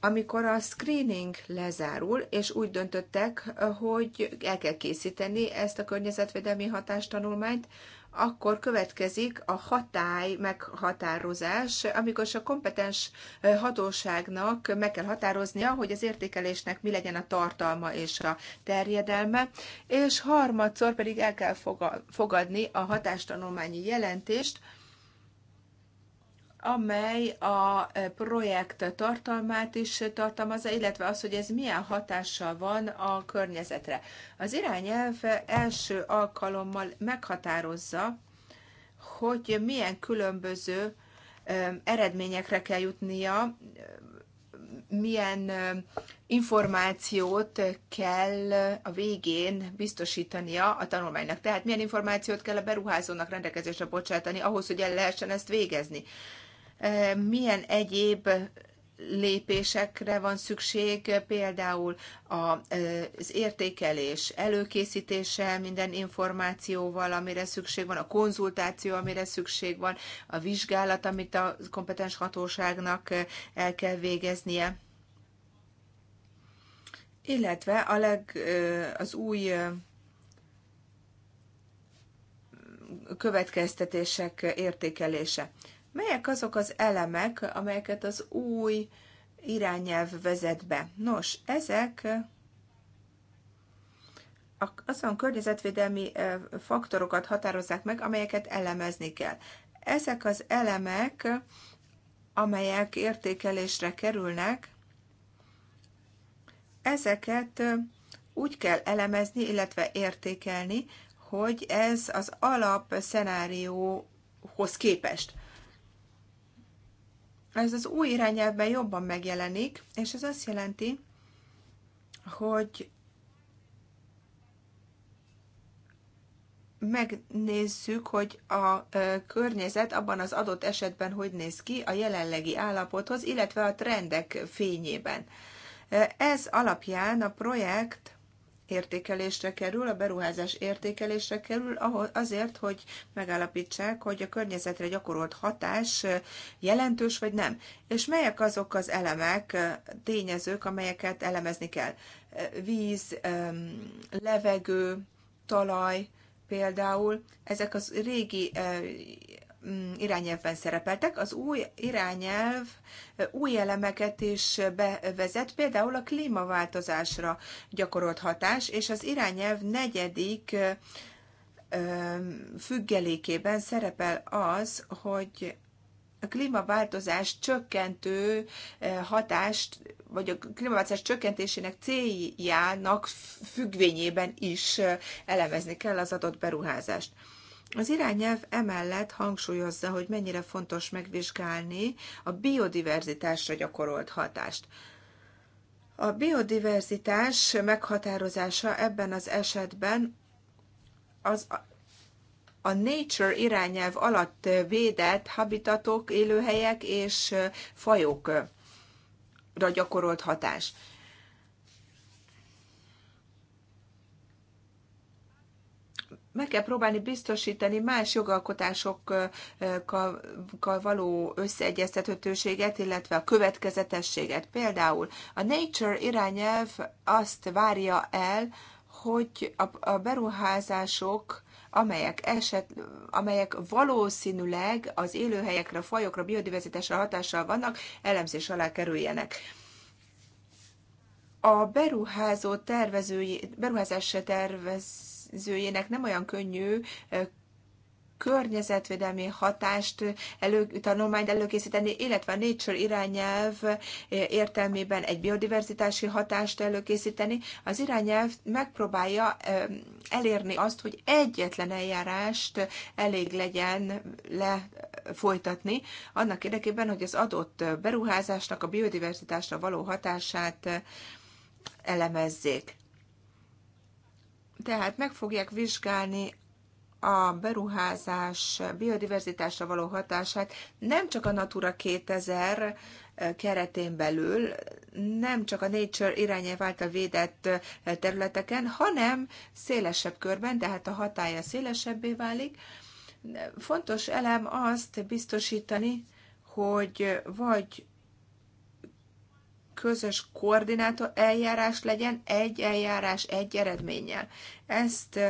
Amikor a screening lezárul, és úgy döntöttek, hogy el kell készíteni ezt a környezetvédelmi hatástanulmányt, akkor következik a hatály meghatározás, amikor a kompetens hatóságnak meg kell határoznia, hogy az értékelésnek mi legyen a tartalma és a terjedelme, és harmadszor pedig el kell fogadni a hatástanulmányi jelentést, amely a e, projekt tartalmát is tartalmazza, illetve az, hogy ez milyen hatással van a környezetre. Az irányelv első alkalommal meghatározza, hogy milyen különböző e, eredményekre kell jutnia, e, milyen információt kell a végén biztosítania a tanulmánynak. Tehát milyen információt kell a beruházónak rendelkezésre bocsátani ahhoz, hogy el lehessen ezt végezni milyen egyéb lépésekre van szükség, például az értékelés előkészítése minden információval, amire szükség van, a konzultáció, amire szükség van, a vizsgálat, amit a kompetens hatóságnak el kell végeznie, illetve a leg, az új következtetések értékelése. Melyek azok az elemek, amelyeket az új irányelv vezet be? Nos, ezek azon környezetvédelmi faktorokat határozzák meg, amelyeket elemezni kell. Ezek az elemek, amelyek értékelésre kerülnek, ezeket úgy kell elemezni, illetve értékelni, hogy ez az alap szenárióhoz képest ez az új irányelvben jobban megjelenik, és ez azt jelenti, hogy megnézzük, hogy a környezet abban az adott esetben hogy néz ki a jelenlegi állapothoz, illetve a trendek fényében. Ez alapján a projekt értékelésre kerül, a beruházás értékelésre kerül, azért, hogy megállapítsák, hogy a környezetre gyakorolt hatás jelentős vagy nem. És melyek azok az elemek, tényezők, amelyeket elemezni kell? Víz, levegő, talaj, például ezek az régi Mm, irányelvben szerepeltek. Az új irányelv új elemeket is bevezet, például a klímaváltozásra gyakorolt hatás, és az irányelv negyedik függelékében szerepel az, hogy a klímaváltozás csökkentő hatást, vagy a klímaváltozás csökkentésének céljának függvényében is elemezni kell az adott beruházást. Az irányelv emellett hangsúlyozza, hogy mennyire fontos megvizsgálni a biodiverzitásra gyakorolt hatást. A biodiverzitás meghatározása ebben az esetben az a Nature irányelv alatt védett habitatok, élőhelyek és fajokra gyakorolt hatás. meg kell próbálni biztosítani más jogalkotásokkal való összeegyeztethetőséget, illetve a következetességet. Például a Nature irányelv azt várja el, hogy a beruházások amelyek, eset, amelyek valószínűleg az élőhelyekre, fajokra, biodiverzitásra hatással vannak, elemzés alá kerüljenek. A beruházó tervezői, beruházás tervez, szervezőjének nem olyan könnyű környezetvédelmi hatást elő, tanulmányt előkészíteni, illetve a Nature irányelv értelmében egy biodiverzitási hatást előkészíteni. Az irányelv megpróbálja elérni azt, hogy egyetlen eljárást elég legyen lefolytatni annak érdekében, hogy az adott beruházásnak a biodiverzitásra való hatását elemezzék. Tehát meg fogják vizsgálni a beruházás biodiverzitásra való hatását nem csak a Natura 2000 eh, keretén belül, nem csak a Nature irányelv által védett eh, területeken, hanem szélesebb körben, tehát a hatája szélesebbé válik. Fontos elem azt biztosítani, hogy vagy közös koordinátor eljárás legyen, egy eljárás egy eredménnyel. Ezt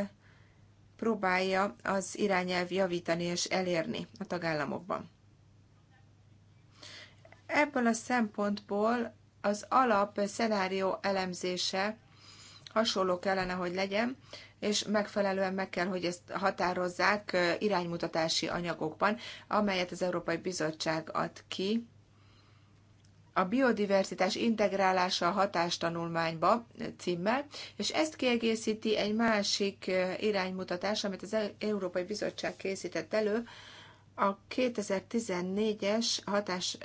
próbálja az irányelv javítani és elérni a tagállamokban. Ebből a szempontból az alap szenárió elemzése hasonló kellene, hogy legyen, és megfelelően meg kell, hogy ezt határozzák iránymutatási anyagokban, amelyet az Európai Bizottság ad ki a biodiverzitás integrálása a hatástanulmányba címmel, és ezt kiegészíti egy másik iránymutatás, amit az e- Európai Bizottság készített elő, a 2014-es hatás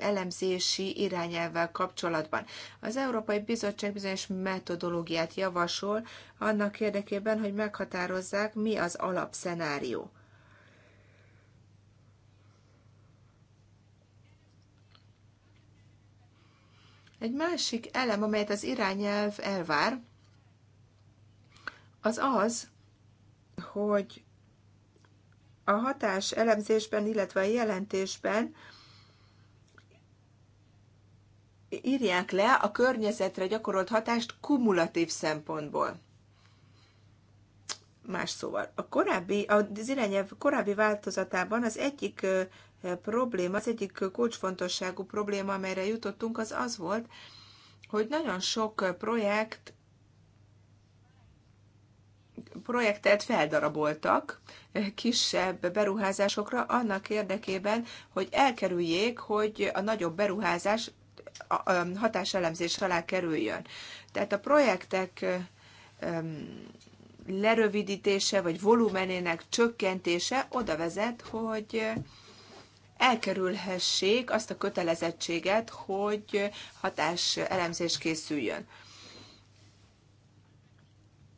elemzési irányelvvel kapcsolatban. Az Európai Bizottság bizonyos metodológiát javasol annak érdekében, hogy meghatározzák, mi az alapszenárió. Egy másik elem, amelyet az irányelv elvár, az az, hogy a hatás elemzésben, illetve a jelentésben írják le a környezetre gyakorolt hatást kumulatív szempontból. Más szóval, a korábbi, az irányelv korábbi változatában az egyik probléma, az egyik kulcsfontosságú probléma, amelyre jutottunk, az az volt, hogy nagyon sok projekt projektet feldaraboltak kisebb beruházásokra annak érdekében, hogy elkerüljék, hogy a nagyobb beruházás hatáselemzés alá kerüljön. Tehát a projektek lerövidítése vagy volumenének csökkentése oda vezet, hogy elkerülhessék azt a kötelezettséget, hogy hatás elemzés készüljön.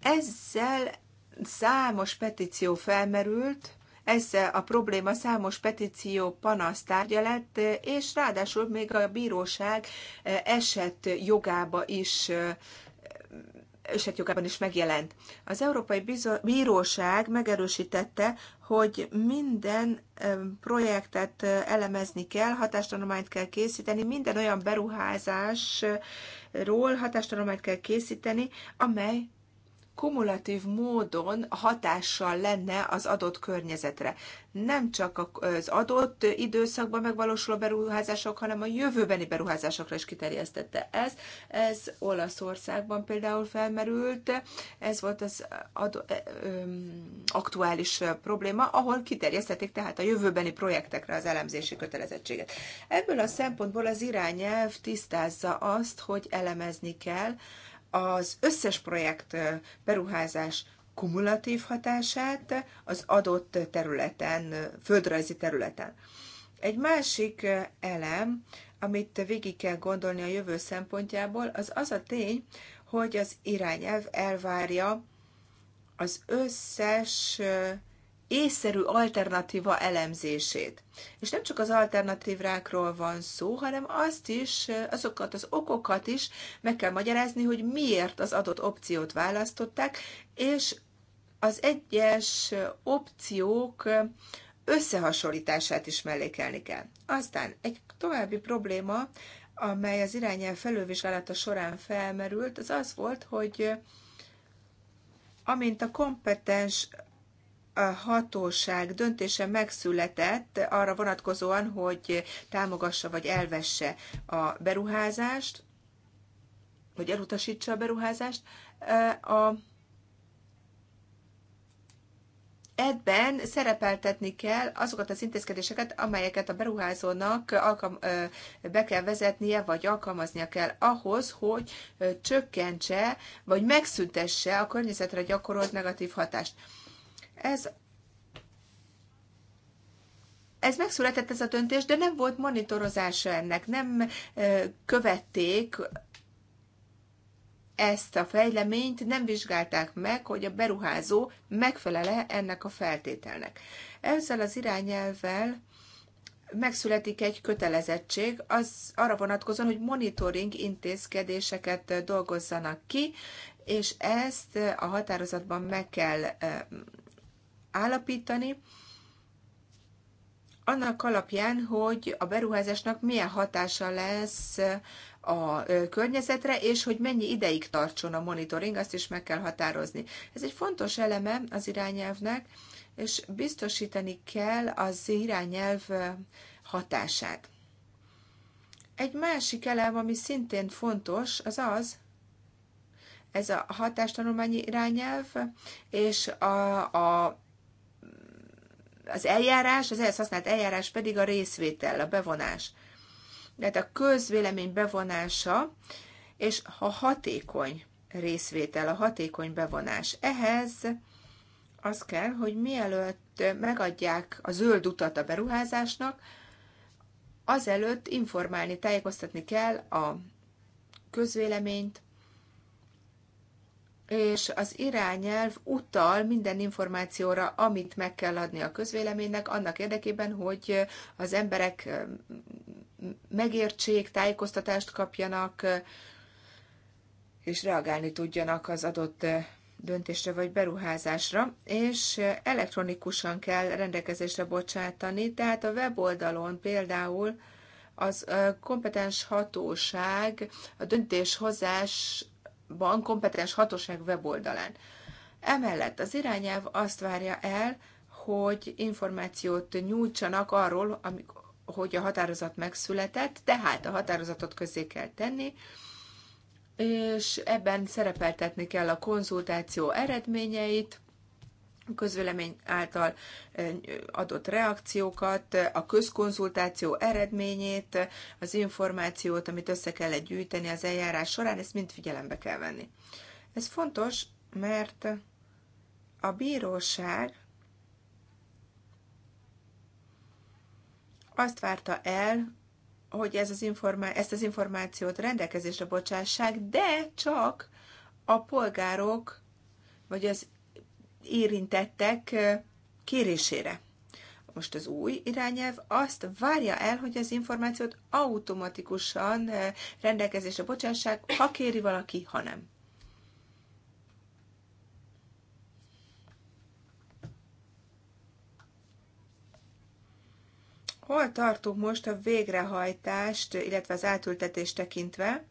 Ezzel számos petíció felmerült, ezzel a probléma számos petíció panasztárgya lett, és ráadásul még a bíróság eh, eset jogába is eh, esetjogában is megjelent. Az Európai Bíróság megerősítette, hogy minden projektet elemezni kell, hatástanulmányt kell készíteni, minden olyan beruházásról hatástanulmányt kell készíteni, amely kumulatív módon hatással lenne az adott környezetre. Nem csak az adott időszakban megvalósuló beruházások, hanem a jövőbeni beruházásokra is kiterjesztette ez. Ez Olaszországban például felmerült, ez volt az ad- aktuális probléma, ahol kiterjesztették tehát a jövőbeni projektekre az elemzési kötelezettséget. Ebből a szempontból az irányelv tisztázza azt, hogy elemezni kell, az összes projekt beruházás kumulatív hatását az adott területen, földrajzi területen. Egy másik elem, amit végig kell gondolni a jövő szempontjából, az az a tény, hogy az irányelv elvárja az összes észszerű alternatíva elemzését. És nem csak az alternatív rákról van szó, hanem azt is, azokat az okokat is meg kell magyarázni, hogy miért az adott opciót választották, és az egyes opciók összehasonlítását is mellékelni kell. Aztán egy további probléma, amely az irányel felülvizsgálata során felmerült, az az volt, hogy amint a kompetens hatóság döntése megszületett arra vonatkozóan, hogy támogassa vagy elvesse a beruházást, hogy elutasítsa a beruházást. A Ebben szerepeltetni kell azokat az intézkedéseket, amelyeket a beruházónak alkalm- be kell vezetnie, vagy alkalmaznia kell ahhoz, hogy csökkentse, vagy megszüntesse a környezetre gyakorolt negatív hatást. Ez ez megszületett ez a döntés, de nem volt monitorozása ennek, nem követték ezt a fejleményt, nem vizsgálták meg, hogy a beruházó megfelele ennek a feltételnek. Ezzel az irányelvvel megszületik egy kötelezettség az arra vonatkozóan, hogy monitoring intézkedéseket dolgozzanak ki, és ezt a határozatban meg kell állapítani, annak alapján, hogy a beruházásnak milyen hatása lesz a környezetre, és hogy mennyi ideig tartson a monitoring, azt is meg kell határozni. Ez egy fontos eleme az irányelvnek, és biztosítani kell az irányelv hatását. Egy másik elem, ami szintén fontos, az az, ez a hatástanulmányi irányelv, és a, a az eljárás, az ehhez használt eljárás pedig a részvétel, a bevonás. Tehát a közvélemény bevonása és a hatékony részvétel, a hatékony bevonás. Ehhez az kell, hogy mielőtt megadják a zöld utat a beruházásnak, azelőtt informálni, tájékoztatni kell a közvéleményt, és az irányelv utal minden információra, amit meg kell adni a közvéleménynek, annak érdekében, hogy az emberek megértsék, tájékoztatást kapjanak, és reagálni tudjanak az adott döntésre vagy beruházásra, és elektronikusan kell rendelkezésre bocsátani, tehát a weboldalon például az kompetens hatóság a döntéshozás ban kompetens hatóság weboldalán. Emellett az irányelv azt várja el, hogy információt nyújtsanak arról, hogy a határozat megszületett, tehát a határozatot közzé kell tenni, és ebben szerepeltetni kell a konzultáció eredményeit, közvélemény által adott reakciókat, a közkonzultáció eredményét, az információt, amit össze kellett gyűjteni az eljárás során, ezt mind figyelembe kell venni. Ez fontos, mert a bíróság azt várta el, hogy ez az informá- ezt az információt rendelkezésre bocsássák, de csak a polgárok vagy az érintettek kérésére. Most az új irányelv azt várja el, hogy az információt automatikusan rendelkezésre bocsássák, ha kéri valaki, ha nem. Hol tartunk most a végrehajtást, illetve az átültetést tekintve?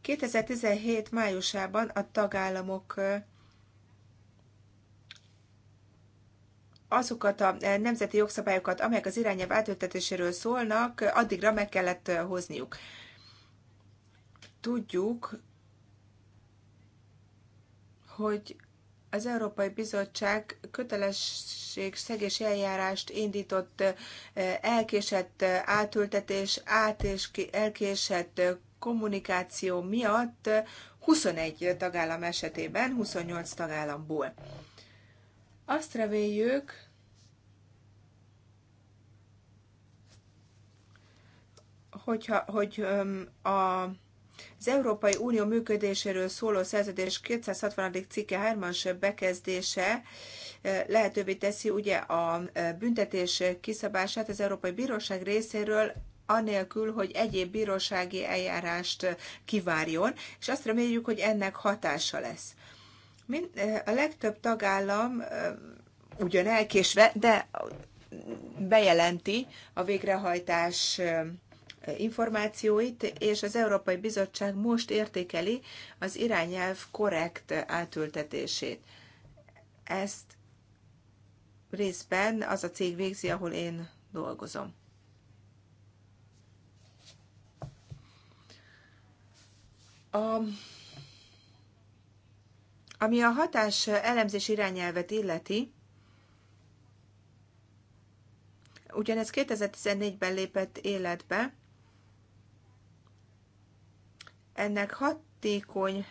2017 májusában a tagállamok azokat a eh, nemzeti jogszabályokat, amelyek az irányelv átültetéséről szólnak, addigra meg kellett eh, hozniuk. Tudjuk, hogy az Európai Bizottság kötelességszegés eljárást indított eh, elkésett átültetés, át és elkésett kommunikáció miatt 21 tagállam esetében, 28 tagállamból. Azt reméljük, hogyha, hogy a, az Európai Unió működéséről szóló szerződés 260. cikke 3 bekezdése lehetővé teszi ugye a büntetés kiszabását az Európai Bíróság részéről anélkül, hogy egyéb bírósági eljárást kivárjon, és azt reméljük, hogy ennek hatása lesz. Mind, a legtöbb tagállam ugyan elkésve, de bejelenti a végrehajtás információit, és az Európai Bizottság most értékeli az irányelv korrekt átültetését. Ezt részben az a cég végzi, ahol én dolgozom. A ami a hatás elemzés irányelvet illeti, ugyanez 2014-ben lépett életbe, ennek hatékony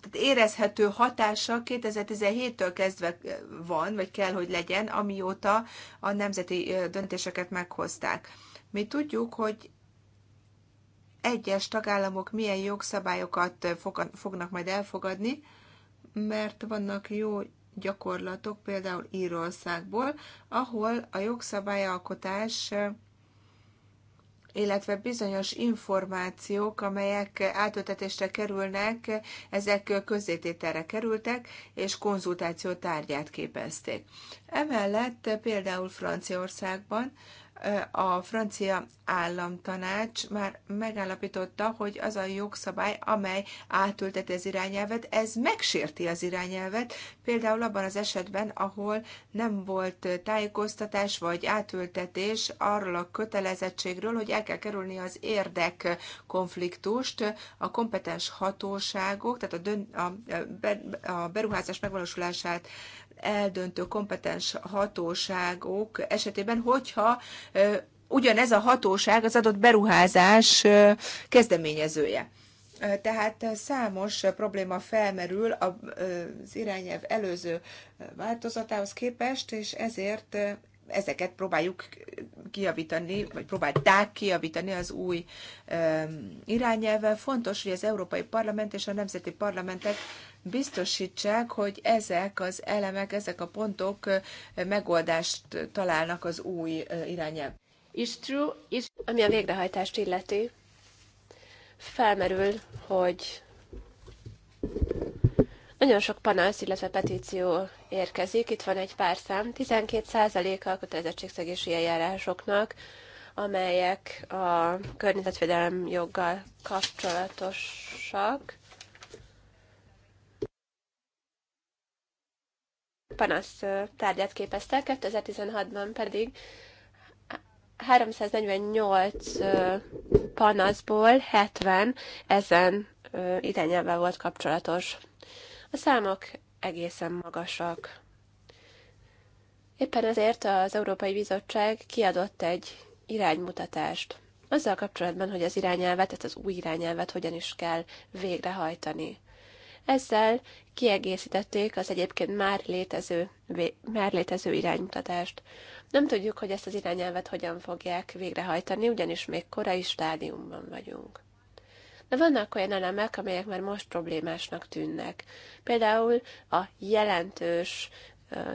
tehát érezhető hatása 2017-től kezdve van, vagy kell, hogy legyen, amióta a nemzeti döntéseket meghozták. Mi tudjuk, hogy egyes tagállamok milyen jogszabályokat fognak majd elfogadni, mert vannak jó gyakorlatok, például Írországból, ahol a jogszabályalkotás, illetve bizonyos információk, amelyek átültetésre kerülnek, ezek közzétételre kerültek, és konzultáció tárgyát képezték. Emellett például Franciaországban a francia államtanács már megállapította, hogy az a jogszabály, amely átülteti az irányelvet, ez megsérti az irányelvet, például abban az esetben, ahol nem volt tájékoztatás vagy átültetés arról a kötelezettségről, hogy el kell kerülni az érdek konfliktust, a kompetens hatóságok, tehát a, dön- a, a beruházás megvalósulását eldöntő kompetens hatóságok esetében, hogyha ugyanez a hatóság az adott beruházás kezdeményezője. Tehát számos probléma felmerül az irányelv előző változatához képest, és ezért ezeket próbáljuk kiavítani, vagy próbálták kiavítani az új irányelvvel. Fontos, hogy az Európai Parlament és a nemzeti parlamentek biztosítsák, hogy ezek az elemek, ezek a pontok megoldást találnak az új irányelv. Is true, is... Ami a végrehajtást illeti, felmerül, hogy nagyon sok panasz, illetve petíció érkezik. Itt van egy pár szám. 12%-a a kötelezettségszegési eljárásoknak, amelyek a környezetvédelem joggal kapcsolatosak. panasz tárgyát képezte, 2016-ban pedig 348 panaszból 70 ezen irányelvvel volt kapcsolatos. A számok egészen magasak. Éppen ezért az Európai Bizottság kiadott egy iránymutatást azzal kapcsolatban, hogy az irányelvet, tehát az új irányelvet hogyan is kell végrehajtani. Ezzel kiegészítették az egyébként már létező, már létező iránymutatást. Nem tudjuk, hogy ezt az irányelvet hogyan fogják végrehajtani, ugyanis még korai stádiumban vagyunk. De vannak olyan elemek, amelyek már most problémásnak tűnnek. Például a jelentős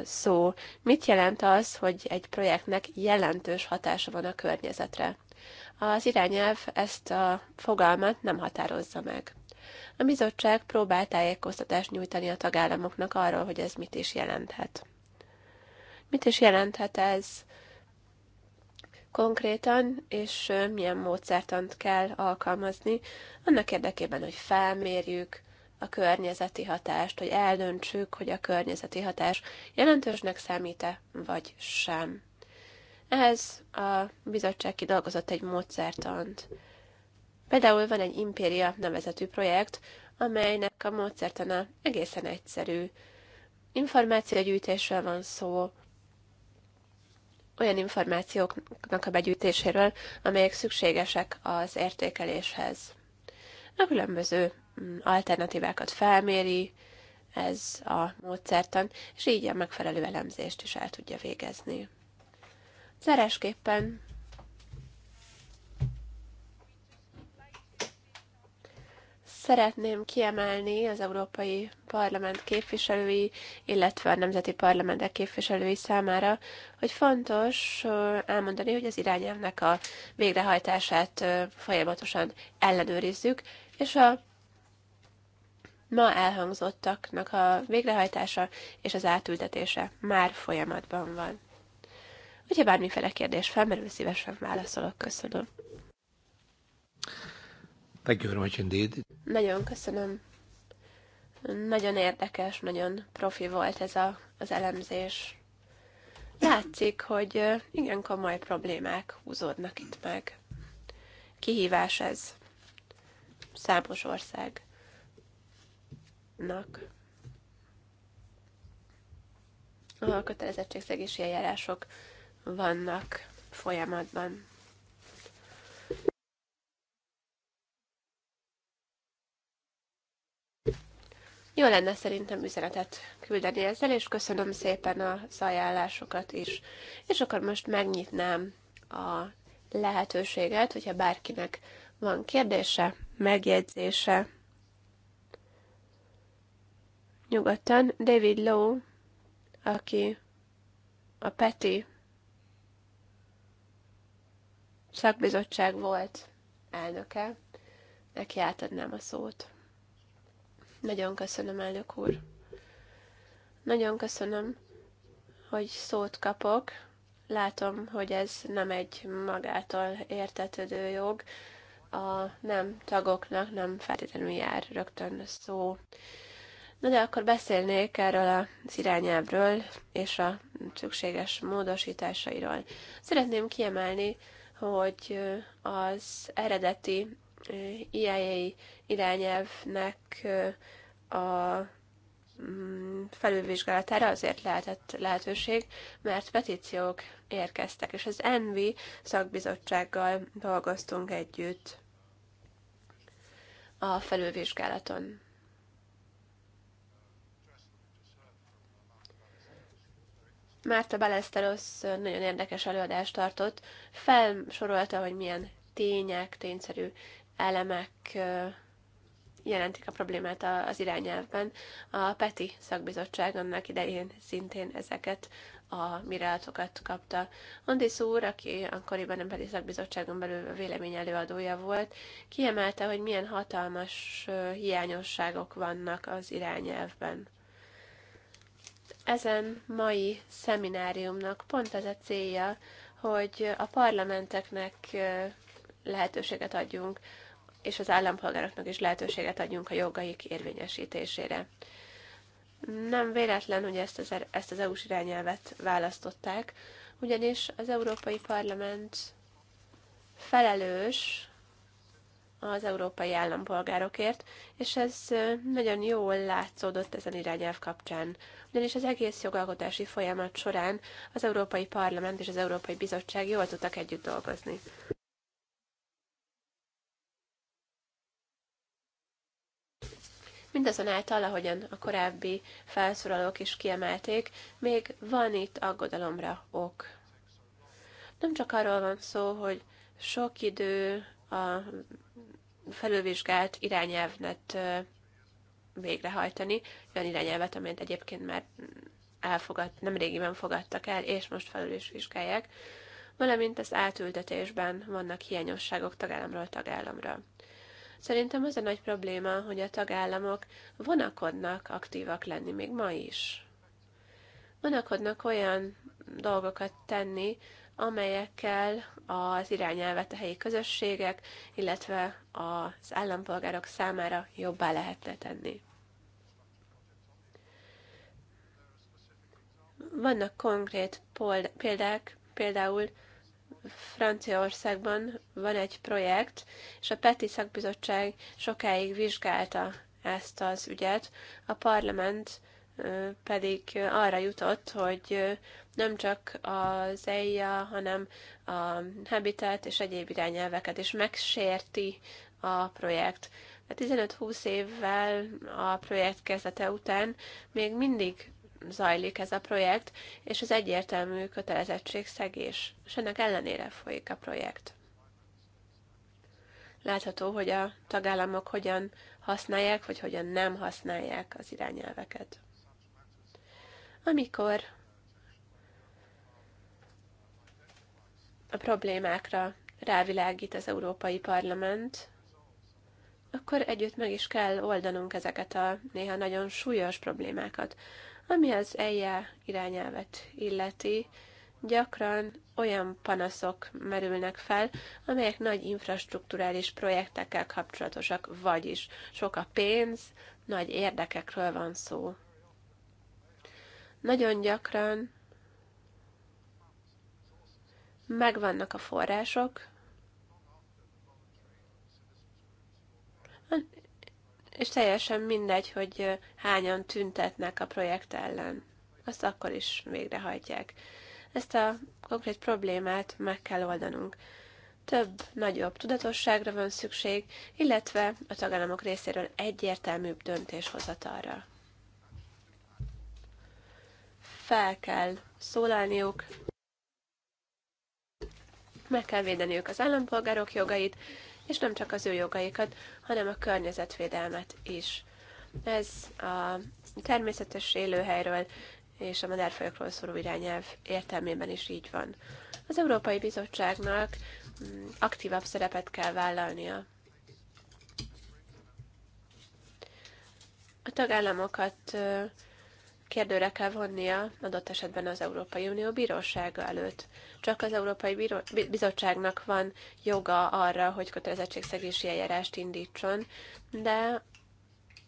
szó. Mit jelent az, hogy egy projektnek jelentős hatása van a környezetre? Az irányelv ezt a fogalmat nem határozza meg. A bizottság próbál tájékoztatást nyújtani a tagállamoknak arról, hogy ez mit is jelenthet. Mit is jelenthet ez konkrétan, és milyen módszertant kell alkalmazni, annak érdekében, hogy felmérjük a környezeti hatást, hogy eldöntsük, hogy a környezeti hatás jelentősnek számít-e, vagy sem. Ehhez a bizottság kidolgozott egy módszertant. Például van egy impéria nevezetű projekt, amelynek a módszertana egészen egyszerű. Információgyűjtésről van szó, olyan információknak a begyűjtéséről, amelyek szükségesek az értékeléshez. A különböző mm, alternatívákat felméri ez a módszertan, és így a megfelelő elemzést is el tudja végezni. Zárásképpen Szeretném kiemelni az Európai Parlament képviselői, illetve a nemzeti parlamentek képviselői számára, hogy fontos elmondani, hogy az irányelvnek a végrehajtását folyamatosan ellenőrizzük, és a ma elhangzottaknak a végrehajtása és az átültetése már folyamatban van. Hogyha bármiféle kérdés felmerül, szívesen válaszolok. Köszönöm. Thank you very much indeed. Nagyon köszönöm. Nagyon érdekes, nagyon profi volt ez a, az elemzés. Látszik, hogy igen komoly problémák húzódnak itt meg. Kihívás ez. Számos országnak. A kötelezettségszegési eljárások vannak folyamatban. Jó lenne szerintem üzenetet küldeni ezzel, és köszönöm szépen a ajánlásokat is. És akkor most megnyitnám a lehetőséget, hogyha bárkinek van kérdése, megjegyzése. Nyugodtan David Lowe, aki a Peti szakbizottság volt elnöke, neki átadnám a szót. Nagyon köszönöm, elnök úr. Nagyon köszönöm, hogy szót kapok. Látom, hogy ez nem egy magától értetődő jog. A nem tagoknak nem feltétlenül jár rögtön szó. Na de akkor beszélnék erről az irányelvről és a szükséges módosításairól. Szeretném kiemelni, hogy az eredeti EIA e irányelvnek a mm, felülvizsgálatára azért lehetett lehetőség, mert petíciók érkeztek, és az NV szakbizottsággal dolgoztunk együtt a felülvizsgálaton. Márta Balesteros nagyon érdekes előadást tartott, felsorolta, hogy milyen tények, tényszerű elemek jelentik a problémát az irányelvben. A PETI szakbizottság annak idején szintén ezeket a mirálatokat kapta. Andis úr, aki akkoriban a PETI szakbizottságon belül a vélemény előadója volt, kiemelte, hogy milyen hatalmas hiányosságok vannak az irányelvben. Ezen mai szemináriumnak pont ez a célja, hogy a parlamenteknek lehetőséget adjunk és az állampolgároknak is lehetőséget adjunk a jogaik érvényesítésére. Nem véletlen, hogy ezt az, er- ezt az EU-s irányelvet választották, ugyanis az Európai Parlament felelős az európai állampolgárokért, és ez nagyon jól látszódott ezen irányelv kapcsán. Ugyanis az egész jogalkotási folyamat során az Európai Parlament és az Európai Bizottság jól tudtak együtt dolgozni. Mindazonáltal, ahogyan a korábbi felszólalók is kiemelték, még van itt aggodalomra ok. Nem csak arról van szó, hogy sok idő a felülvizsgált irányelvnet végrehajtani, olyan irányelvet, amelyet egyébként már elfogad, nem régiben fogadtak el, és most felül is vizsgálják, valamint az átültetésben vannak hiányosságok tagállamról tagállamra. Szerintem az a nagy probléma, hogy a tagállamok vonakodnak aktívak lenni még ma is. Vonakodnak olyan dolgokat tenni, amelyekkel az irányelvet a helyi közösségek, illetve az állampolgárok számára jobbá lehetne tenni. Vannak konkrét példák, például Franciaországban van egy projekt, és a PETI szakbizottság sokáig vizsgálta ezt az ügyet, a parlament pedig arra jutott, hogy nem csak az EIA, hanem a Habitat és egyéb irányelveket is megsérti a projekt. 15-20 hát évvel a projekt kezdete után még mindig zajlik ez a projekt, és az egyértelmű kötelezettségszegés, és ennek ellenére folyik a projekt. Látható, hogy a tagállamok hogyan használják, vagy hogyan nem használják az irányelveket. Amikor a problémákra rávilágít az Európai Parlament, akkor együtt meg is kell oldanunk ezeket a néha nagyon súlyos problémákat. Ami az EIA irányelvet illeti, gyakran olyan panaszok merülnek fel, amelyek nagy infrastruktúrális projektekkel kapcsolatosak, vagyis sok a pénz, nagy érdekekről van szó. Nagyon gyakran megvannak a források, és teljesen mindegy, hogy hányan tüntetnek a projekt ellen. Azt akkor is végrehajtják. Ezt a konkrét problémát meg kell oldanunk. Több, nagyobb tudatosságra van szükség, illetve a tagállamok részéről egyértelműbb döntéshozatalra. Fel kell szólalniuk, meg kell védeniük az állampolgárok jogait, és nem csak az ő jogaikat, hanem a környezetvédelmet is. Ez a természetes élőhelyről és a madárfajokról szóló irányelv értelmében is így van. Az Európai Bizottságnak mm, aktívabb szerepet kell vállalnia. A tagállamokat kérdőre kell vonnia adott esetben az Európai Unió bírósága előtt. Csak az Európai Bíró- Bizottságnak van joga arra, hogy kötelezettségszegési eljárást indítson, de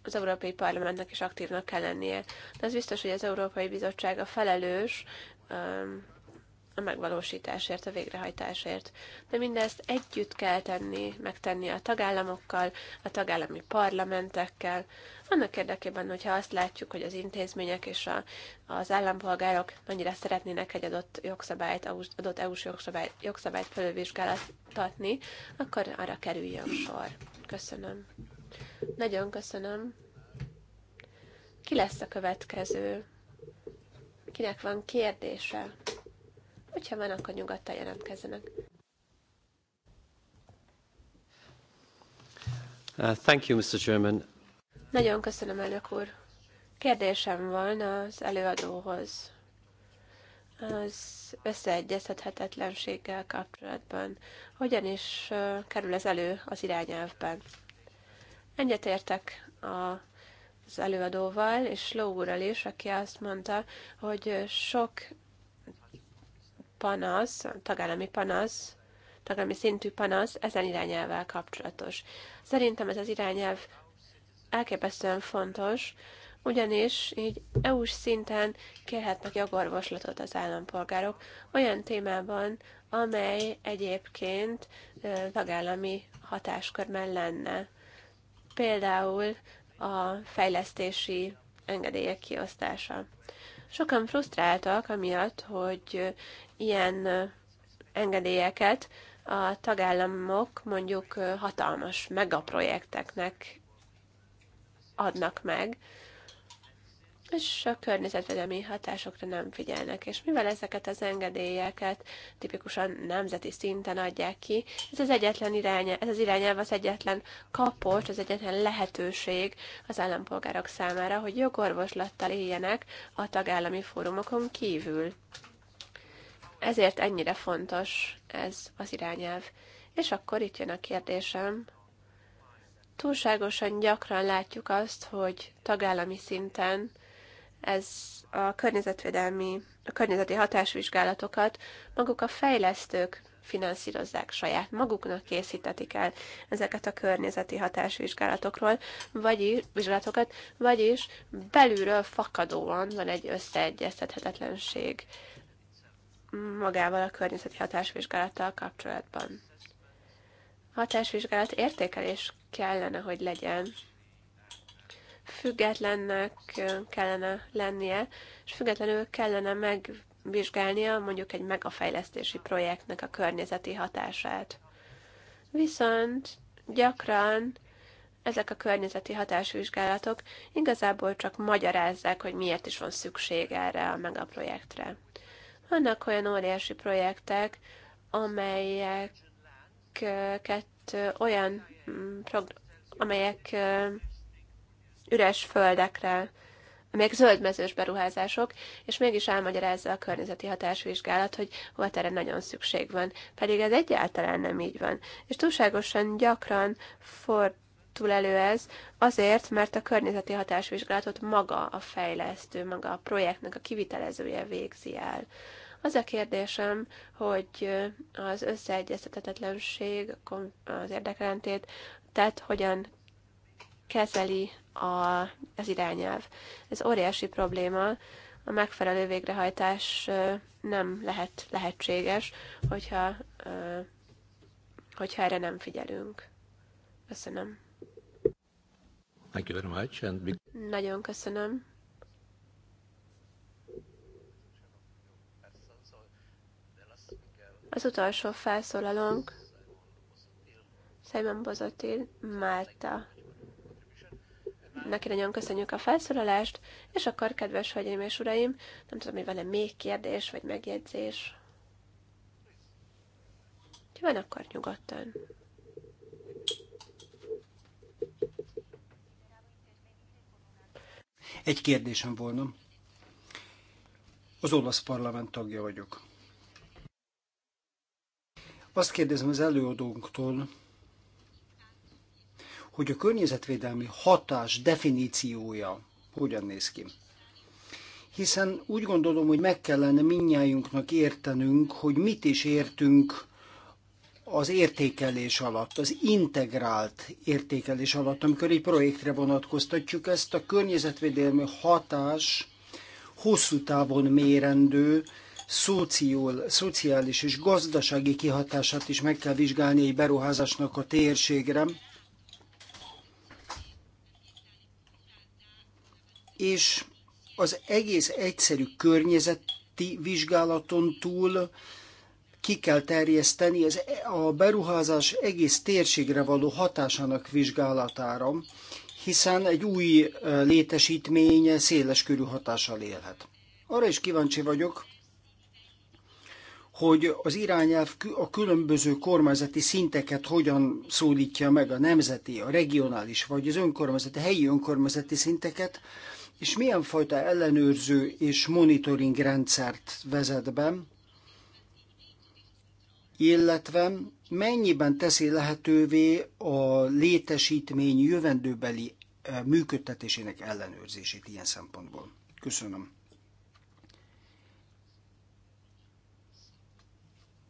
az Európai Parlamentnek is aktívnak kell lennie. De az biztos, hogy az Európai Bizottság a felelős a megvalósításért, a végrehajtásért. De mindezt együtt kell tenni, megtenni a tagállamokkal, a tagállami parlamentekkel, annak érdekében, hogyha azt látjuk, hogy az intézmények és a, az állampolgárok mennyire szeretnének egy adott jogszabályt, adott EU-s jogszabályt, jogszabályt felülvizsgálatatni, akkor arra kerüljön sor. Köszönöm. Nagyon köszönöm. Ki lesz a következő? Kinek van kérdése? Hogyha van, akkor nyugodtan jelentkezzenek. Uh, thank you, Mr. Chairman. Nagyon köszönöm, elnök úr. Kérdésem van az előadóhoz. Az összeegyeztethetetlenséggel kapcsolatban. Hogyan is uh, kerül ez elő az irányelvben? értek a az előadóval, és Ló úrral is, aki azt mondta, hogy sok panasz, tagállami panasz, tagállami szintű panasz ezen irányelvvel kapcsolatos. Szerintem ez az irányelv elképesztően fontos, ugyanis így EU-s szinten kérhetnek jogorvoslatot az állampolgárok olyan témában, amely egyébként tagállami hatáskörben lenne. Például a fejlesztési engedélyek kiosztása. Sokan frusztráltak amiatt, hogy ilyen engedélyeket a tagállamok mondjuk hatalmas megaprojekteknek adnak meg, és a környezetvédelmi hatásokra nem figyelnek. És mivel ezeket az engedélyeket tipikusan nemzeti szinten adják ki, ez az egyetlen irányelv, ez az irányelv az egyetlen kapocs, az egyetlen lehetőség az állampolgárok számára, hogy jogorvoslattal éljenek a tagállami fórumokon kívül. Ezért ennyire fontos ez az irányelv. És akkor itt jön a kérdésem. Túlságosan gyakran látjuk azt, hogy tagállami szinten ez a környezetvédelmi, a környezeti hatásvizsgálatokat maguk a fejlesztők finanszírozzák saját maguknak, készítetik el ezeket a környezeti hatásvizsgálatokról, vagyis, vizsgálatokat, vagyis belülről fakadóan van egy összeegyeztethetetlenség magával a környezeti hatásvizsgálattal kapcsolatban. A hatásvizsgálat értékelés kellene, hogy legyen. Függetlennek kellene lennie, és függetlenül kellene megvizsgálnia mondjuk egy megafejlesztési projektnek a környezeti hatását. Viszont gyakran ezek a környezeti hatásvizsgálatok igazából csak magyarázzák, hogy miért is van szükség erre a megaprojektre. Vannak olyan óriási projektek, amelyeket olyan mm, amelyek üres földekre, amelyek zöldmezős beruházások, és mégis elmagyarázza a környezeti hatásvizsgálat, hogy volt erre nagyon szükség van. Pedig ez egyáltalán nem így van. És túlságosan gyakran fordul elő ez, azért, mert a környezeti hatásvizsgálatot maga a fejlesztő, maga a projektnek a kivitelezője végzi el. Az a kérdésem, hogy az összeegyeztetetlenség, az érdekelentét, tehát hogyan kezeli a, az irányelv. Ez óriási probléma, a megfelelő végrehajtás nem lehet lehetséges, hogyha, hogyha erre nem figyelünk. Köszönöm. Thank you very much. And... Nagyon köszönöm. Az utolsó felszólalónk Simon Bozotil Málta. Neki nagyon köszönjük a felszólalást, és akkor, kedves hölgyeim és uraim, nem tudom, hogy van-e még kérdés vagy megjegyzés. Ha van, akkor nyugodtan. Egy kérdésem volna. Az olasz parlament tagja vagyok. Azt kérdezem az előadónktól, hogy a környezetvédelmi hatás definíciója hogyan néz ki. Hiszen úgy gondolom, hogy meg kellene minnyájunknak értenünk, hogy mit is értünk az értékelés alatt, az integrált értékelés alatt, amikor egy projektre vonatkoztatjuk ezt, a környezetvédelmi hatás hosszú távon mérendő, szociál, szociális és gazdasági kihatását is meg kell vizsgálni egy beruházásnak a térségre. És az egész egyszerű környezeti vizsgálaton túl ki kell terjeszteni az, e- a beruházás egész térségre való hatásának vizsgálatára, hiszen egy új létesítmény széles körű hatással élhet. Arra is kíváncsi vagyok, hogy az irányelv a különböző kormányzati szinteket hogyan szólítja meg a nemzeti, a regionális vagy az önkormányzati, helyi önkormányzati szinteket, és milyen fajta ellenőrző és monitoring rendszert vezet be, illetve mennyiben teszi lehetővé a létesítmény jövendőbeli eh, működtetésének ellenőrzését ilyen szempontból. Köszönöm.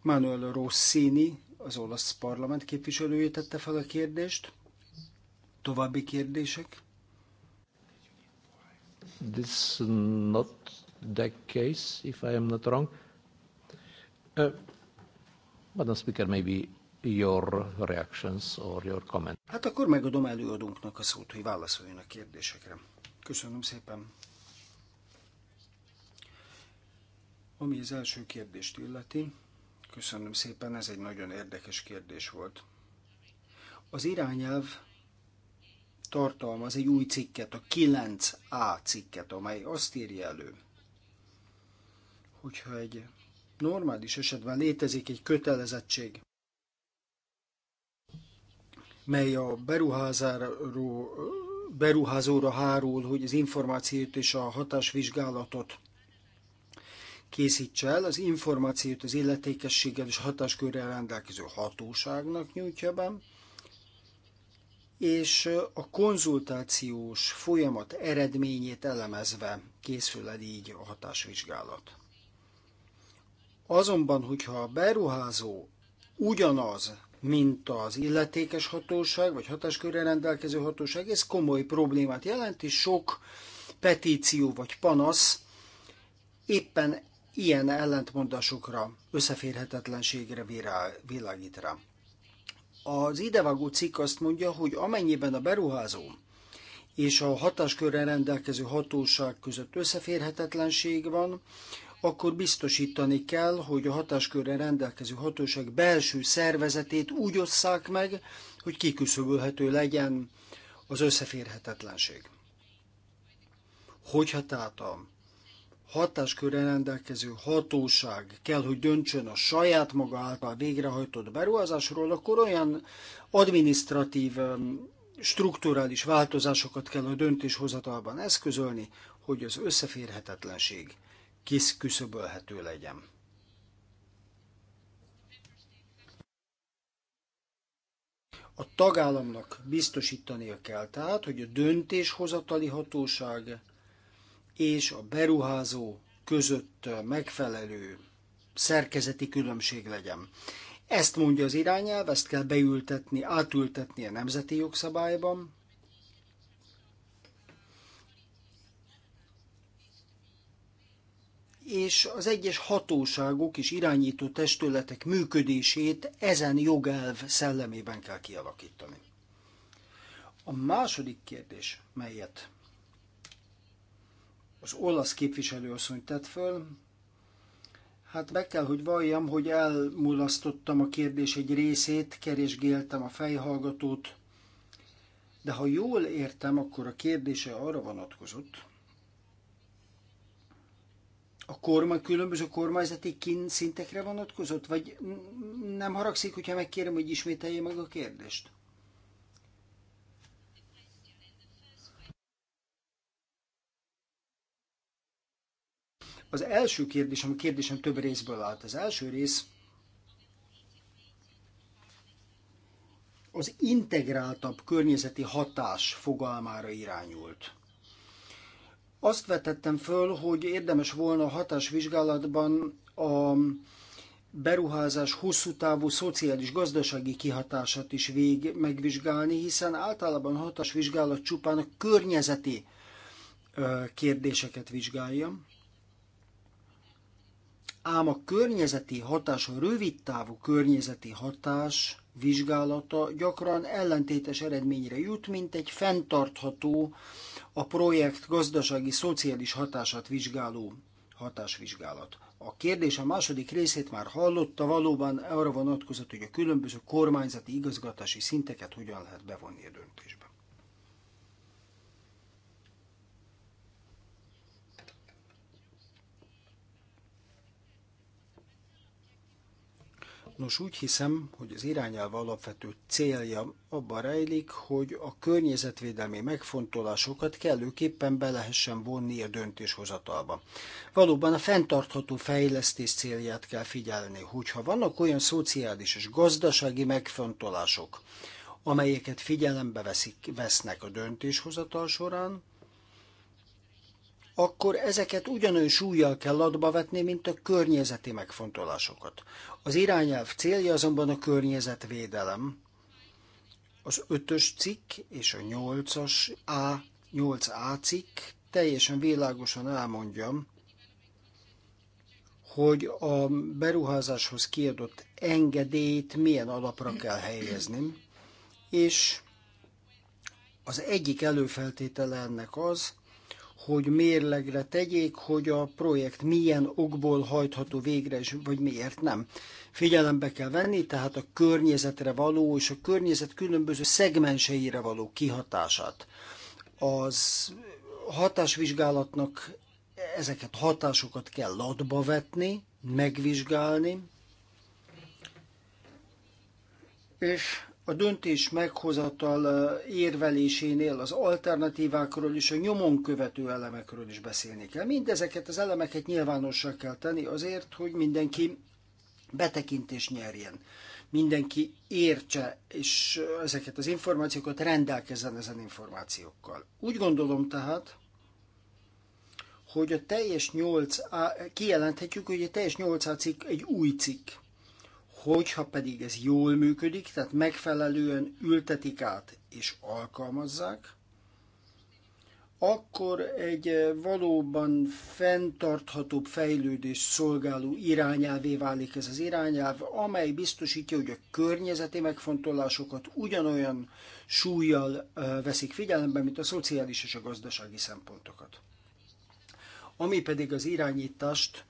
Manuel Rossini, az olasz parlament képviselője tette fel a kérdést. További kérdések? This not the case, if I am not wrong. Uh, Madam Speaker, maybe your reactions or your comment. Hát akkor megadom előadónknak a szót, hogy válaszoljon a kérdésekre. Köszönöm szépen. Ami az első kérdést illeti, Köszönöm szépen, ez egy nagyon érdekes kérdés volt. Az irányelv tartalmaz egy új cikket, a 9A cikket, amely azt írja elő, hogyha egy normális esetben létezik egy kötelezettség, mely a beruházóra hárul, hogy az információt és a hatásvizsgálatot készítse el, az információt az illetékességgel és hatáskörrel rendelkező hatóságnak nyújtja be, és a konzultációs folyamat eredményét elemezve készül el így a hatásvizsgálat. Azonban, hogyha a beruházó ugyanaz, mint az illetékes hatóság, vagy hatáskörrel rendelkező hatóság, ez komoly problémát jelent, és sok petíció vagy panasz éppen ilyen ellentmondásokra, összeférhetetlenségre világít rá. Az idevágó cikk azt mondja, hogy amennyiben a beruházó és a hatáskörrel rendelkező hatóság között összeférhetetlenség van, akkor biztosítani kell, hogy a hatáskörrel rendelkező hatóság belső szervezetét úgy osszák meg, hogy kiküszöbölhető legyen az összeférhetetlenség. Hogyha tehát a hatáskörre rendelkező hatóság kell, hogy döntsön a saját maga által végrehajtott beruházásról, akkor olyan administratív strukturális változásokat kell a döntéshozatalban eszközölni, hogy az összeférhetetlenség kiszküszöbölhető legyen. A tagállamnak biztosítania kell tehát, hogy a döntéshozatali hatóság és a beruházó között megfelelő szerkezeti különbség legyen. Ezt mondja az irányelv, ezt kell beültetni, átültetni a nemzeti jogszabályban. És az egyes hatóságok és irányító testületek működését ezen jogelv szellemében kell kialakítani. A második kérdés, melyet az olasz képviselőasszony tett föl. Hát meg kell, hogy valljam, hogy elmulasztottam a kérdés egy részét, keresgéltem a fejhallgatót, de ha jól értem, akkor a kérdése arra vonatkozott, a kormány, különböző kormányzati szintekre vonatkozott? Vagy nem haragszik, hogyha megkérem, hogy ismételje meg a kérdést? Az első kérdésem, ami kérdésem több részből állt. Az első rész az integráltabb környezeti hatás fogalmára irányult. Azt vetettem föl, hogy érdemes volna a hatásvizsgálatban a beruházás hosszú távú szociális gazdasági kihatását is vég megvizsgálni, hiszen általában a hatásvizsgálat csupán a környezeti kérdéseket vizsgálja ám a környezeti hatás, a rövid távú környezeti hatás vizsgálata gyakran ellentétes eredményre jut, mint egy fenntartható, a projekt gazdasági, szociális hatását vizsgáló hatásvizsgálat. A kérdés a második részét már hallotta, valóban arra vonatkozott, hogy a különböző kormányzati igazgatási szinteket hogyan lehet bevonni a döntésbe. Nos, úgy hiszem, hogy az irányelv alapvető célja abban rejlik, hogy a környezetvédelmi megfontolásokat kellőképpen be lehessen vonni a döntéshozatalba. Valóban a fenntartható fejlesztés célját kell figyelni, hogyha vannak olyan szociális és gazdasági megfontolások, amelyeket figyelembe veszik, vesznek a döntéshozatal során, akkor ezeket ugyanolyan súlyjal kell adba vetni, mint a környezeti megfontolásokat. Az irányelv célja azonban a környezetvédelem. Az ötös cikk és a nyolcas A, 8A cikk teljesen világosan elmondja, hogy a beruházáshoz kiadott engedélyt milyen alapra kell helyezni, és az egyik előfeltétele ennek az, hogy mérlegre tegyék, hogy a projekt milyen okból hajtható végre, és vagy miért nem. Figyelembe kell venni, tehát a környezetre való és a környezet különböző szegmenseire való kihatását. Az hatásvizsgálatnak ezeket hatásokat kell latba vetni, megvizsgálni, és a döntés meghozatal eh, érvelésénél az alternatívákról és a nyomon követő elemekről is beszélni kell. Mindezeket az elemeket nyilvánossá kell tenni azért, hogy mindenki betekintést nyerjen. Mindenki értse, és ezeket az információkat rendelkezzen ezen információkkal. Úgy gondolom tehát, hogy a teljes 8 a kijelenthetjük, hogy a teljes 8 cikk egy új cikk Hogyha pedig ez jól működik, tehát megfelelően ültetik át és alkalmazzák, akkor egy eh, valóban fenntarthatóbb fejlődés szolgáló irányelvé válik ez az irányelv, amely biztosítja, hogy a környezeti megfontolásokat ugyanolyan súlyjal eh, veszik figyelembe, mint a szociális és a gazdasági szempontokat. Ami pedig az irányítást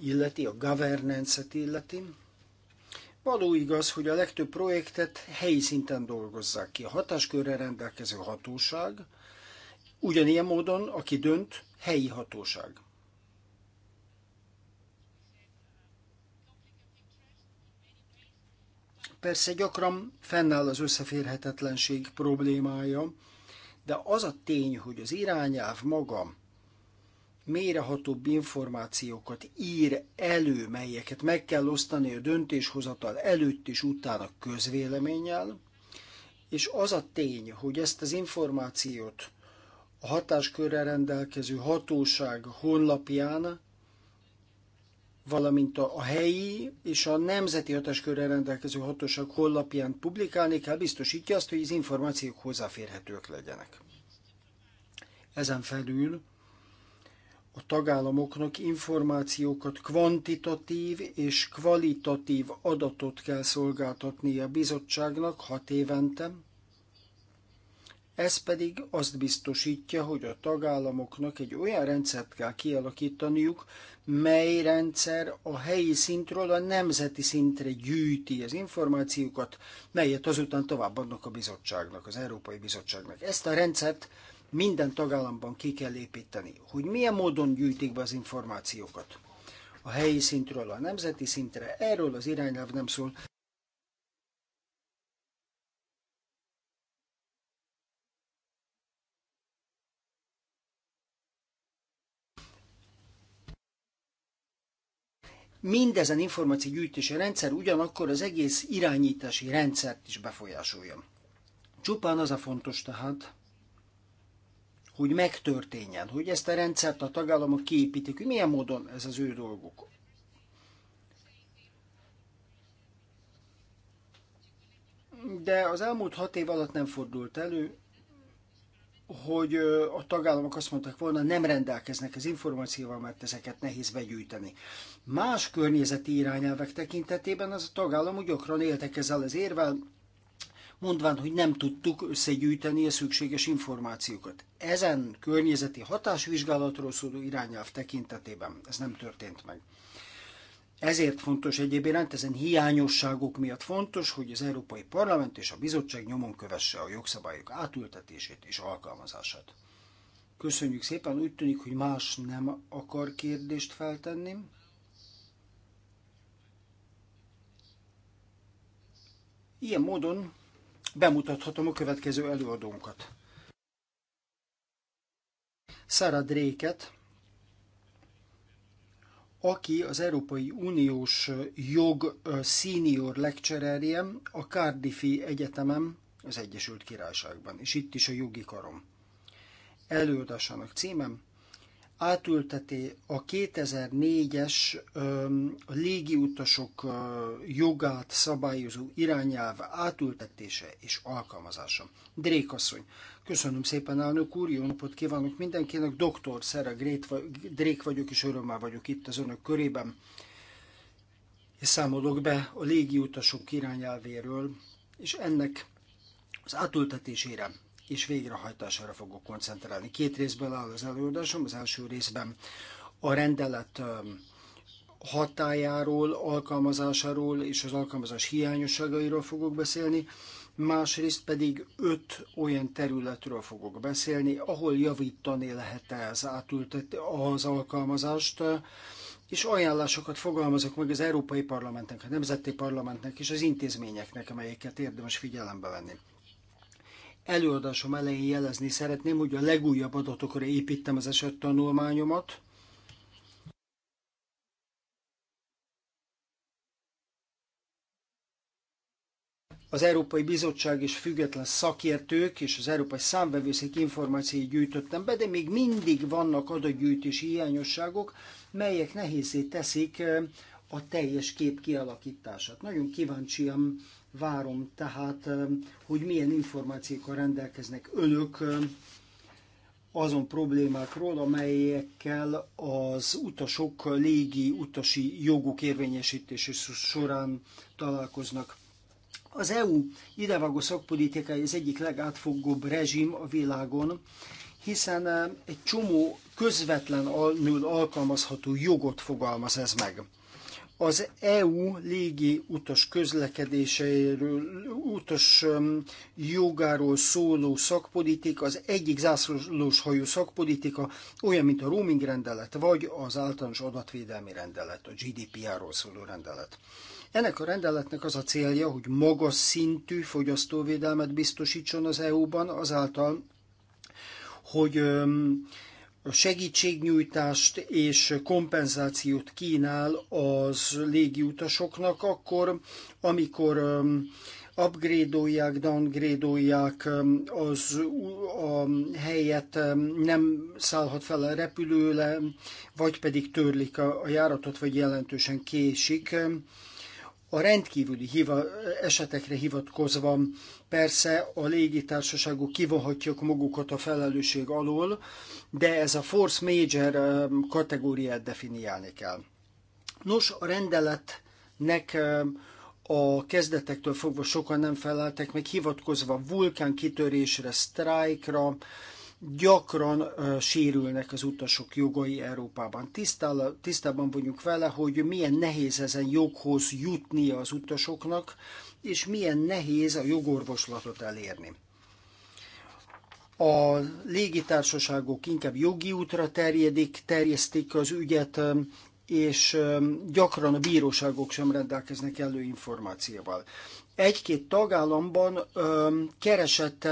illeti, a governance-et illeti, Való igaz, hogy a legtöbb projektet helyi szinten dolgozzák ki. A hatáskörre rendelkező hatóság, ugyanilyen módon, aki dönt, helyi hatóság. Persze gyakran fennáll az összeférhetetlenség problémája, de az a tény, hogy az irányelv maga mélyrehatóbb információkat ír elő, melyeket meg kell osztani a döntéshozatal előtt és utána közvéleménnyel, és az a tény, hogy ezt az információt a hatáskörre rendelkező hatóság honlapján, valamint a helyi és a nemzeti hatáskörre rendelkező hatóság honlapján publikálni kell, biztosítja azt, hogy az információk hozzáférhetők legyenek. Ezen felül a tagállamoknak információkat, kvantitatív és kvalitatív adatot kell szolgáltatni a bizottságnak hat évente, ez pedig azt biztosítja, hogy a tagállamoknak egy olyan rendszert kell kialakítaniuk, mely rendszer a helyi szintről a nemzeti szintre gyűjti az információkat, melyet azután továbbadnak a bizottságnak, az Európai Bizottságnak. Ezt a rendszert minden tagállamban ki kell építeni, hogy milyen módon gyűjtik be az információkat. A helyi szintről a nemzeti szintre, erről az irányelv nem szól. mindezen gyűjtési rendszer ugyanakkor az egész irányítási rendszert is befolyásolja. Csupán az a fontos tehát, hogy megtörténjen, hogy ezt a rendszert a tagállamok kiépítik, hogy milyen módon ez az ő dolguk. De az elmúlt hat év alatt nem fordult elő, hogy a tagállamok azt mondták volna, nem rendelkeznek az információval, mert ezeket nehéz begyűjteni. Más környezeti irányelvek tekintetében az a tagállamok gyakran éltek ezzel az érvel, mondván, hogy nem tudtuk összegyűjteni a szükséges információkat. Ezen környezeti hatásvizsgálatról szóló irányelv tekintetében ez nem történt meg. Ezért fontos egyéb iránt, ezen hiányosságok miatt fontos, hogy az Európai Parlament és a Bizottság nyomon kövesse a jogszabályok átültetését és alkalmazását. Köszönjük szépen, úgy tűnik, hogy más nem akar kérdést feltenni. Ilyen módon bemutathatom a következő előadónkat. Sarah Dréket, aki az Európai Uniós jog senior lecturerje a Cardiffi Egyetemem az Egyesült Királyságban, és itt is a jogi karom. Előadásának címem átülteti a 2004-es légiutasok jogát szabályozó irányelv átültetése és alkalmazása. Drékasszony, köszönöm szépen, elnök úr, jó napot kívánok mindenkinek, doktor Szere Drék vagyok, és örömmel vagyok itt az önök körében, és számolok be a légiutasok irányelvéről, és ennek az átültetésére és végrehajtására fogok koncentrálni. Két részből áll az előadásom. Az első részben a rendelet hatájáról, alkalmazásáról és az alkalmazás hiányosságairól fogok beszélni, másrészt pedig öt olyan területről fogok beszélni, ahol javítani lehet -e az átültet az alkalmazást, és ajánlásokat fogalmazok meg az Európai Parlamentnek, a Nemzeti Parlamentnek és az intézményeknek, amelyeket érdemes figyelembe venni előadásom elején jelezni szeretném, hogy a legújabb adatokra építem az esettanulmányomat. Az Európai Bizottság és független szakértők és az Európai Számbevőszék információi gyűjtöttem be, de még mindig vannak adatgyűjtési hiányosságok, melyek nehézé teszik eh, a teljes kép kialakítását. Nagyon kíváncsian Várom tehát, hogy milyen információkkal rendelkeznek önök azon problémákról, amelyekkel az utasok légi utasi joguk érvényesítése során találkoznak. Az EU idevágó szakpolitikája az egyik legátfogóbb rezsim a világon, hiszen egy csomó közvetlenül alkalmazható jogot fogalmaz ez meg az EU légi utas közlekedéseiről, utas jogáról szóló szakpolitika, az egyik zászlós hajó szakpolitika, olyan, mint a roaming rendelet, vagy az általános adatvédelmi rendelet, a GDPR-ról szóló rendelet. Ennek a rendeletnek az a célja, hogy magas szintű fogyasztóvédelmet biztosítson az EU-ban, azáltal, hogy a segítségnyújtást és kompenzációt kínál az légiutasoknak akkor, amikor um, upgrade-olják, downgrade-olják um, az a helyet, um, nem szállhat fel a repülőle, vagy pedig törlik a, járatot, vagy jelentősen késik. A rendkívüli hiva, esetekre hivatkozva Persze a légitársaságok kivonhatják magukat a felelősség alól, de ez a force major um, kategóriát definiálni kell. Nos, a rendeletnek um, a kezdetektől fogva sokan nem feleltek, meg hivatkozva vulkán kitörésre, sztrájkra, gyakran uh, sérülnek az utasok jogai Európában. tisztában vagyunk vele, hogy milyen nehéz ezen joghoz jutnia az utasoknak, és milyen nehéz a jogorvoslatot elérni. A légitársaságok inkább jogi útra terjedik, terjesztik az ügyet, és gyakran a bíróságok sem rendelkeznek elő információval. Egy-két tagállamban keresett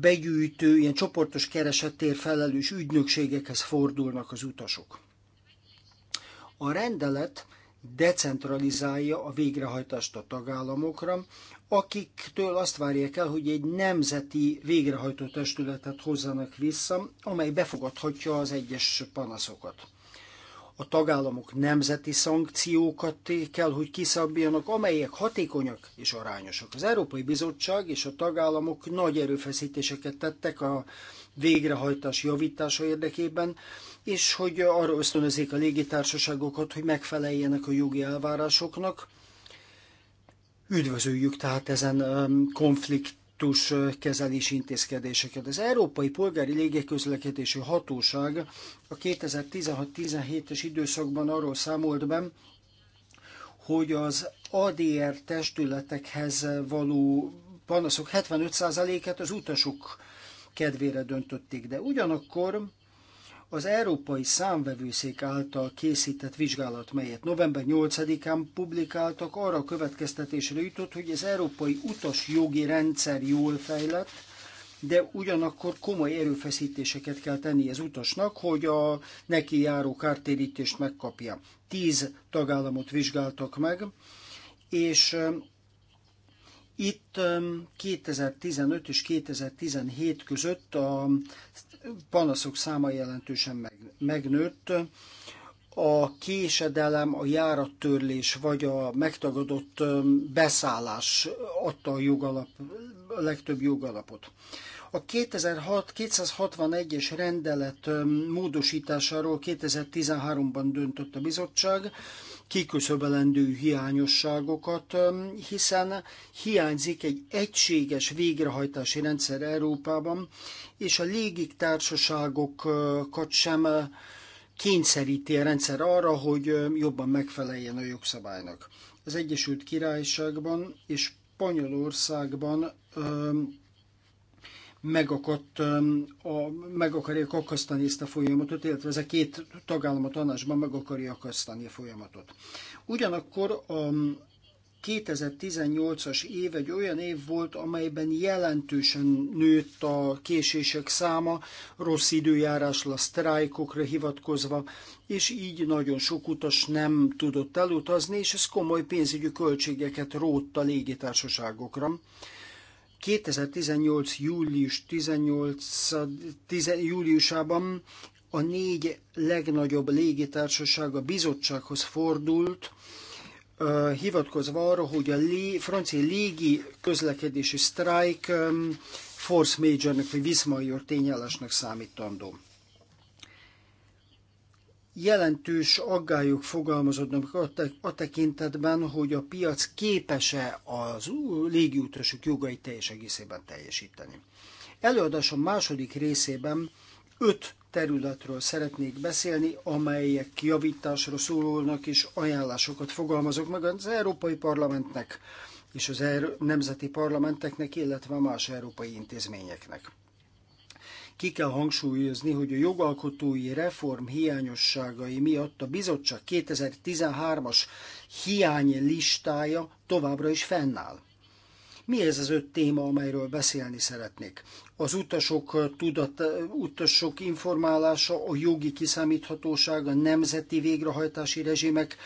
begyűjtő, ilyen csoportos keresettér felelős ügynökségekhez fordulnak az utasok. A rendelet decentralizálja a végrehajtást a tagállamokra, akiktől azt várják el, hogy egy nemzeti végrehajtó testületet hozzanak vissza, amely befogadhatja az egyes panaszokat. A tagállamok nemzeti szankciókat kell, hogy kiszabjanak, amelyek hatékonyak és arányosak. Az Európai Bizottság és a tagállamok nagy erőfeszítéseket tettek a végrehajtás javítása érdekében, és hogy arra ösztönözik a légitársaságokat, hogy megfeleljenek a jogi elvárásoknak. Üdvözöljük tehát ezen um, konfliktus uh, kezelési intézkedéseket. Az Európai Polgári Légiközlekedési Hatóság a 2016-17-es időszakban arról számolt be, hogy az ADR testületekhez való panaszok 75%-át az utasok kedvére döntötték, de ugyanakkor az Európai Számvevőszék által készített vizsgálat, melyet november 8-án publikáltak, arra a következtetésre jutott, hogy az európai utas jogi rendszer jól fejlett, de ugyanakkor komoly erőfeszítéseket kell tenni az utasnak, hogy a neki járó kártérítést megkapja. Tíz tagállamot vizsgáltak meg, és itt 2015 és 2017 között a panaszok száma jelentősen megnőtt. A késedelem, a járattörlés vagy a megtagadott beszállás adta a, jogalap, a legtöbb jogalapot. A 2006, 261-es rendelet módosításáról 2013-ban döntött a bizottság, kiköszöbelendő hiányosságokat, hiszen hiányzik egy egységes végrehajtási rendszer Európában, és a légitársaságokat sem kényszeríti a rendszer arra, hogy jobban megfeleljen a jogszabálynak. Az Egyesült Királyságban és Spanyolországban megakadt, a, meg akarják akasztani ezt a folyamatot, illetve ez a két tagállam a tanácsban meg akarja akasztani a folyamatot. Ugyanakkor a 2018-as év egy olyan év volt, amelyben jelentősen nőtt a késések száma, rossz időjárásra, sztrájkokra hivatkozva, és így nagyon sok utas nem tudott elutazni, és ez komoly pénzügyi költségeket rótt a légitársaságokra. 2018. július 18. 10, júliusában a négy legnagyobb légitársaság a bizottsághoz fordult, hivatkozva arra, hogy a lé, francia légi közlekedési sztrájk force major-nek, vagy viszmajor tényállásnak számítandó jelentős aggályok fogalmazódnak a tekintetben, hogy a piac képes-e az légiutasok jogait teljes egészében teljesíteni. Előadásom második részében öt területről szeretnék beszélni, amelyek javításra szólnak és ajánlásokat fogalmazok meg az Európai Parlamentnek és az er-, nemzeti parlamenteknek, illetve más európai intézményeknek. Ki kell hangsúlyozni, hogy a jogalkotói reform hiányosságai miatt a bizottság 2013-as hiány listája továbbra is fennáll. Mi ez az öt téma, amelyről beszélni szeretnék? Az utasok, tudat, utasok informálása, a jogi kiszámíthatóság, a nemzeti végrehajtási rezsimek,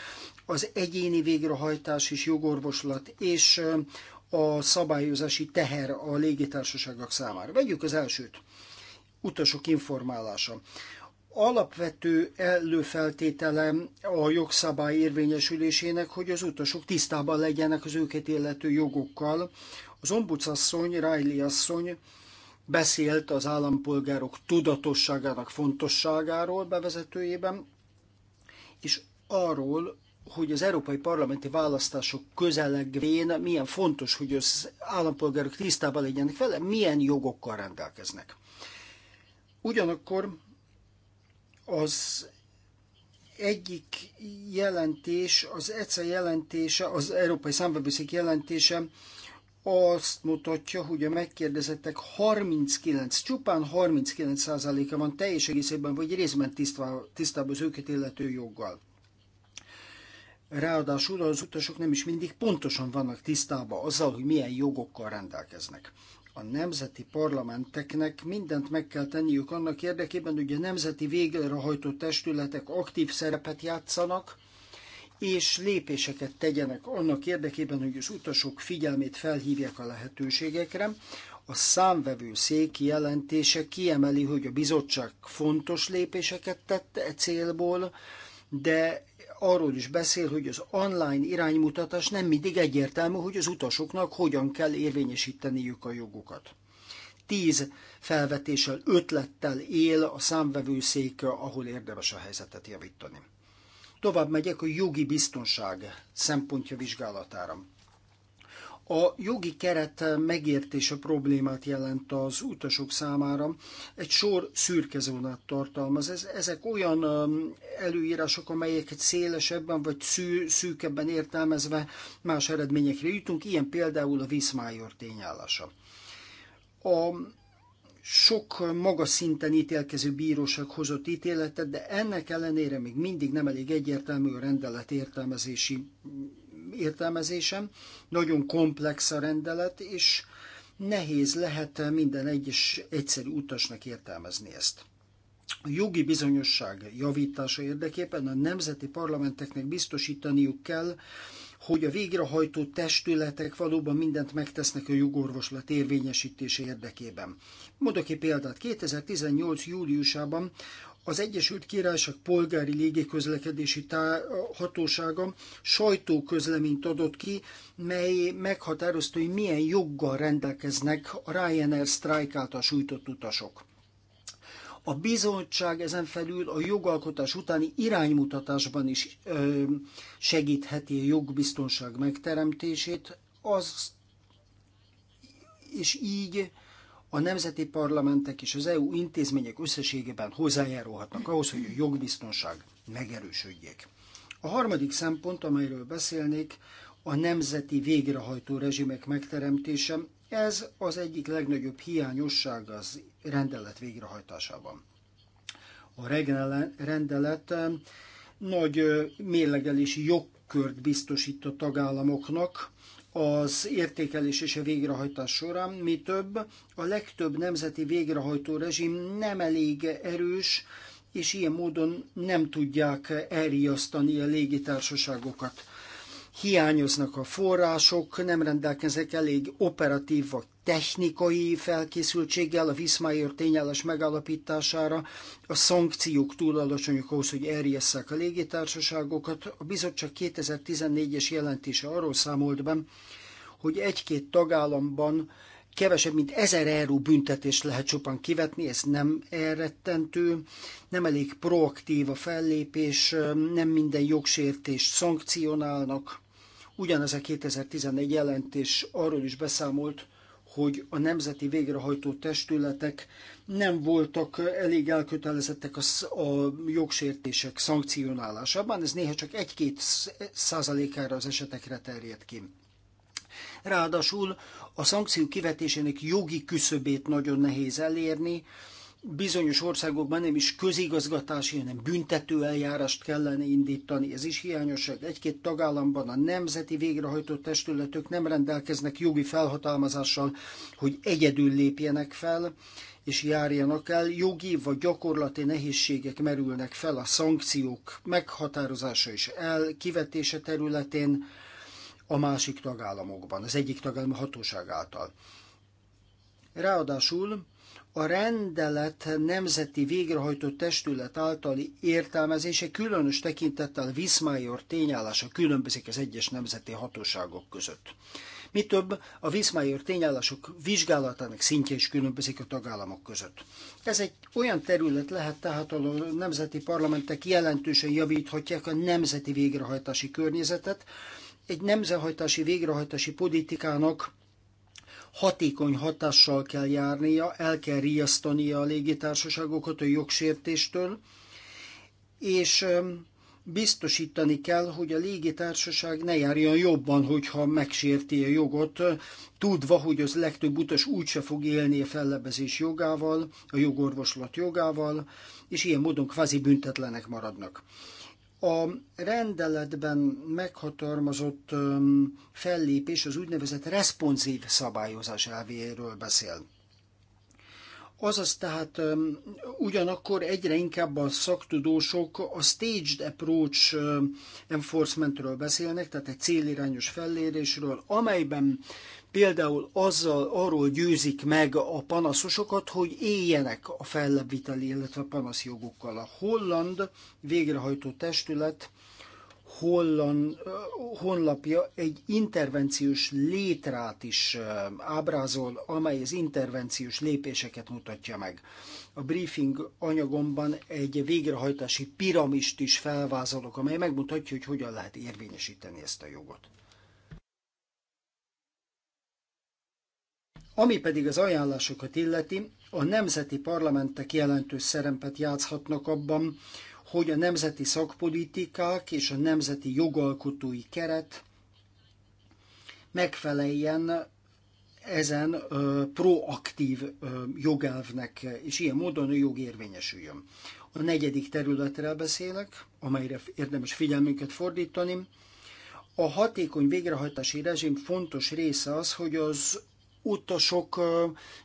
az egyéni végrehajtás és jogorvoslat, és a szabályozási teher a légitársaságok számára. Vegyük az elsőt utasok informálása. Alapvető előfeltétele a jogszabály érvényesülésének, hogy az utasok tisztában legyenek az őket illető jogokkal. Az ombudsasszony, Riley asszony beszélt az állampolgárok tudatosságának fontosságáról bevezetőjében, és arról, hogy az európai parlamenti választások közelegvén milyen fontos, hogy az állampolgárok tisztában legyenek vele, milyen jogokkal rendelkeznek. Ugyanakkor az egyik jelentés, az ECE jelentése, az Európai Számvevőszék jelentése azt mutatja, hogy a megkérdezettek 39, csupán 39%-a van teljes egészében vagy részben tisztában az őket illető joggal. Ráadásul az utasok nem is mindig pontosan vannak tisztában azzal, hogy milyen jogokkal rendelkeznek a nemzeti parlamenteknek mindent meg kell tenniük annak érdekében, hogy a nemzeti végrehajtó testületek aktív szerepet játszanak, és lépéseket tegyenek annak érdekében, hogy az utasok figyelmét felhívják a lehetőségekre. A számvevő szék jelentése kiemeli, hogy a bizottság fontos lépéseket tett e célból, de arról is beszél, hogy az online iránymutatás nem mindig egyértelmű, hogy az utasoknak hogyan kell érvényesíteniük a jogukat. Tíz felvetéssel, ötlettel él a számvevőszék, ahol érdemes a helyzetet javítani. Tovább megyek a jogi biztonság szempontja vizsgálatára a jogi keret megértése problémát jelent az utasok számára. Egy sor szürke zónát tartalmaz. Ez, ezek olyan um, előírások, amelyeket szélesebben vagy szűkebben értelmezve más eredményekre jutunk, ilyen például a Viszmájor tényállása. A sok magas szinten ítélkező bíróság hozott ítéletet, de ennek ellenére még mindig nem elég egyértelmű a rendelet értelmezési értelmezésem. Nagyon komplex a rendelet, és nehéz lehet minden egyes egyszerű utasnak értelmezni ezt. A jogi bizonyosság javítása érdekében a nemzeti parlamenteknek biztosítaniuk kell, hogy a végrehajtó testületek valóban mindent megtesznek a jogorvoslat érvényesítése érdekében. Mondok egy példát. 2018. júliusában az Egyesült Királyság polgári légiközlekedési tá- hatósága sajtóközleményt adott ki, mely meghatározta, hogy milyen joggal rendelkeznek a Ryanair Strike által sújtott utasok. A bizottság ezen felül a jogalkotás utáni iránymutatásban is ö, segítheti a jogbiztonság megteremtését, az, és így a nemzeti parlamentek és az EU intézmények összességében hozzájárulhatnak ahhoz, hogy a jogbiztonság megerősödjék. A harmadik szempont, amelyről beszélnék, a nemzeti végrehajtó rezsimek megteremtése. Ez az egyik legnagyobb hiányosság az rendelet végrehajtásában. A rendelet eh, nagy eh, mérlegelési jogkört biztosít a tagállamoknak, az értékelés és a végrehajtás során, mi több, a legtöbb nemzeti végrehajtó rezsim nem elég erős, és ilyen módon nem tudják elriasztani a légitársaságokat. Hiányoznak a források, nem rendelkeznek elég operatív vagy technikai felkészültséggel a Viszmaier tényállás megállapítására, a szankciók túl alacsonyok ahhoz, hogy erjesszák a légitársaságokat. A bizottság 2014-es jelentése arról számolt be, hogy egy-két tagállamban kevesebb, mint 1000 euró büntetést lehet csupán kivetni, ez nem elrettentő, nem elég proaktív a fellépés, nem minden jogsértést szankcionálnak. Ugyanez a 2014 jelentés arról is beszámolt, hogy a nemzeti végrehajtó testületek nem voltak elég elkötelezettek a, a jogsértések szankcionálásában, ez néha csak egy-két százalékára az esetekre terjed ki. Ráadásul a szankció kivetésének jogi küszöbét nagyon nehéz elérni, bizonyos országokban nem is közigazgatási, hanem büntető eljárást kellene indítani. Ez is hiányosság. Egy-két tagállamban a nemzeti végrehajtó testületök nem rendelkeznek jogi felhatalmazással, hogy egyedül lépjenek fel és járjanak el. Jogi vagy gyakorlati nehézségek merülnek fel a szankciók meghatározása és elkivetése területén a másik tagállamokban, az egyik tagállam hatóság által. Ráadásul a rendelet nemzeti végrehajtó testület általi értelmezése különös tekintettel Viszmajor tényállása különbözik az egyes nemzeti hatóságok között. Mi több, a Viszmajor tényállások vizsgálatának szintje is különbözik a tagállamok között. Ez egy olyan terület lehet tehát, ahol a nemzeti parlamentek jelentősen javíthatják a nemzeti végrehajtási környezetet, egy nemzethajtási végrehajtási politikának hatékony hatással kell járnia, el kell riasztania a légitársaságokat a jogsértéstől, és biztosítani kell, hogy a légitársaság ne járjon jobban, hogyha megsérti a jogot, tudva, hogy az legtöbb utas úgyse fog élni a fellebezés jogával, a jogorvoslat jogával, és ilyen módon kvázi büntetlenek maradnak. A rendeletben meghatalmazott fellépés az úgynevezett responsív szabályozás elvéről beszél. Azaz tehát ugyanakkor egyre inkább a szaktudósok a staged approach enforcementről beszélnek, tehát egy célirányos fellérésről, amelyben Például azzal arról győzik meg a panaszosokat, hogy éljenek a fellebbviteli, illetve a panaszjogukkal. A holland végrehajtó testület holland, eh, honlapja egy intervenciós létrát is eh, ábrázol, amely az intervenciós lépéseket mutatja meg. A briefing anyagomban egy végrehajtási piramist is felvázolok, amely megmutatja, hogy hogyan lehet érvényesíteni ezt a jogot. Ami pedig az ajánlásokat illeti, a nemzeti parlamentek jelentős szerepet játszhatnak abban, hogy a nemzeti szakpolitikák és a nemzeti jogalkotói keret megfeleljen ezen ö, proaktív ö, jogelvnek, és ilyen módon a jog érvényesüljön. A negyedik területre beszélek, amelyre érdemes figyelmünket fordítani. A hatékony végrehajtási rezsim fontos része az, hogy az utasok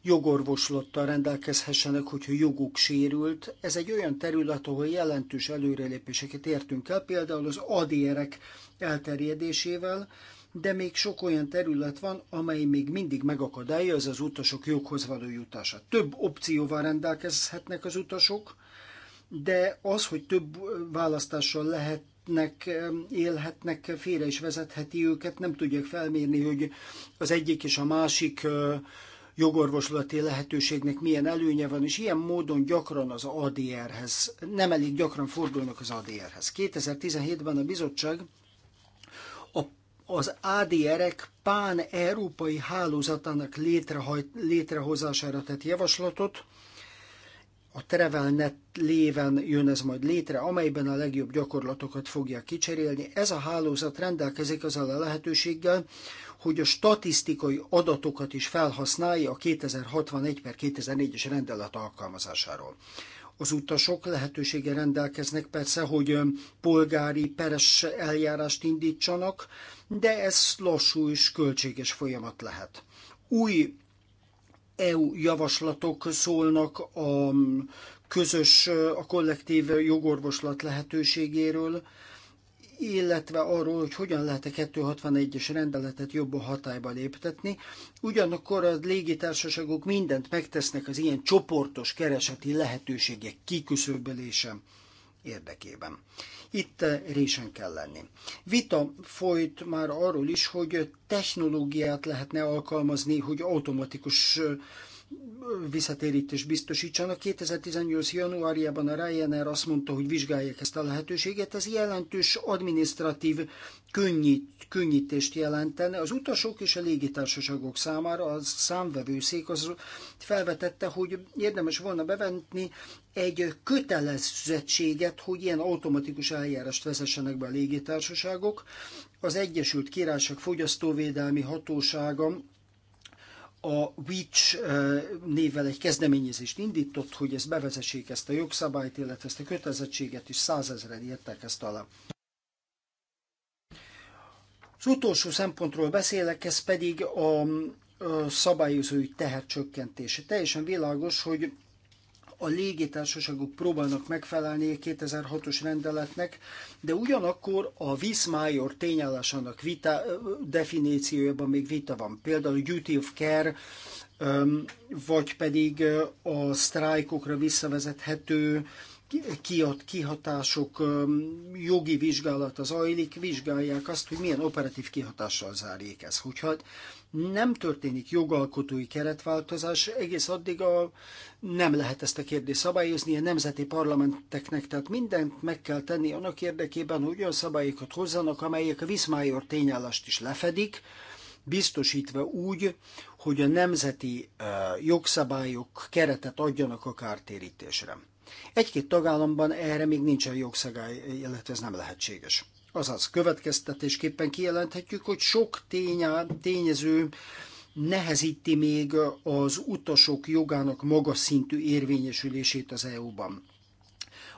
jogorvoslattal rendelkezhessenek, hogyha joguk sérült. Ez egy olyan terület, ahol jelentős előrelépéseket értünk el, például az adérek elterjedésével, de még sok olyan terület van, amely még mindig megakadályozza az utasok joghoz való jutását. Több opcióval rendelkezhetnek az utasok, de az, hogy több választással lehet élhetnek, élhetnek, félre is vezetheti őket, nem tudják felmérni, hogy az egyik és a másik jogorvoslati lehetőségnek milyen előnye van, és ilyen módon gyakran az ADR-hez, nem elég gyakran fordulnak az ADR-hez. 2017-ben a bizottság a, az ADR-ek pán-európai hálózatának létrehozására tett javaslatot, a TravelNet léven jön ez majd létre, amelyben a legjobb gyakorlatokat fogja kicserélni. Ez a hálózat rendelkezik azzal a lehetőséggel, hogy a statisztikai adatokat is felhasználja a 2061 per 2004-es rendelet alkalmazásáról. Az utasok lehetősége rendelkeznek persze, hogy polgári peres eljárást indítsanak, de ez lassú és költséges folyamat lehet. Új EU javaslatok szólnak a közös, a kollektív jogorvoslat lehetőségéről, illetve arról, hogy hogyan lehet a 261-es rendeletet jobban hatályba léptetni. Ugyanakkor a légitársaságok mindent megtesznek az ilyen csoportos kereseti lehetőségek kiküszöbölése érdekében. Itt résen kell lenni. Vita folyt már arról is, hogy technológiát lehetne alkalmazni, hogy automatikus visszatérítést biztosítsanak. 2018. januárjában a Ryanair azt mondta, hogy vizsgálják ezt a lehetőséget. Ez jelentős administratív könnyít, könnyítést jelentene. Az utasok és a légitársaságok számára a számvevőszék az felvetette, hogy érdemes volna bevenni egy kötelezettséget, hogy ilyen automatikus eljárást vezessenek be a légitársaságok. Az Egyesült Királyság Fogyasztóvédelmi Hatósága a WICH eh, névvel egy kezdeményezést indított, hogy ezt bevezessék ezt a jogszabályt, illetve ezt a kötelezettséget, és százezeren írták ezt alá. Az utolsó szempontról beszélek, ez pedig a szabályozói tehercsökkentése. Teljesen világos, hogy a légitársaságok próbálnak megfelelni a 2006-os rendeletnek, de ugyanakkor a Viszmájor tényállásának vita, definíciójában még vita van. Például a duty of care, vagy pedig a sztrájkokra visszavezethető kiad kihatások jogi vizsgálata ajlik, vizsgálják azt, hogy milyen operatív kihatással zárjék ez. Hogyha nem történik jogalkotói keretváltozás, egész addig a, nem lehet ezt a kérdést szabályozni a nemzeti parlamenteknek, tehát mindent meg kell tenni annak érdekében, hogy olyan szabályokat hozzanak, amelyek a Viszmájor tényállást is lefedik, biztosítva úgy, hogy a nemzeti jogszabályok keretet adjanak a kártérítésre. Egy-két tagállamban erre még nincsen jogszabály, illetve ez nem lehetséges. Azaz következtetésképpen kijelenthetjük, hogy sok tényá, tényező nehezíti még az utasok jogának magas szintű érvényesülését az EU-ban.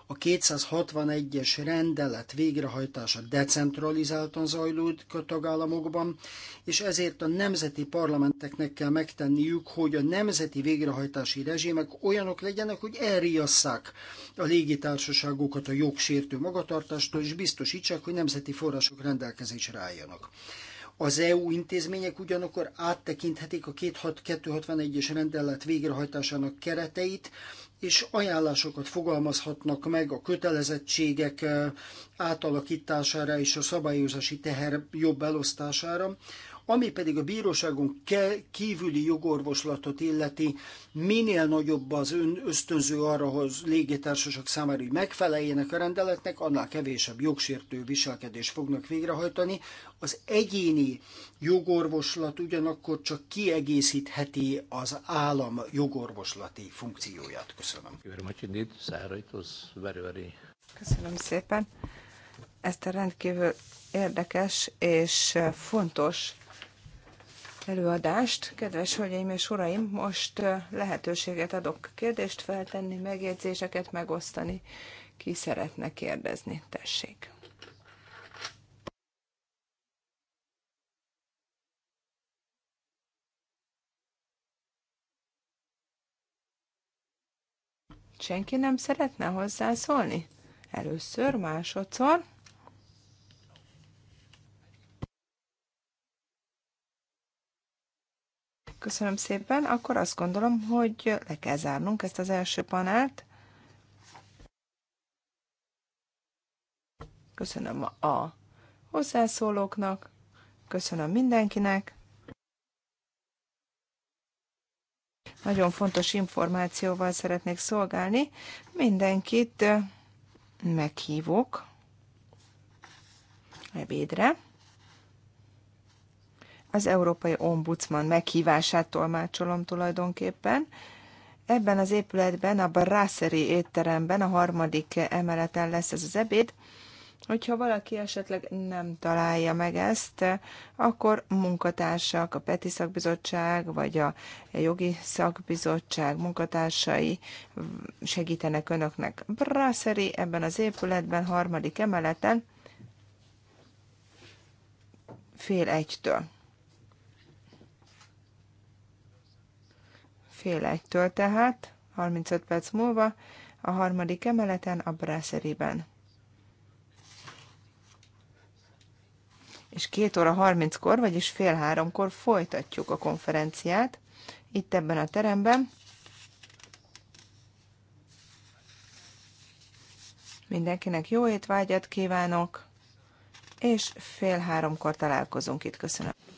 A 261-es rendelet végrehajtása decentralizáltan zajlódik a tagállamokban, és ezért a nemzeti parlamenteknek kell megtenniük, hogy a nemzeti végrehajtási rezsimek olyanok legyenek, hogy elriasszák a légitársaságokat a jogsértő magatartástól, és biztosítsák, hogy nemzeti források rendelkezésre álljanak. Az EU intézmények ugyanakkor áttekinthetik a 261-es rendelet végrehajtásának kereteit, és ajánlásokat fogalmazhatnak meg a kötelezettségek eh, átalakítására és a szabályozási teher jobb elosztására. Ami pedig a bíróságon kívüli jogorvoslatot illeti, minél nagyobb az ön ösztönző arra, hogy légitársaság számára, hogy megfeleljenek a rendeletnek, annál kevésebb jogsértő viselkedést fognak végrehajtani. Az egyéni jogorvoslat ugyanakkor csak kiegészítheti az állam jogorvoslati funkcióját. Köszönöm. Köszönöm szépen. Ezt a rendkívül érdekes és fontos előadást. Kedves hölgyeim és uraim, most lehetőséget adok kérdést feltenni, megjegyzéseket megosztani. Ki szeretne kérdezni? Tessék! Senki nem szeretne hozzászólni? Először, másodszor. Köszönöm szépen. Akkor azt gondolom, hogy le kell zárnunk ezt az első panelt. Köszönöm a hozzászólóknak, köszönöm mindenkinek. Nagyon fontos információval szeretnék szolgálni. Mindenkit meghívok ebédre az Európai Ombudsman meghívását tolmácsolom tulajdonképpen. Ebben az épületben, a Brasseri étteremben, a harmadik emeleten lesz ez az ebéd. Hogyha valaki esetleg nem találja meg ezt, akkor munkatársak, a Peti Szakbizottság vagy a Jogi Szakbizottság munkatársai segítenek önöknek. Brasseri ebben az épületben, harmadik emeleten, fél egytől. fél egytől tehát, 35 perc múlva, a harmadik emeleten, a Brasseriben. És 2 óra 30-kor, vagyis fél háromkor folytatjuk a konferenciát, itt ebben a teremben. Mindenkinek jó étvágyat kívánok, és fél háromkor találkozunk itt. Köszönöm.